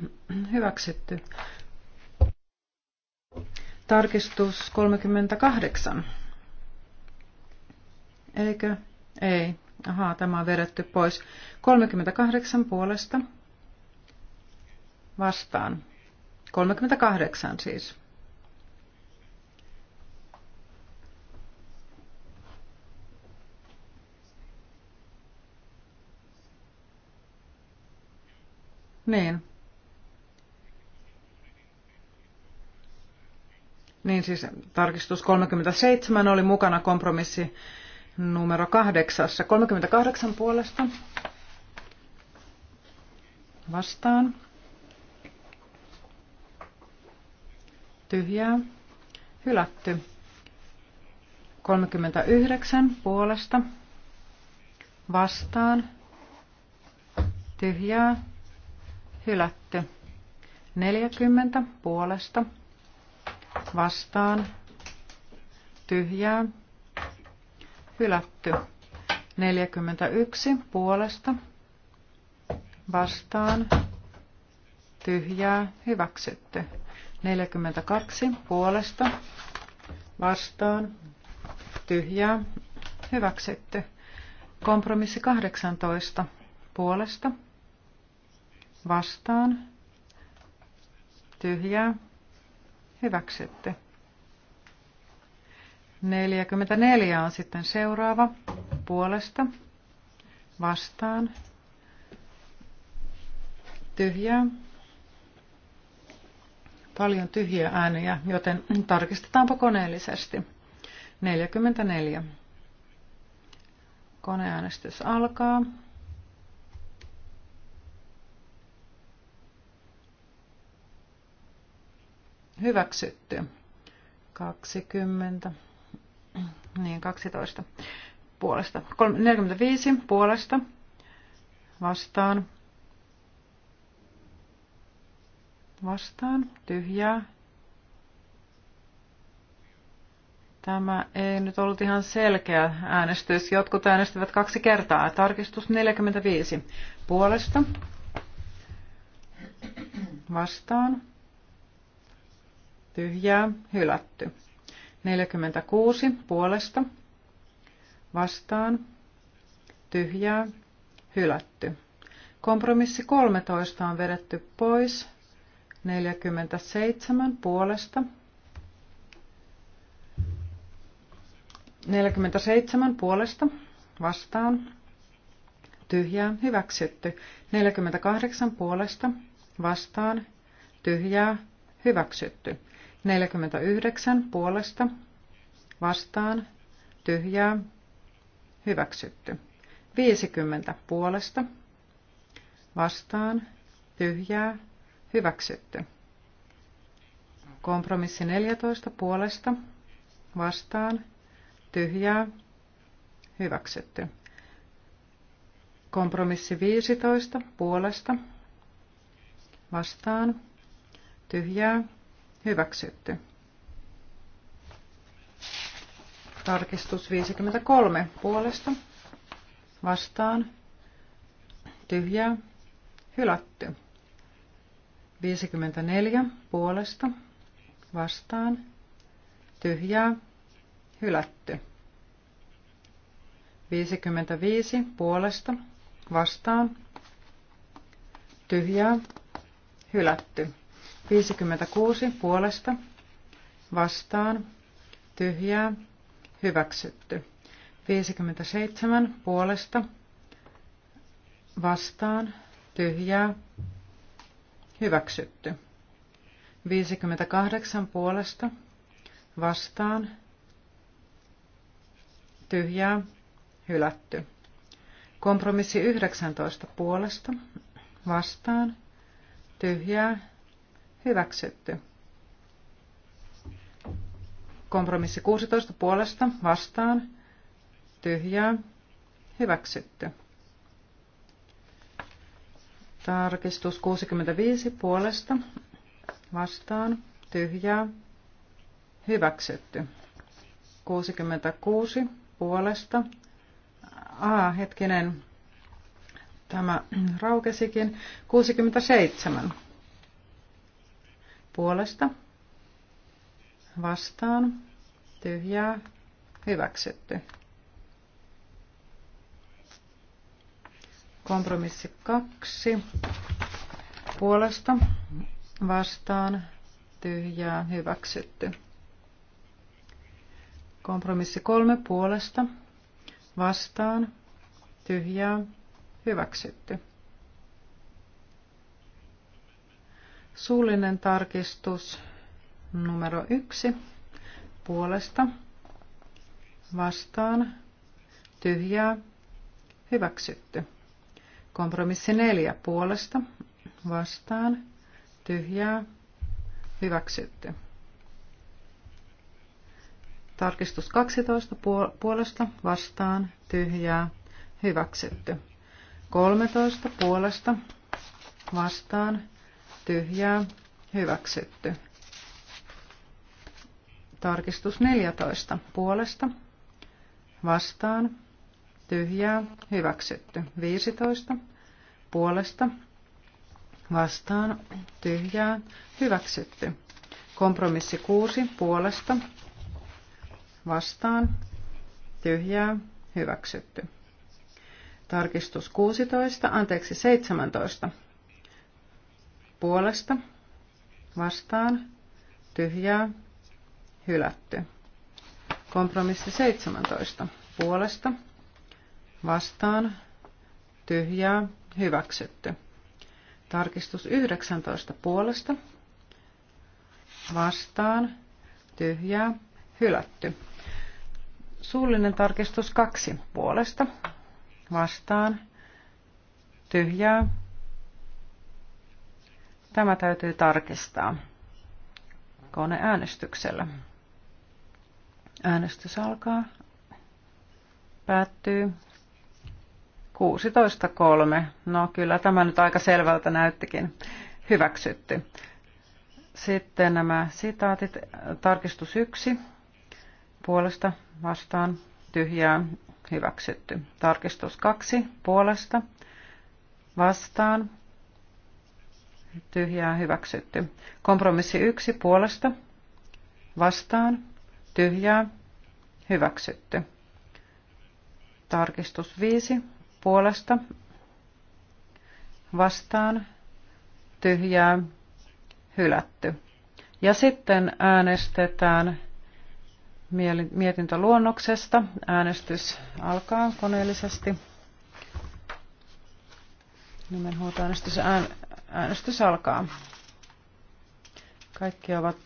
hyväksytty. Tarkistus 38. Eikö? Ei. Ahaa, tämä on vedetty pois. 38 puolesta vastaan. 38 siis. Niin. Niin siis tarkistus 37 oli mukana kompromissi numero kahdeksassa. 38 puolesta vastaan. tyhjää, hylätty. 39 puolesta vastaan, tyhjää, hylätty. 40 puolesta vastaan, tyhjää, hylätty. 41 puolesta vastaan, tyhjää, hyväksytty. 42 puolesta vastaan tyhjää hyväksytty. Kompromissi 18 puolesta vastaan tyhjää hyväksytty. 44 on sitten seuraava puolesta vastaan tyhjää paljon tyhjiä ääniä, joten tarkistetaanpa koneellisesti. 44. Koneäänestys alkaa. Hyväksytty. 20. Niin, 12 puolesta. 45 puolesta vastaan vastaan, tyhjää. Tämä ei nyt ollut ihan selkeä äänestys. Jotkut äänestivät kaksi kertaa. Tarkistus 45 puolesta, vastaan, tyhjää, hylätty. 46 puolesta, vastaan, tyhjää, hylätty. Kompromissi 13 on vedetty pois, 47 puolesta. 47 puolesta vastaan. Tyhjää hyväksytty. 48 puolesta vastaan. Tyhjää hyväksytty. 49 puolesta vastaan. Tyhjää hyväksytty. 50 puolesta vastaan. Tyhjää Hyväksytty. Kompromissi 14 puolesta. Vastaan. Tyhjää. Hyväksytty. Kompromissi 15 puolesta. Vastaan. Tyhjää. Hyväksytty. Tarkistus 53 puolesta. Vastaan. Tyhjää. Hylätty. 54 puolesta vastaan tyhjää hylätty. 55 puolesta vastaan tyhjää hylätty. 56 puolesta vastaan tyhjää hyväksytty. 57 puolesta vastaan tyhjää Hyväksytty. 58 puolesta. Vastaan. Tyhjää. Hylätty. Kompromissi 19 puolesta. Vastaan. Tyhjää. Hyväksytty. Kompromissi 16 puolesta. Vastaan. Tyhjää. Hyväksytty. Tarkistus 65 puolesta vastaan tyhjää hyväksytty. 66 puolesta. A, hetkinen, tämä raukesikin. 67 puolesta vastaan tyhjää hyväksytty. Kompromissi kaksi puolesta vastaan tyhjää hyväksytty. Kompromissi kolme puolesta vastaan tyhjää hyväksytty. Suullinen tarkistus numero yksi puolesta vastaan tyhjää hyväksytty. Kompromissi neljä puolesta vastaan tyhjää hyväksytty. Tarkistus 12 puolesta vastaan tyhjää hyväksytty. 13 puolesta vastaan tyhjää hyväksytty. Tarkistus 14 puolesta vastaan tyhjää, hyväksytty. 15 puolesta vastaan, tyhjää, hyväksytty. Kompromissi 6 puolesta vastaan, tyhjää, hyväksytty. Tarkistus 16, anteeksi 17 puolesta vastaan, tyhjää, hylätty. Kompromissi 17 puolesta vastaan, tyhjää, hyväksytty. Tarkistus 19 puolesta, vastaan, tyhjää, hylätty. Suullinen tarkistus 2 puolesta, vastaan, tyhjää. Tämä täytyy tarkistaa koneäänestyksellä. Äänestys alkaa, päättyy, 16.3. No kyllä tämä nyt aika selvältä näyttikin. Hyväksytty. Sitten nämä sitaatit. Tarkistus 1. Puolesta vastaan tyhjää hyväksytty. Tarkistus 2. Puolesta vastaan tyhjää hyväksytty. Kompromissi 1. Puolesta vastaan tyhjää hyväksytty. Tarkistus 5 puolesta vastaan tyhjää hylätty. Ja sitten äänestetään mietintöluonnoksesta. Äänestys alkaa koneellisesti. Nimenhuutoäänestys ään, äänestys alkaa. Kaikki ovat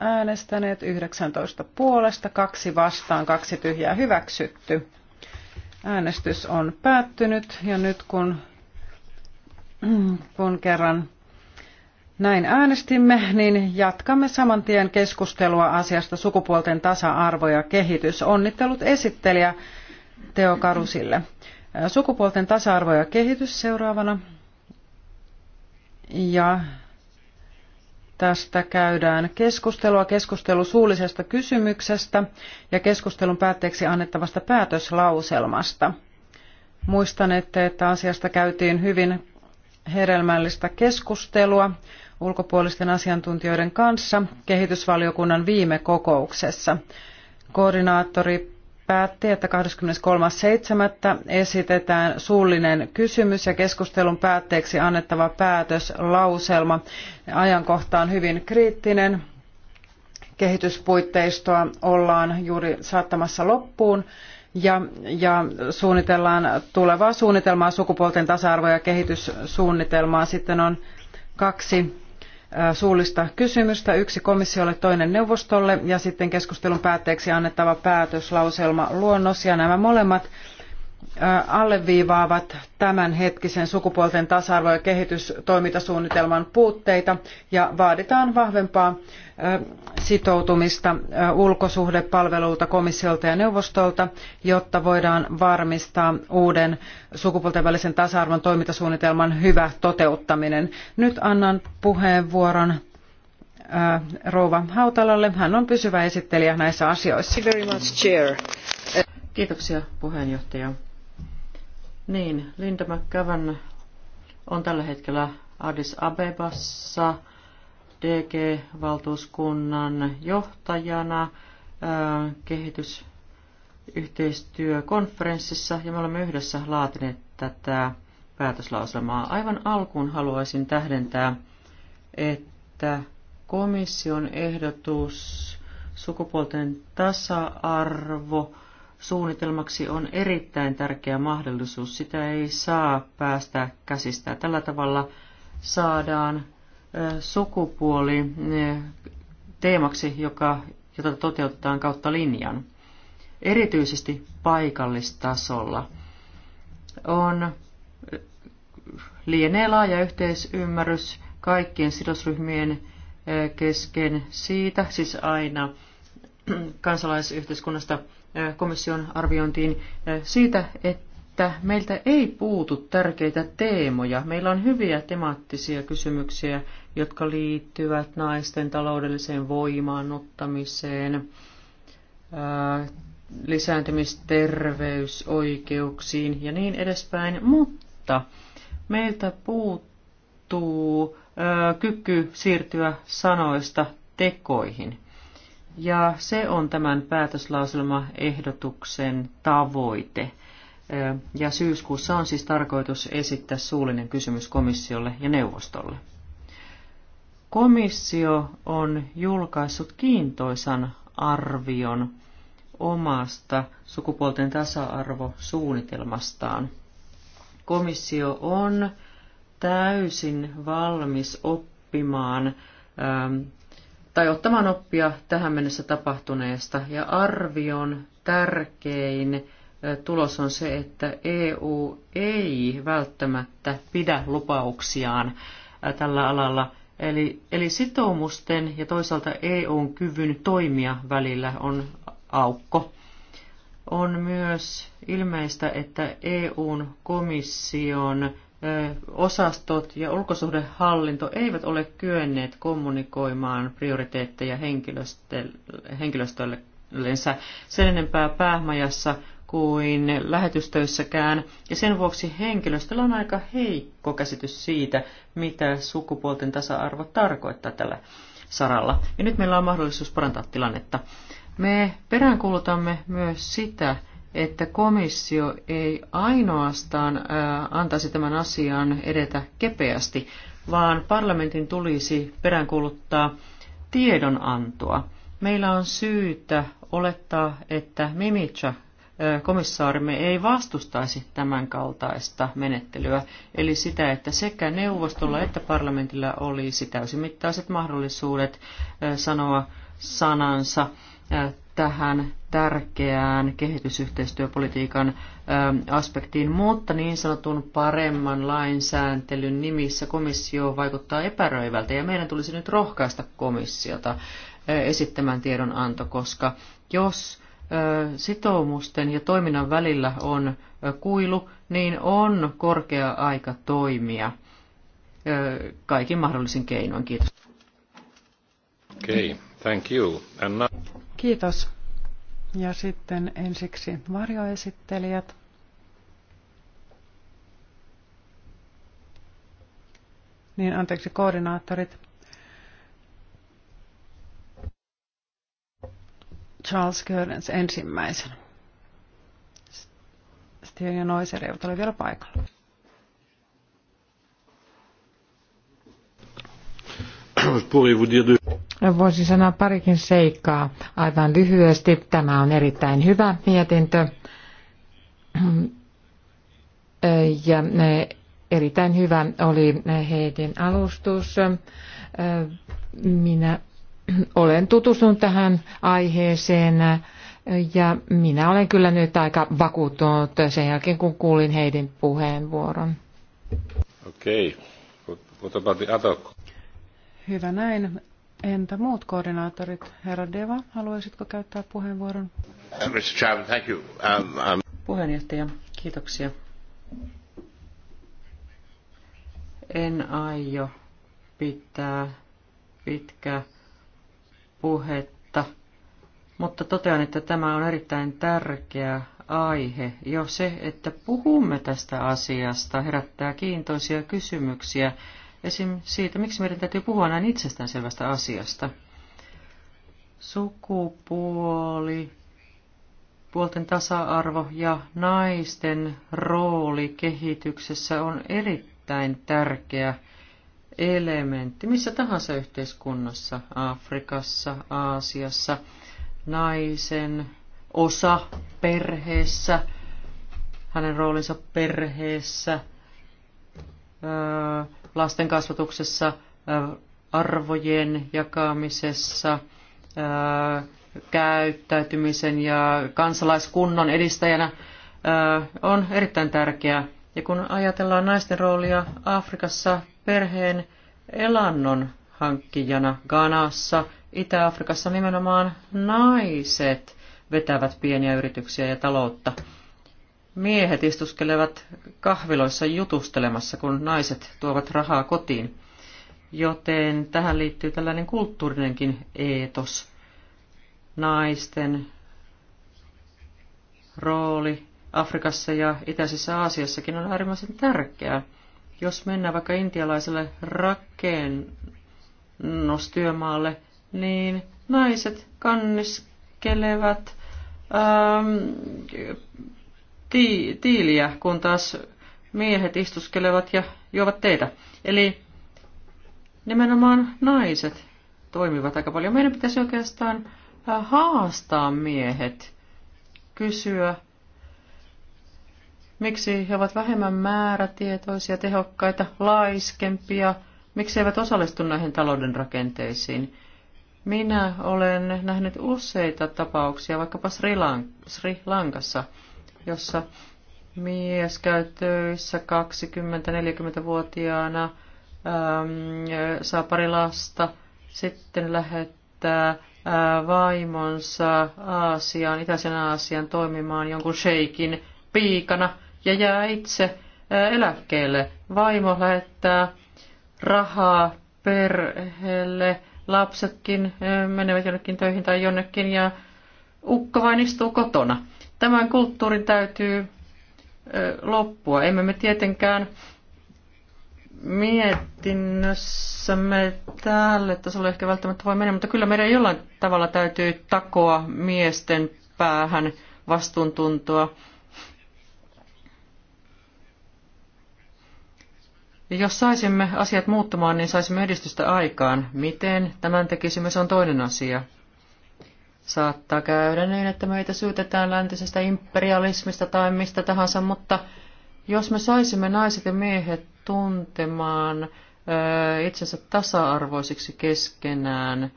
äänestäneet 19 puolesta, kaksi vastaan, kaksi tyhjää hyväksytty. Äänestys on päättynyt ja nyt kun, kun kerran näin äänestimme, niin jatkamme saman tien keskustelua asiasta sukupuolten tasa-arvo ja kehitys. Onnittelut esittelijä Teo Karusille. Sukupuolten tasa-arvo ja kehitys seuraavana. Ja Tästä käydään keskustelua, keskustelu suullisesta kysymyksestä ja keskustelun päätteeksi annettavasta päätöslauselmasta. Muistanette, että asiasta käytiin hyvin hedelmällistä keskustelua ulkopuolisten asiantuntijoiden kanssa kehitysvaliokunnan viime kokouksessa. Koordinaattori päätti, että 23.7. esitetään suullinen kysymys ja keskustelun päätteeksi annettava päätöslauselma. Ajankohta on hyvin kriittinen. Kehityspuitteistoa ollaan juuri saattamassa loppuun ja, ja suunnitellaan tulevaa suunnitelmaa sukupuolten tasa-arvo- ja kehityssuunnitelmaa. Sitten on kaksi suullista kysymystä, yksi komissiolle, toinen neuvostolle ja sitten keskustelun päätteeksi annettava päätöslauselma luonnos ja nämä molemmat alleviivaavat tämänhetkisen sukupuolten tasa-arvo- ja kehitystoimintasuunnitelman puutteita ja vaaditaan vahvempaa sitoutumista ulkosuhdepalvelulta, komissiolta ja neuvostolta, jotta voidaan varmistaa uuden sukupuolten välisen tasa-arvon toimintasuunnitelman hyvä toteuttaminen. Nyt annan puheenvuoron rouva Hautalalle. Hän on pysyvä esittelijä näissä asioissa. Kiitoksia puheenjohtaja. Niin, Linda McGavin on tällä hetkellä Addis Abebassa – DG-valtuuskunnan johtajana kehitysyhteistyökonferenssissa ja me olemme yhdessä laatineet tätä päätöslauselmaa. Aivan alkuun haluaisin tähdentää, että komission ehdotus sukupuolten tasa-arvo suunnitelmaksi on erittäin tärkeä mahdollisuus. Sitä ei saa päästä käsistä. Tällä tavalla saadaan sukupuoli eh, teemaksi, joka, jota toteutetaan kautta linjan, erityisesti paikallistasolla, on eh, lienee laaja yhteisymmärrys kaikkien sidosryhmien eh, kesken siitä, siis aina kansalaisyhteiskunnasta komission arviointiin siitä, että että meiltä ei puutu tärkeitä teemoja. Meillä on hyviä temaattisia kysymyksiä, jotka liittyvät naisten taloudelliseen voimaannuttamiseen, lisääntymisterveysoikeuksiin ja niin edespäin, mutta meiltä puuttuu kyky siirtyä sanoista tekoihin. Ja se on tämän päätöslauselmaehdotuksen tavoite ja syyskuussa on siis tarkoitus esittää suullinen kysymys komissiolle ja neuvostolle. Komissio on julkaissut kiintoisan arvion omasta sukupuolten tasa-arvosuunnitelmastaan. Komissio on täysin valmis oppimaan ähm, tai ottamaan oppia tähän mennessä tapahtuneesta ja arvion tärkein tulos on se, että EU ei välttämättä pidä lupauksiaan tällä alalla. Eli, eli sitoumusten ja toisaalta EUn kyvyn toimia välillä on aukko. On myös ilmeistä, että EUn komission osastot ja ulkosuhdehallinto eivät ole kyenneet kommunikoimaan prioriteetteja henkilöstöllensä sen enempää päämajassa kuin lähetystöissäkään, ja sen vuoksi henkilöstöllä on aika heikko käsitys siitä, mitä sukupuolten tasa-arvo tarkoittaa tällä saralla. Ja nyt meillä on mahdollisuus parantaa tilannetta. Me peräänkuulutamme myös sitä, että komissio ei ainoastaan antaisi tämän asian edetä kepeästi, vaan parlamentin tulisi peräänkuuluttaa tiedonantoa. Meillä on syytä olettaa, että mimicha komissaarimme ei vastustaisi tämän kaltaista menettelyä, eli sitä, että sekä neuvostolla että parlamentilla olisi täysimittaiset mahdollisuudet sanoa sanansa tähän tärkeään kehitysyhteistyöpolitiikan aspektiin, mutta niin sanotun paremman lainsääntelyn nimissä komissio vaikuttaa epäröivältä ja meidän tulisi nyt rohkaista komissiota esittämään tiedonanto, koska jos sitoumusten ja toiminnan välillä on kuilu, niin on korkea aika toimia kaikin mahdollisin keinoin. Kiitos. Okay, thank you. And now... Kiitos. Ja sitten ensiksi varjoesittelijät. Niin, anteeksi, koordinaattorit. Charles Görens ensimmäisenä. Stier ja Noiser eivät ole vielä paikalla. Voisin sanoa parikin seikkaa aivan lyhyesti. Tämä on erittäin hyvä mietintö ja e, erittäin hyvä oli Heidin alustus. E, minä olen tutustunut tähän aiheeseen äh, ja minä olen kyllä nyt aika vakuuttunut sen jälkeen, kun kuulin Heidin puheenvuoron. Okei. Okay. Hyvä näin. Entä muut koordinaattorit? Herra Deva, haluaisitko käyttää puheenvuoron? Uh, Mr. Chairman, thank you. Um, um... Puheenjohtaja, kiitoksia. En aio pitää pitkä puhetta, mutta totean, että tämä on erittäin tärkeä aihe. Jo se, että puhumme tästä asiasta, herättää kiintoisia kysymyksiä esim. siitä, miksi meidän täytyy puhua näin itsestäänselvästä asiasta. Sukupuoli, puolten tasa-arvo ja naisten rooli kehityksessä on erittäin tärkeä elementti missä tahansa yhteiskunnassa, Afrikassa, Aasiassa, naisen osa perheessä, hänen roolinsa perheessä, lasten kasvatuksessa, arvojen jakamisessa, käyttäytymisen ja kansalaiskunnon edistäjänä on erittäin tärkeää ja kun ajatellaan naisten roolia Afrikassa perheen elannon hankkijana Ghanassa, Itä-Afrikassa nimenomaan naiset vetävät pieniä yrityksiä ja taloutta. Miehet istuskelevat kahviloissa jutustelemassa, kun naiset tuovat rahaa kotiin. Joten tähän liittyy tällainen kulttuurinenkin eetos. Naisten rooli Afrikassa ja itäisessä Aasiassakin on äärimmäisen tärkeää. Jos mennään vaikka intialaiselle rakennustyömaalle, niin naiset kanniskelevat ähm, ti- tiiliä, kun taas miehet istuskelevat ja juovat teitä. Eli nimenomaan naiset toimivat aika paljon. Meidän pitäisi oikeastaan äh, haastaa miehet, kysyä, Miksi he ovat vähemmän määrätietoisia, tehokkaita, laiskempia? Miksi he eivät osallistu näihin talouden rakenteisiin? Minä olen nähnyt useita tapauksia, vaikkapa Sri, Lank- Sri Lankassa, jossa mies käy töissä 20-40-vuotiaana, saa pari lasta, sitten lähettää vaimonsa Aasiaan, Itäisen Aasian toimimaan jonkun sheikin piikana ja jää itse eläkkeelle. Vaimo lähettää rahaa perheelle, lapsetkin menevät jonnekin töihin tai jonnekin ja ukko vain istuu kotona. Tämän kulttuurin täytyy loppua. Emme me tietenkään mietinnössämme se oli ehkä välttämättä voi mennä, mutta kyllä meidän jollain tavalla täytyy takoa miesten päähän vastuuntuntoa. Ja jos saisimme asiat muuttumaan, niin saisimme edistystä aikaan. Miten tämän tekisimme, se on toinen asia. Saattaa käydä niin, että meitä syytetään läntisestä imperialismista tai mistä tahansa, mutta jos me saisimme naiset ja miehet tuntemaan ö, itsensä tasa-arvoisiksi keskenään,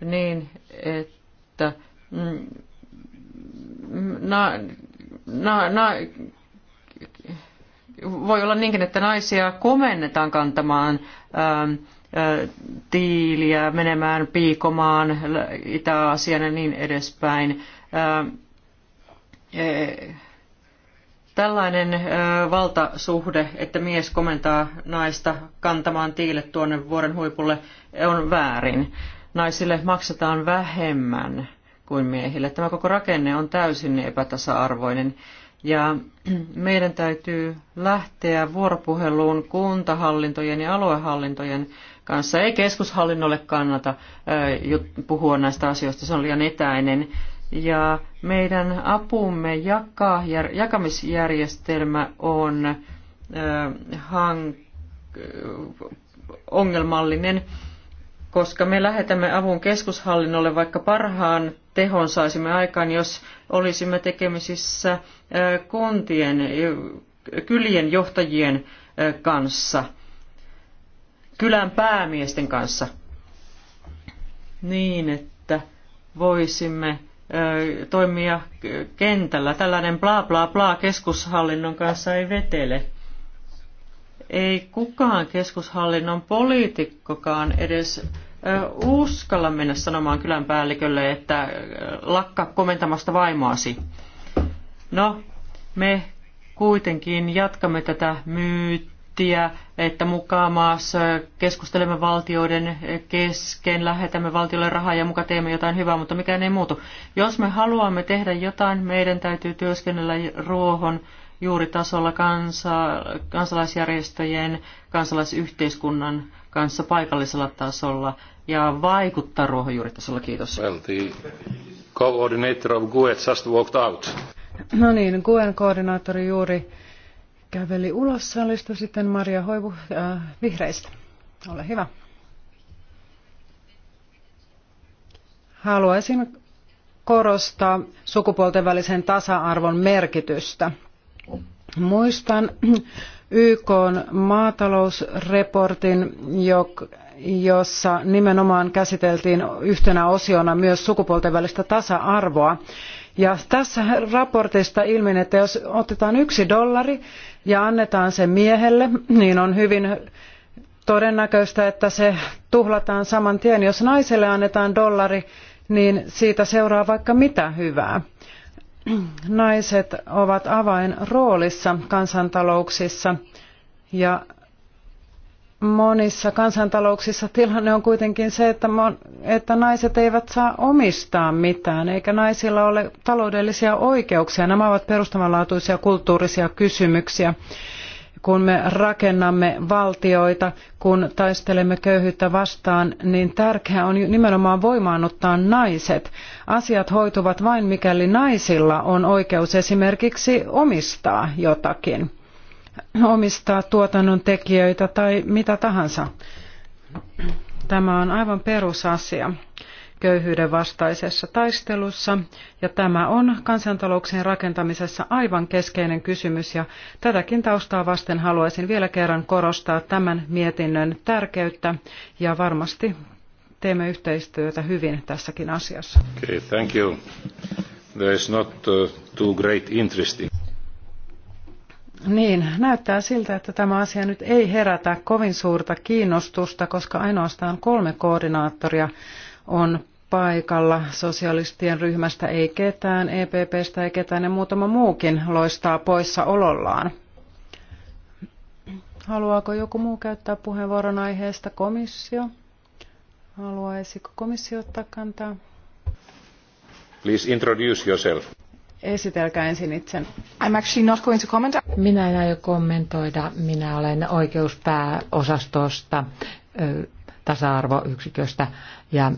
niin että mm, na, na, na, voi olla niinkin, että naisia komennetaan kantamaan ähm, äh, tiiliä, menemään piikomaan, Itä-Asian ja niin edespäin. Ähm, e, tällainen äh, valtasuhde, että mies komentaa naista kantamaan tiilet tuonne vuoren huipulle, on väärin. Naisille maksetaan vähemmän kuin miehille. Tämä koko rakenne on täysin epätasa-arvoinen. Ja meidän täytyy lähteä vuoropuheluun kuntahallintojen ja aluehallintojen kanssa. Ei keskushallinnolle kannata puhua näistä asioista, se on liian etäinen. Ja meidän apumme jaka, jakamisjärjestelmä on hank, ongelmallinen, koska me lähetämme avun keskushallinnolle, vaikka parhaan tehon saisimme aikaan, jos olisimme tekemisissä kuntien, kylien johtajien kanssa, kylän päämiesten kanssa, niin että voisimme toimia kentällä. Tällainen bla bla bla keskushallinnon kanssa ei vetele. Ei kukaan keskushallinnon poliitikkokaan edes uskalla mennä sanomaan kylän päällikölle, että lakka komentamasta vaimoasi. No, me kuitenkin jatkamme tätä myyttiä, että mukaan maassa keskustelemme valtioiden kesken, lähetämme valtiolle rahaa ja muka teemme jotain hyvää, mutta mikään ei muutu. Jos me haluamme tehdä jotain, meidän täytyy työskennellä ruohon tasolla kansa, kansalaisjärjestöjen, kansalaisyhteiskunnan kanssa paikallisella tasolla ja vaikuttaa ruohonjuuritasolla. Kiitos. Well, the coordinator of GUE just walked out. No niin, GUEn koordinaattori juuri käveli ulos salista. Sitten Maria Hoivu äh, vihreistä. Ole hyvä. Haluaisin korostaa sukupuolten välisen tasa-arvon merkitystä. Muistan YK maatalousreportin, jossa nimenomaan käsiteltiin yhtenä osiona myös sukupuolten välistä tasa-arvoa. Ja tässä raportista ilmenee, että jos otetaan yksi dollari ja annetaan se miehelle, niin on hyvin todennäköistä, että se tuhlataan saman tien. Jos naiselle annetaan dollari, niin siitä seuraa vaikka mitä hyvää. Naiset ovat avainroolissa kansantalouksissa ja monissa kansantalouksissa tilanne on kuitenkin se, että, että naiset eivät saa omistaa mitään, eikä naisilla ole taloudellisia oikeuksia. Nämä ovat perustavanlaatuisia kulttuurisia kysymyksiä kun me rakennamme valtioita, kun taistelemme köyhyyttä vastaan, niin tärkeää on nimenomaan voimaannuttaa naiset. Asiat hoituvat vain mikäli naisilla on oikeus esimerkiksi omistaa jotakin omistaa tuotannon tekijöitä tai mitä tahansa. Tämä on aivan perusasia köyhyyden vastaisessa taistelussa ja tämä on kansantalouksien rakentamisessa aivan keskeinen kysymys ja tätäkin taustaa vasten haluaisin vielä kerran korostaa tämän mietinnön tärkeyttä ja varmasti teemme yhteistyötä hyvin tässäkin asiassa. Okay, thank you. There is not uh, too great interest. Niin, näyttää siltä, että tämä asia nyt ei herätä kovin suurta kiinnostusta, koska ainoastaan kolme koordinaattoria on paikalla. Sosialistien ryhmästä ei ketään, EPPstä ei ketään ja muutama muukin loistaa poissaolollaan. Haluaako joku muu käyttää puheenvuoron aiheesta komissio? Haluaisiko komissio ottaa kantaa? Please introduce yourself. Esitelkää ensin itse. I'm actually not going to comment. Minä en aio kommentoida. Minä olen oikeuspääosastosta, tasa-arvoyksiköstä ja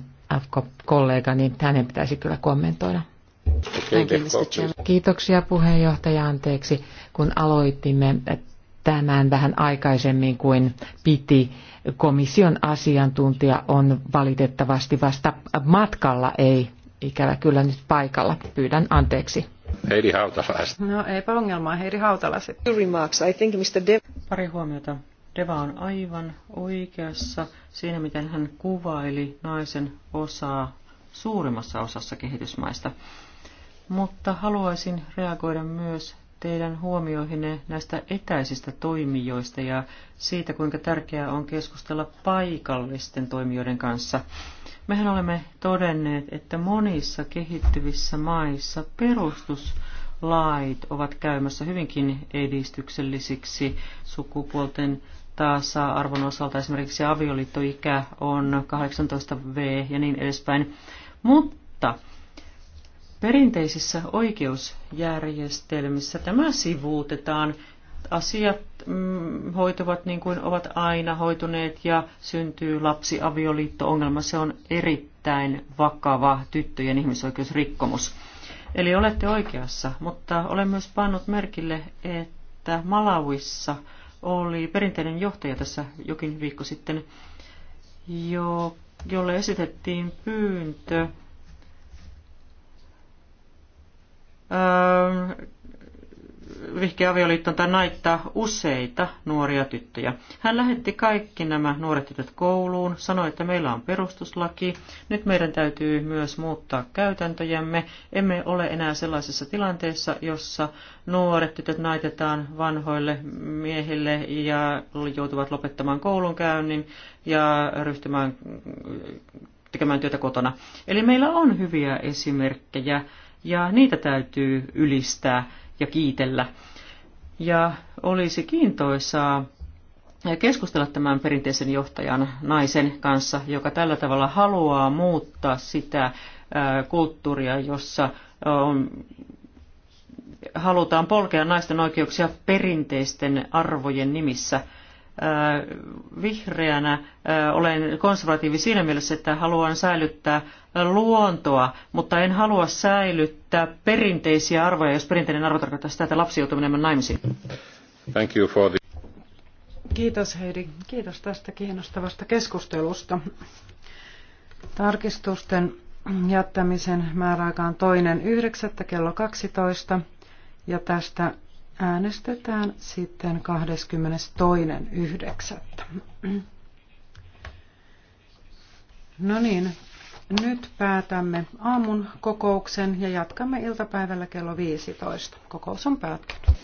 kollegani, hänen pitäisi kyllä kommentoida. Kiitoksia puheenjohtaja anteeksi, kun aloitimme tämän vähän aikaisemmin kuin piti. Komission asiantuntija on valitettavasti vasta matkalla, ei ikävä kyllä nyt paikalla. Pyydän anteeksi. Heidi Hautalaista. No eipä ongelmaa, Heidi Hautalaista. Remarks. I think Pari huomiota. Deva on aivan oikeassa siinä, miten hän kuvaili naisen osaa suurimmassa osassa kehitysmaista. Mutta haluaisin reagoida myös teidän huomioihinne näistä etäisistä toimijoista ja siitä, kuinka tärkeää on keskustella paikallisten toimijoiden kanssa. Mehän olemme todenneet, että monissa kehittyvissä maissa perustuslait ovat käymässä hyvinkin edistyksellisiksi sukupuolten tasa-arvon osalta. Esimerkiksi avioliittoikä on 18V ja niin edespäin. Mutta perinteisissä oikeusjärjestelmissä tämä sivuutetaan asiat mm, hoituvat niin kuin ovat aina hoituneet ja syntyy lapsiavioliitto-ongelma. Se on erittäin vakava tyttöjen ihmisoikeusrikkomus. Eli olette oikeassa, mutta olen myös pannut merkille, että Malawissa oli perinteinen johtaja tässä jokin viikko sitten, jo, jolle esitettiin pyyntö öö, vihkiä avioliittoon tai naittaa useita nuoria tyttöjä. Hän lähetti kaikki nämä nuoret tytöt kouluun, sanoi, että meillä on perustuslaki, nyt meidän täytyy myös muuttaa käytäntöjämme. Emme ole enää sellaisessa tilanteessa, jossa nuoret tytöt naitetaan vanhoille miehille ja joutuvat lopettamaan koulunkäynnin ja ryhtymään tekemään työtä kotona. Eli meillä on hyviä esimerkkejä ja niitä täytyy ylistää ja kiitellä. Ja olisi kiintoisaa keskustella tämän perinteisen johtajan naisen kanssa, joka tällä tavalla haluaa muuttaa sitä kulttuuria, jossa on, halutaan polkea naisten oikeuksia perinteisten arvojen nimissä – vihreänä olen konservatiivi siinä mielessä, että haluan säilyttää luontoa, mutta en halua säilyttää perinteisiä arvoja, jos perinteinen arvo tarkoittaa sitä, että lapsi joutuu menemään naimisiin. Thank you for the... Kiitos Heidi. Kiitos tästä kiinnostavasta keskustelusta. Tarkistusten jättämisen määräaika on toinen yhdeksättä kello 12 ja tästä äänestetään sitten 22.9. No niin, nyt päätämme aamun kokouksen ja jatkamme iltapäivällä kello 15. Kokous on päättynyt.